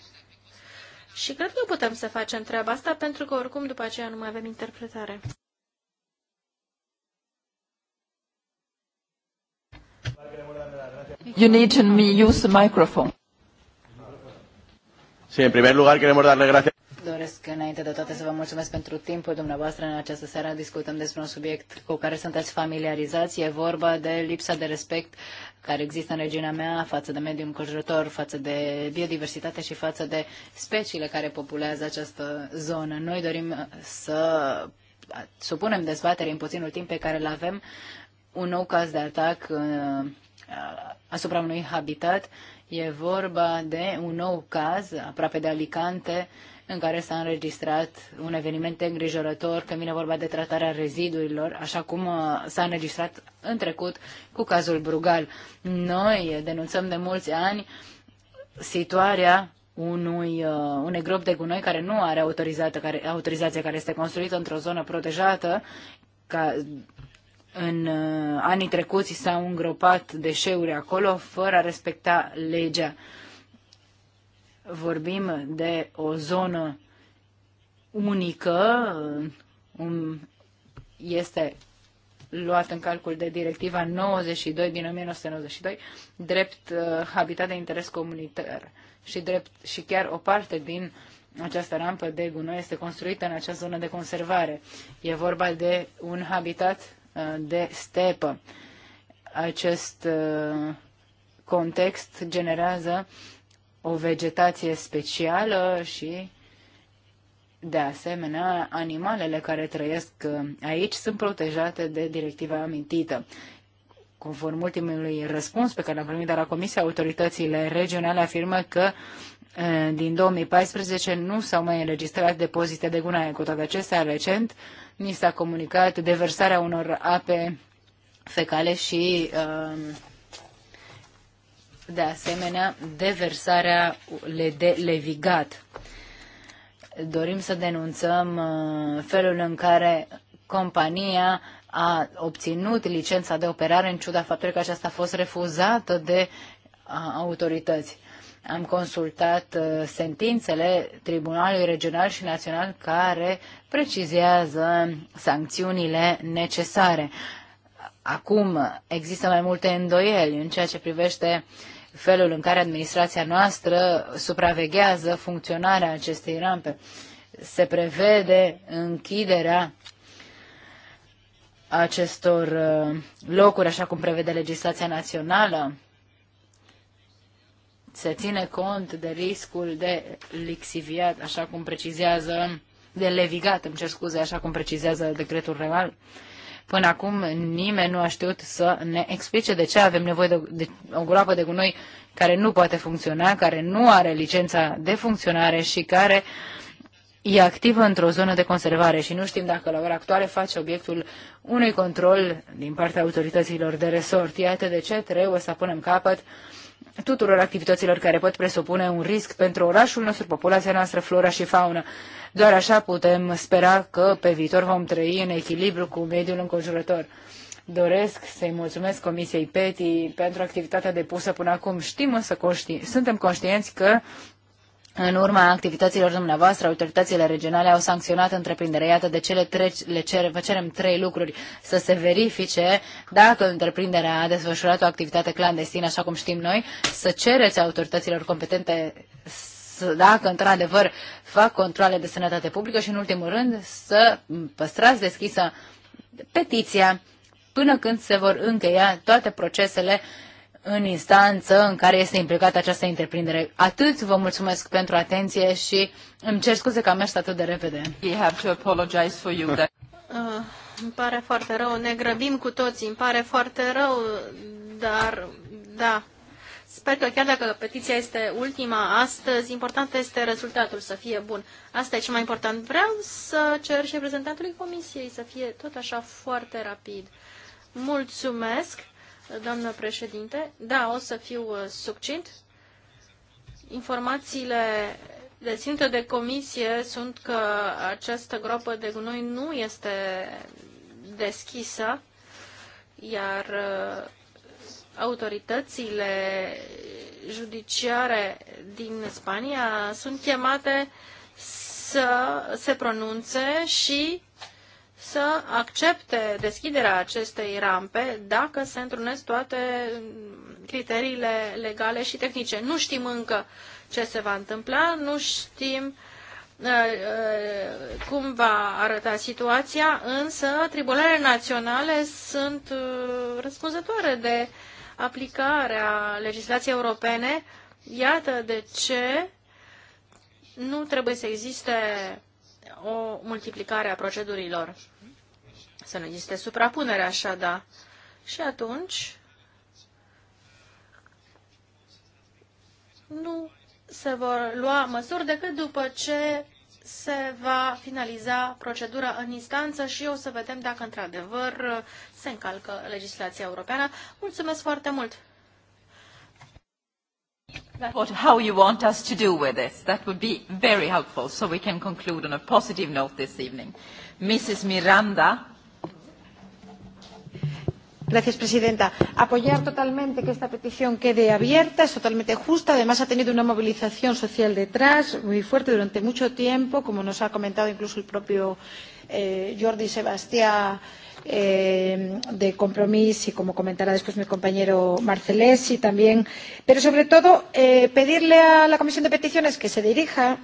Și cred că putem să facem treaba asta pentru că oricum după aceea nu mai avem interpretare. You need to use the microphone. Sí, en primer lugar queremos darle gracias. Doresc înainte de toate să vă mulțumesc pentru timpul dumneavoastră în această seară. Discutăm despre un subiect cu care sunteți familiarizați. E vorba de lipsa de respect care există în regiunea mea față de mediul înconjurător, față de biodiversitate și față de speciile care populează această zonă. Noi dorim să supunem dezbatere în puținul timp pe care îl avem un nou caz de atac uh, asupra unui habitat E vorba de un nou caz, aproape de Alicante, în care s-a înregistrat un eveniment îngrijorător când vine vorba de tratarea reziduilor, așa cum uh, s-a înregistrat în trecut cu cazul Brugal. Noi denunțăm de mulți ani situarea unui, uh, unei gropi de gunoi care nu are autorizația care, care este construită într-o zonă protejată, ca, în uh, anii trecuți s-au îngropat deșeuri acolo fără a respecta legea. Vorbim de o zonă unică, uh, um, este luat în calcul de directiva 92 din 1992, drept uh, habitat de interes comunitar și, drept, și chiar o parte din această rampă de gunoi este construită în acea zonă de conservare. E vorba de un habitat de stepă. Acest uh, context generează o vegetație specială și de asemenea, animalele care trăiesc uh, aici sunt protejate de directiva amintită. Conform ultimului răspuns pe care l-am primit de la Comisia, autoritățile regionale afirmă că uh, din 2014 nu s-au mai înregistrat depozite de gunoaie. Cu toate acestea, recent, ni s-a comunicat deversarea unor ape fecale și um, de asemenea deversarea de levigat. Dorim să denunțăm uh, felul în care compania a obținut licența de operare în ciuda faptului că aceasta a fost refuzată de uh, autorități. Am consultat uh, sentințele Tribunalului Regional și Național care precizează sancțiunile necesare. Acum există mai multe îndoieli în ceea ce privește felul în care administrația noastră supraveghează funcționarea acestei rampe. Se prevede închiderea acestor uh, locuri, așa cum prevede legislația națională se ține cont de riscul de lixiviat, așa cum precizează, de levigat, îmi cer scuze, așa cum precizează decretul real. Până acum nimeni nu a știut să ne explice de ce avem nevoie de, de o groapă de gunoi care nu poate funcționa, care nu are licența de funcționare și care e activă într-o zonă de conservare și nu știm dacă la ora actuală face obiectul unui control din partea autorităților de resort. Iată de ce trebuie să punem capăt uh, tuturor activităților care pot presupune un risc pentru orașul nostru, populația noastră, flora și faună. Doar așa putem spera că pe viitor vom trăi în echilibru cu mediul înconjurător. Doresc să-i mulțumesc Comisiei PETI pentru activitatea depusă până acum. Știm însă, conști... suntem conștienți că în urma activităților dumneavoastră, autoritățile regionale au sancționat întreprinderea. Iată de ce le, treci, le cer, vă cerem trei lucruri să se verifice dacă întreprinderea a desfășurat o activitate clandestină, așa cum știm noi, să cereți autorităților competente dacă într-adevăr fac controle de sănătate publică și, în ultimul rând, să păstrați deschisă petiția până când se vor încheia toate procesele uh, în instanță în care este implicată această întreprindere. Atât vă mulțumesc pentru atenție și îmi cer scuze că am mers atât de repede. have to for you ah, îmi pare foarte rău, ne grăbim cu toții, îmi pare foarte rău, dar da. Sper că chiar dacă petiția este ultima astăzi, important este rezultatul să fie bun. Asta e cel mai important. Vreau să cer și reprezentantului comisiei să fie tot așa foarte rapid. Mulțumesc! doamnă președinte. Da, o să fiu uh, succint. Informațiile deținute de comisie sunt că această groapă de gunoi nu este deschisă, iar uh, autoritățile judiciare din Spania sunt chemate să se pronunțe și să accepte deschiderea acestei rampe dacă se întrunesc toate criteriile legale și tehnice. Nu știm încă ce se va întâmpla, nu știm uh, uh, cum va arăta situația, însă tribunalele naționale sunt uh, răspunzătoare de aplicarea legislației europene. Iată de ce nu trebuie să existe o multiplicare a procedurilor. Să nu existe suprapunere da, Și atunci nu se vor lua măsuri decât după ce se va finaliza procedura în instanță și o să vedem dacă într-adevăr se încalcă legislația europeană. Mulțumesc foarte mult! What, how you want us to do with this. That would be very helpful so we can conclude on a positive note this evening. Mrs. Miranda. Gracias, presidenta. Apoyar totalmente que esta petición quede abierta es totalmente justa. Además, ha tenido una movilización social detrás muy fuerte durante mucho tiempo, como nos ha comentado incluso el propio eh, Jordi Sebastián eh, de compromiso y como comentará después mi compañero Marcelés y también, pero sobre todo eh, pedirle a la Comisión de Peticiones que se dirija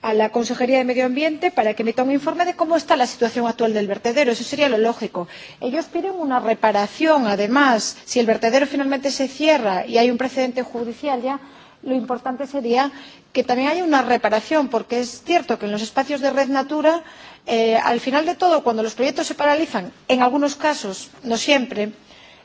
a la Consejería de Medio Ambiente para que emita un informe de cómo está la situación actual del vertedero. Eso sería lo lógico. Ellos piden una reparación, además. Si el vertedero finalmente se cierra y hay un precedente judicial ya, lo importante sería que también haya una reparación, porque es cierto que en los espacios de red natura Eh, al final de todo, cuando los proyectos se paralizan, en algunos casos, no siempre,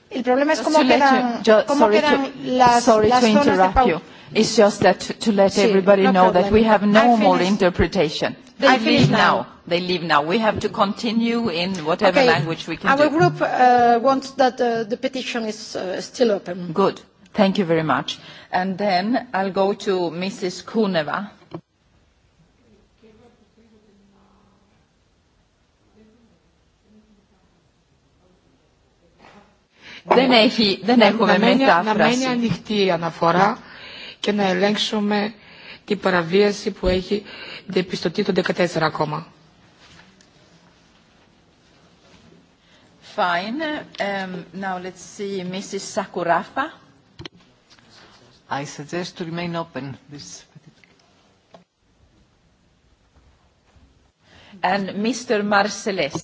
el problema es cómo quedan, just, cómo quedan to, las, las zonas de pausa. It's just that to, to let sí, everybody no know problem. that we have no more interpretation. They I leave now. now. They leave now. We have to continue in whatever okay. language we can Our do. Our group uh, wants that uh, the petition is uh, still open. Good. Thank you very much. And then I'll go to Mrs. Kuneva. Δεν, έχει, δεν να, έχουμε να μετάφραση. Να μένει ανοιχτή η αναφορά και να ελέγξουμε την παραβίαση που έχει διαπιστωτεί το 14 ακόμα. Fine. Um, now let's see Mrs. Sakurafa. I suggest to remain open this and Mr. Marcellesi.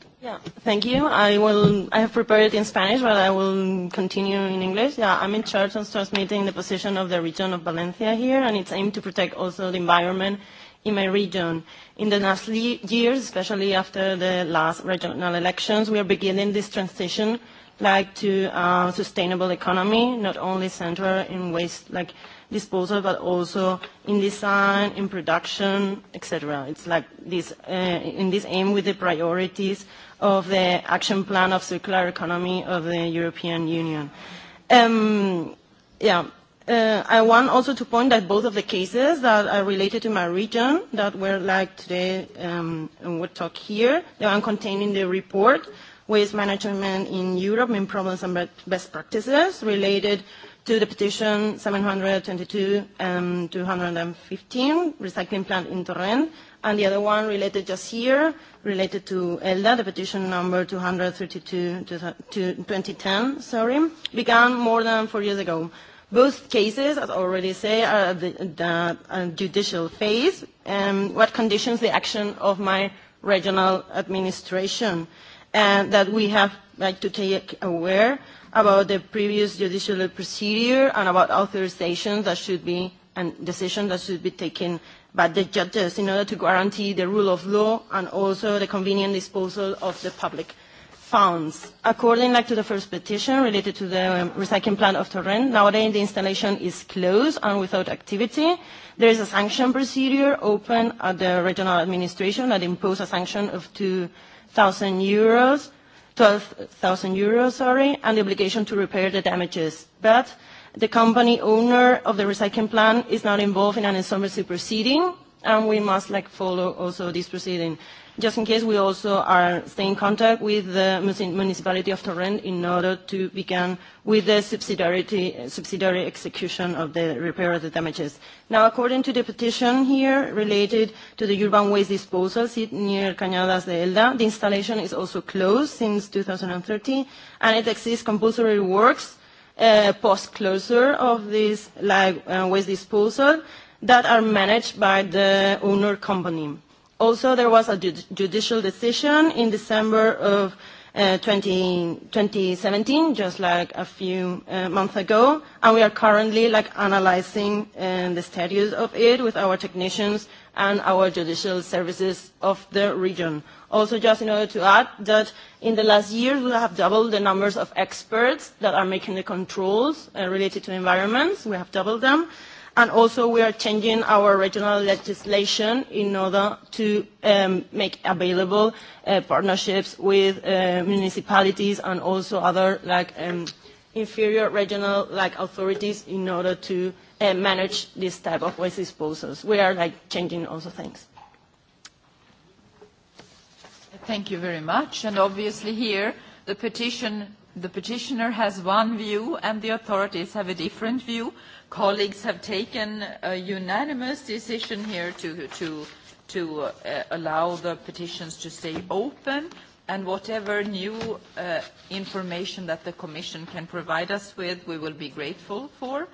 Yeah, thank you. I will. I have prepared it in Spanish, but I will continue in English. Yeah, I'm in charge of transmitting the position of the region of Valencia here, and it's aimed to protect also the environment in my region. In the last years, especially after the last regional elections, we are beginning this transition like to a uh, sustainable economy, not only centered in waste like disposal, but also in design, in production, etc. It's like this, uh, in this aim with the priorities of the action plan of circular economy of the European Union. Um, yeah, uh, I want also to point that both of the cases that are related to my region that were like today um, and we'll talk here, the one contained in the report, waste management in Europe, main problems and best practices related to the petition 722 and 215, recycling plant in Torren, and the other one related just here, related to ELDA, the petition number 232 to 2010, sorry, began more than four years ago. Both cases, as already say, are at the, the uh, judicial phase, um, what conditions the action of my regional administration, and uh, that we have like, to take aware about the previous judicial procedure and about authorization that should be and decision that should be taken by the judges in order to guarantee the rule of law and also the convenient disposal of the public funds. According like, to the first petition related to the um, recycling plant of Torrent, nowadays the installation is closed and without activity. There is a sanction procedure open at the regional administration that imposes a sanction of 2,000 euros 12,000 euros, sorry, and the obligation to repair the damages. But the company owner of the recycling plant is not involved in an insolvency proceeding, and we must like follow also this proceeding. Just in case, we also are staying in contact with the municipality of Torrent in order to begin with the subsidiarity, subsidiary execution of the repair of the damages. Now, according to the petition here related to the urban waste disposal near Cañadas de Elda, the installation is also closed since 2013, and it exists compulsory works uh, post-closure of this like, uh, waste disposal that are managed by the owner company. Also, there was a judicial decision in December of uh, 20, 2017, just like a few uh, months ago, and we are currently like analyzing uh, the status of it with our technicians and our judicial services of the region. Also, just in order to add that in the last years, we have doubled the numbers of experts that are making the controls uh, related to environments. We have doubled them And also we are changing our regional legislation in order to um, make available uh, partnerships with uh, municipalities and also other like um, inferior regional like authorities in order to uh, manage this type of waste disposals. We are like changing also things. Thank you very much. And obviously here the petition the petitioner has one view and the authorities have a different view colleagues have taken a unanimous decision here to, to, to uh, allow the petitions to stay open and whatever new uh, information that the Commission can provide us with, we will be grateful for.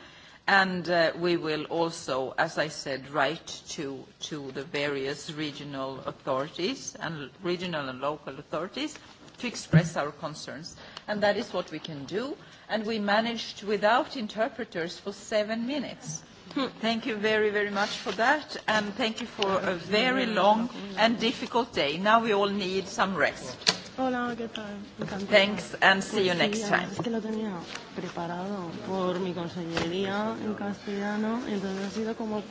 And uh, we will also, as I said, write to, to the various regional authorities and regional and local authorities to express our concerns. And that is what we can do and we managed without interpreters for seven minutes. Hmm. Thank you very, very much for that, and thank you for a very long and difficult day. Now we all need some rest. Hola, ¿qué tal? Thanks, and see you next time. Es que lo tenía preparado por mi consellería en castellano, entonces ha sido como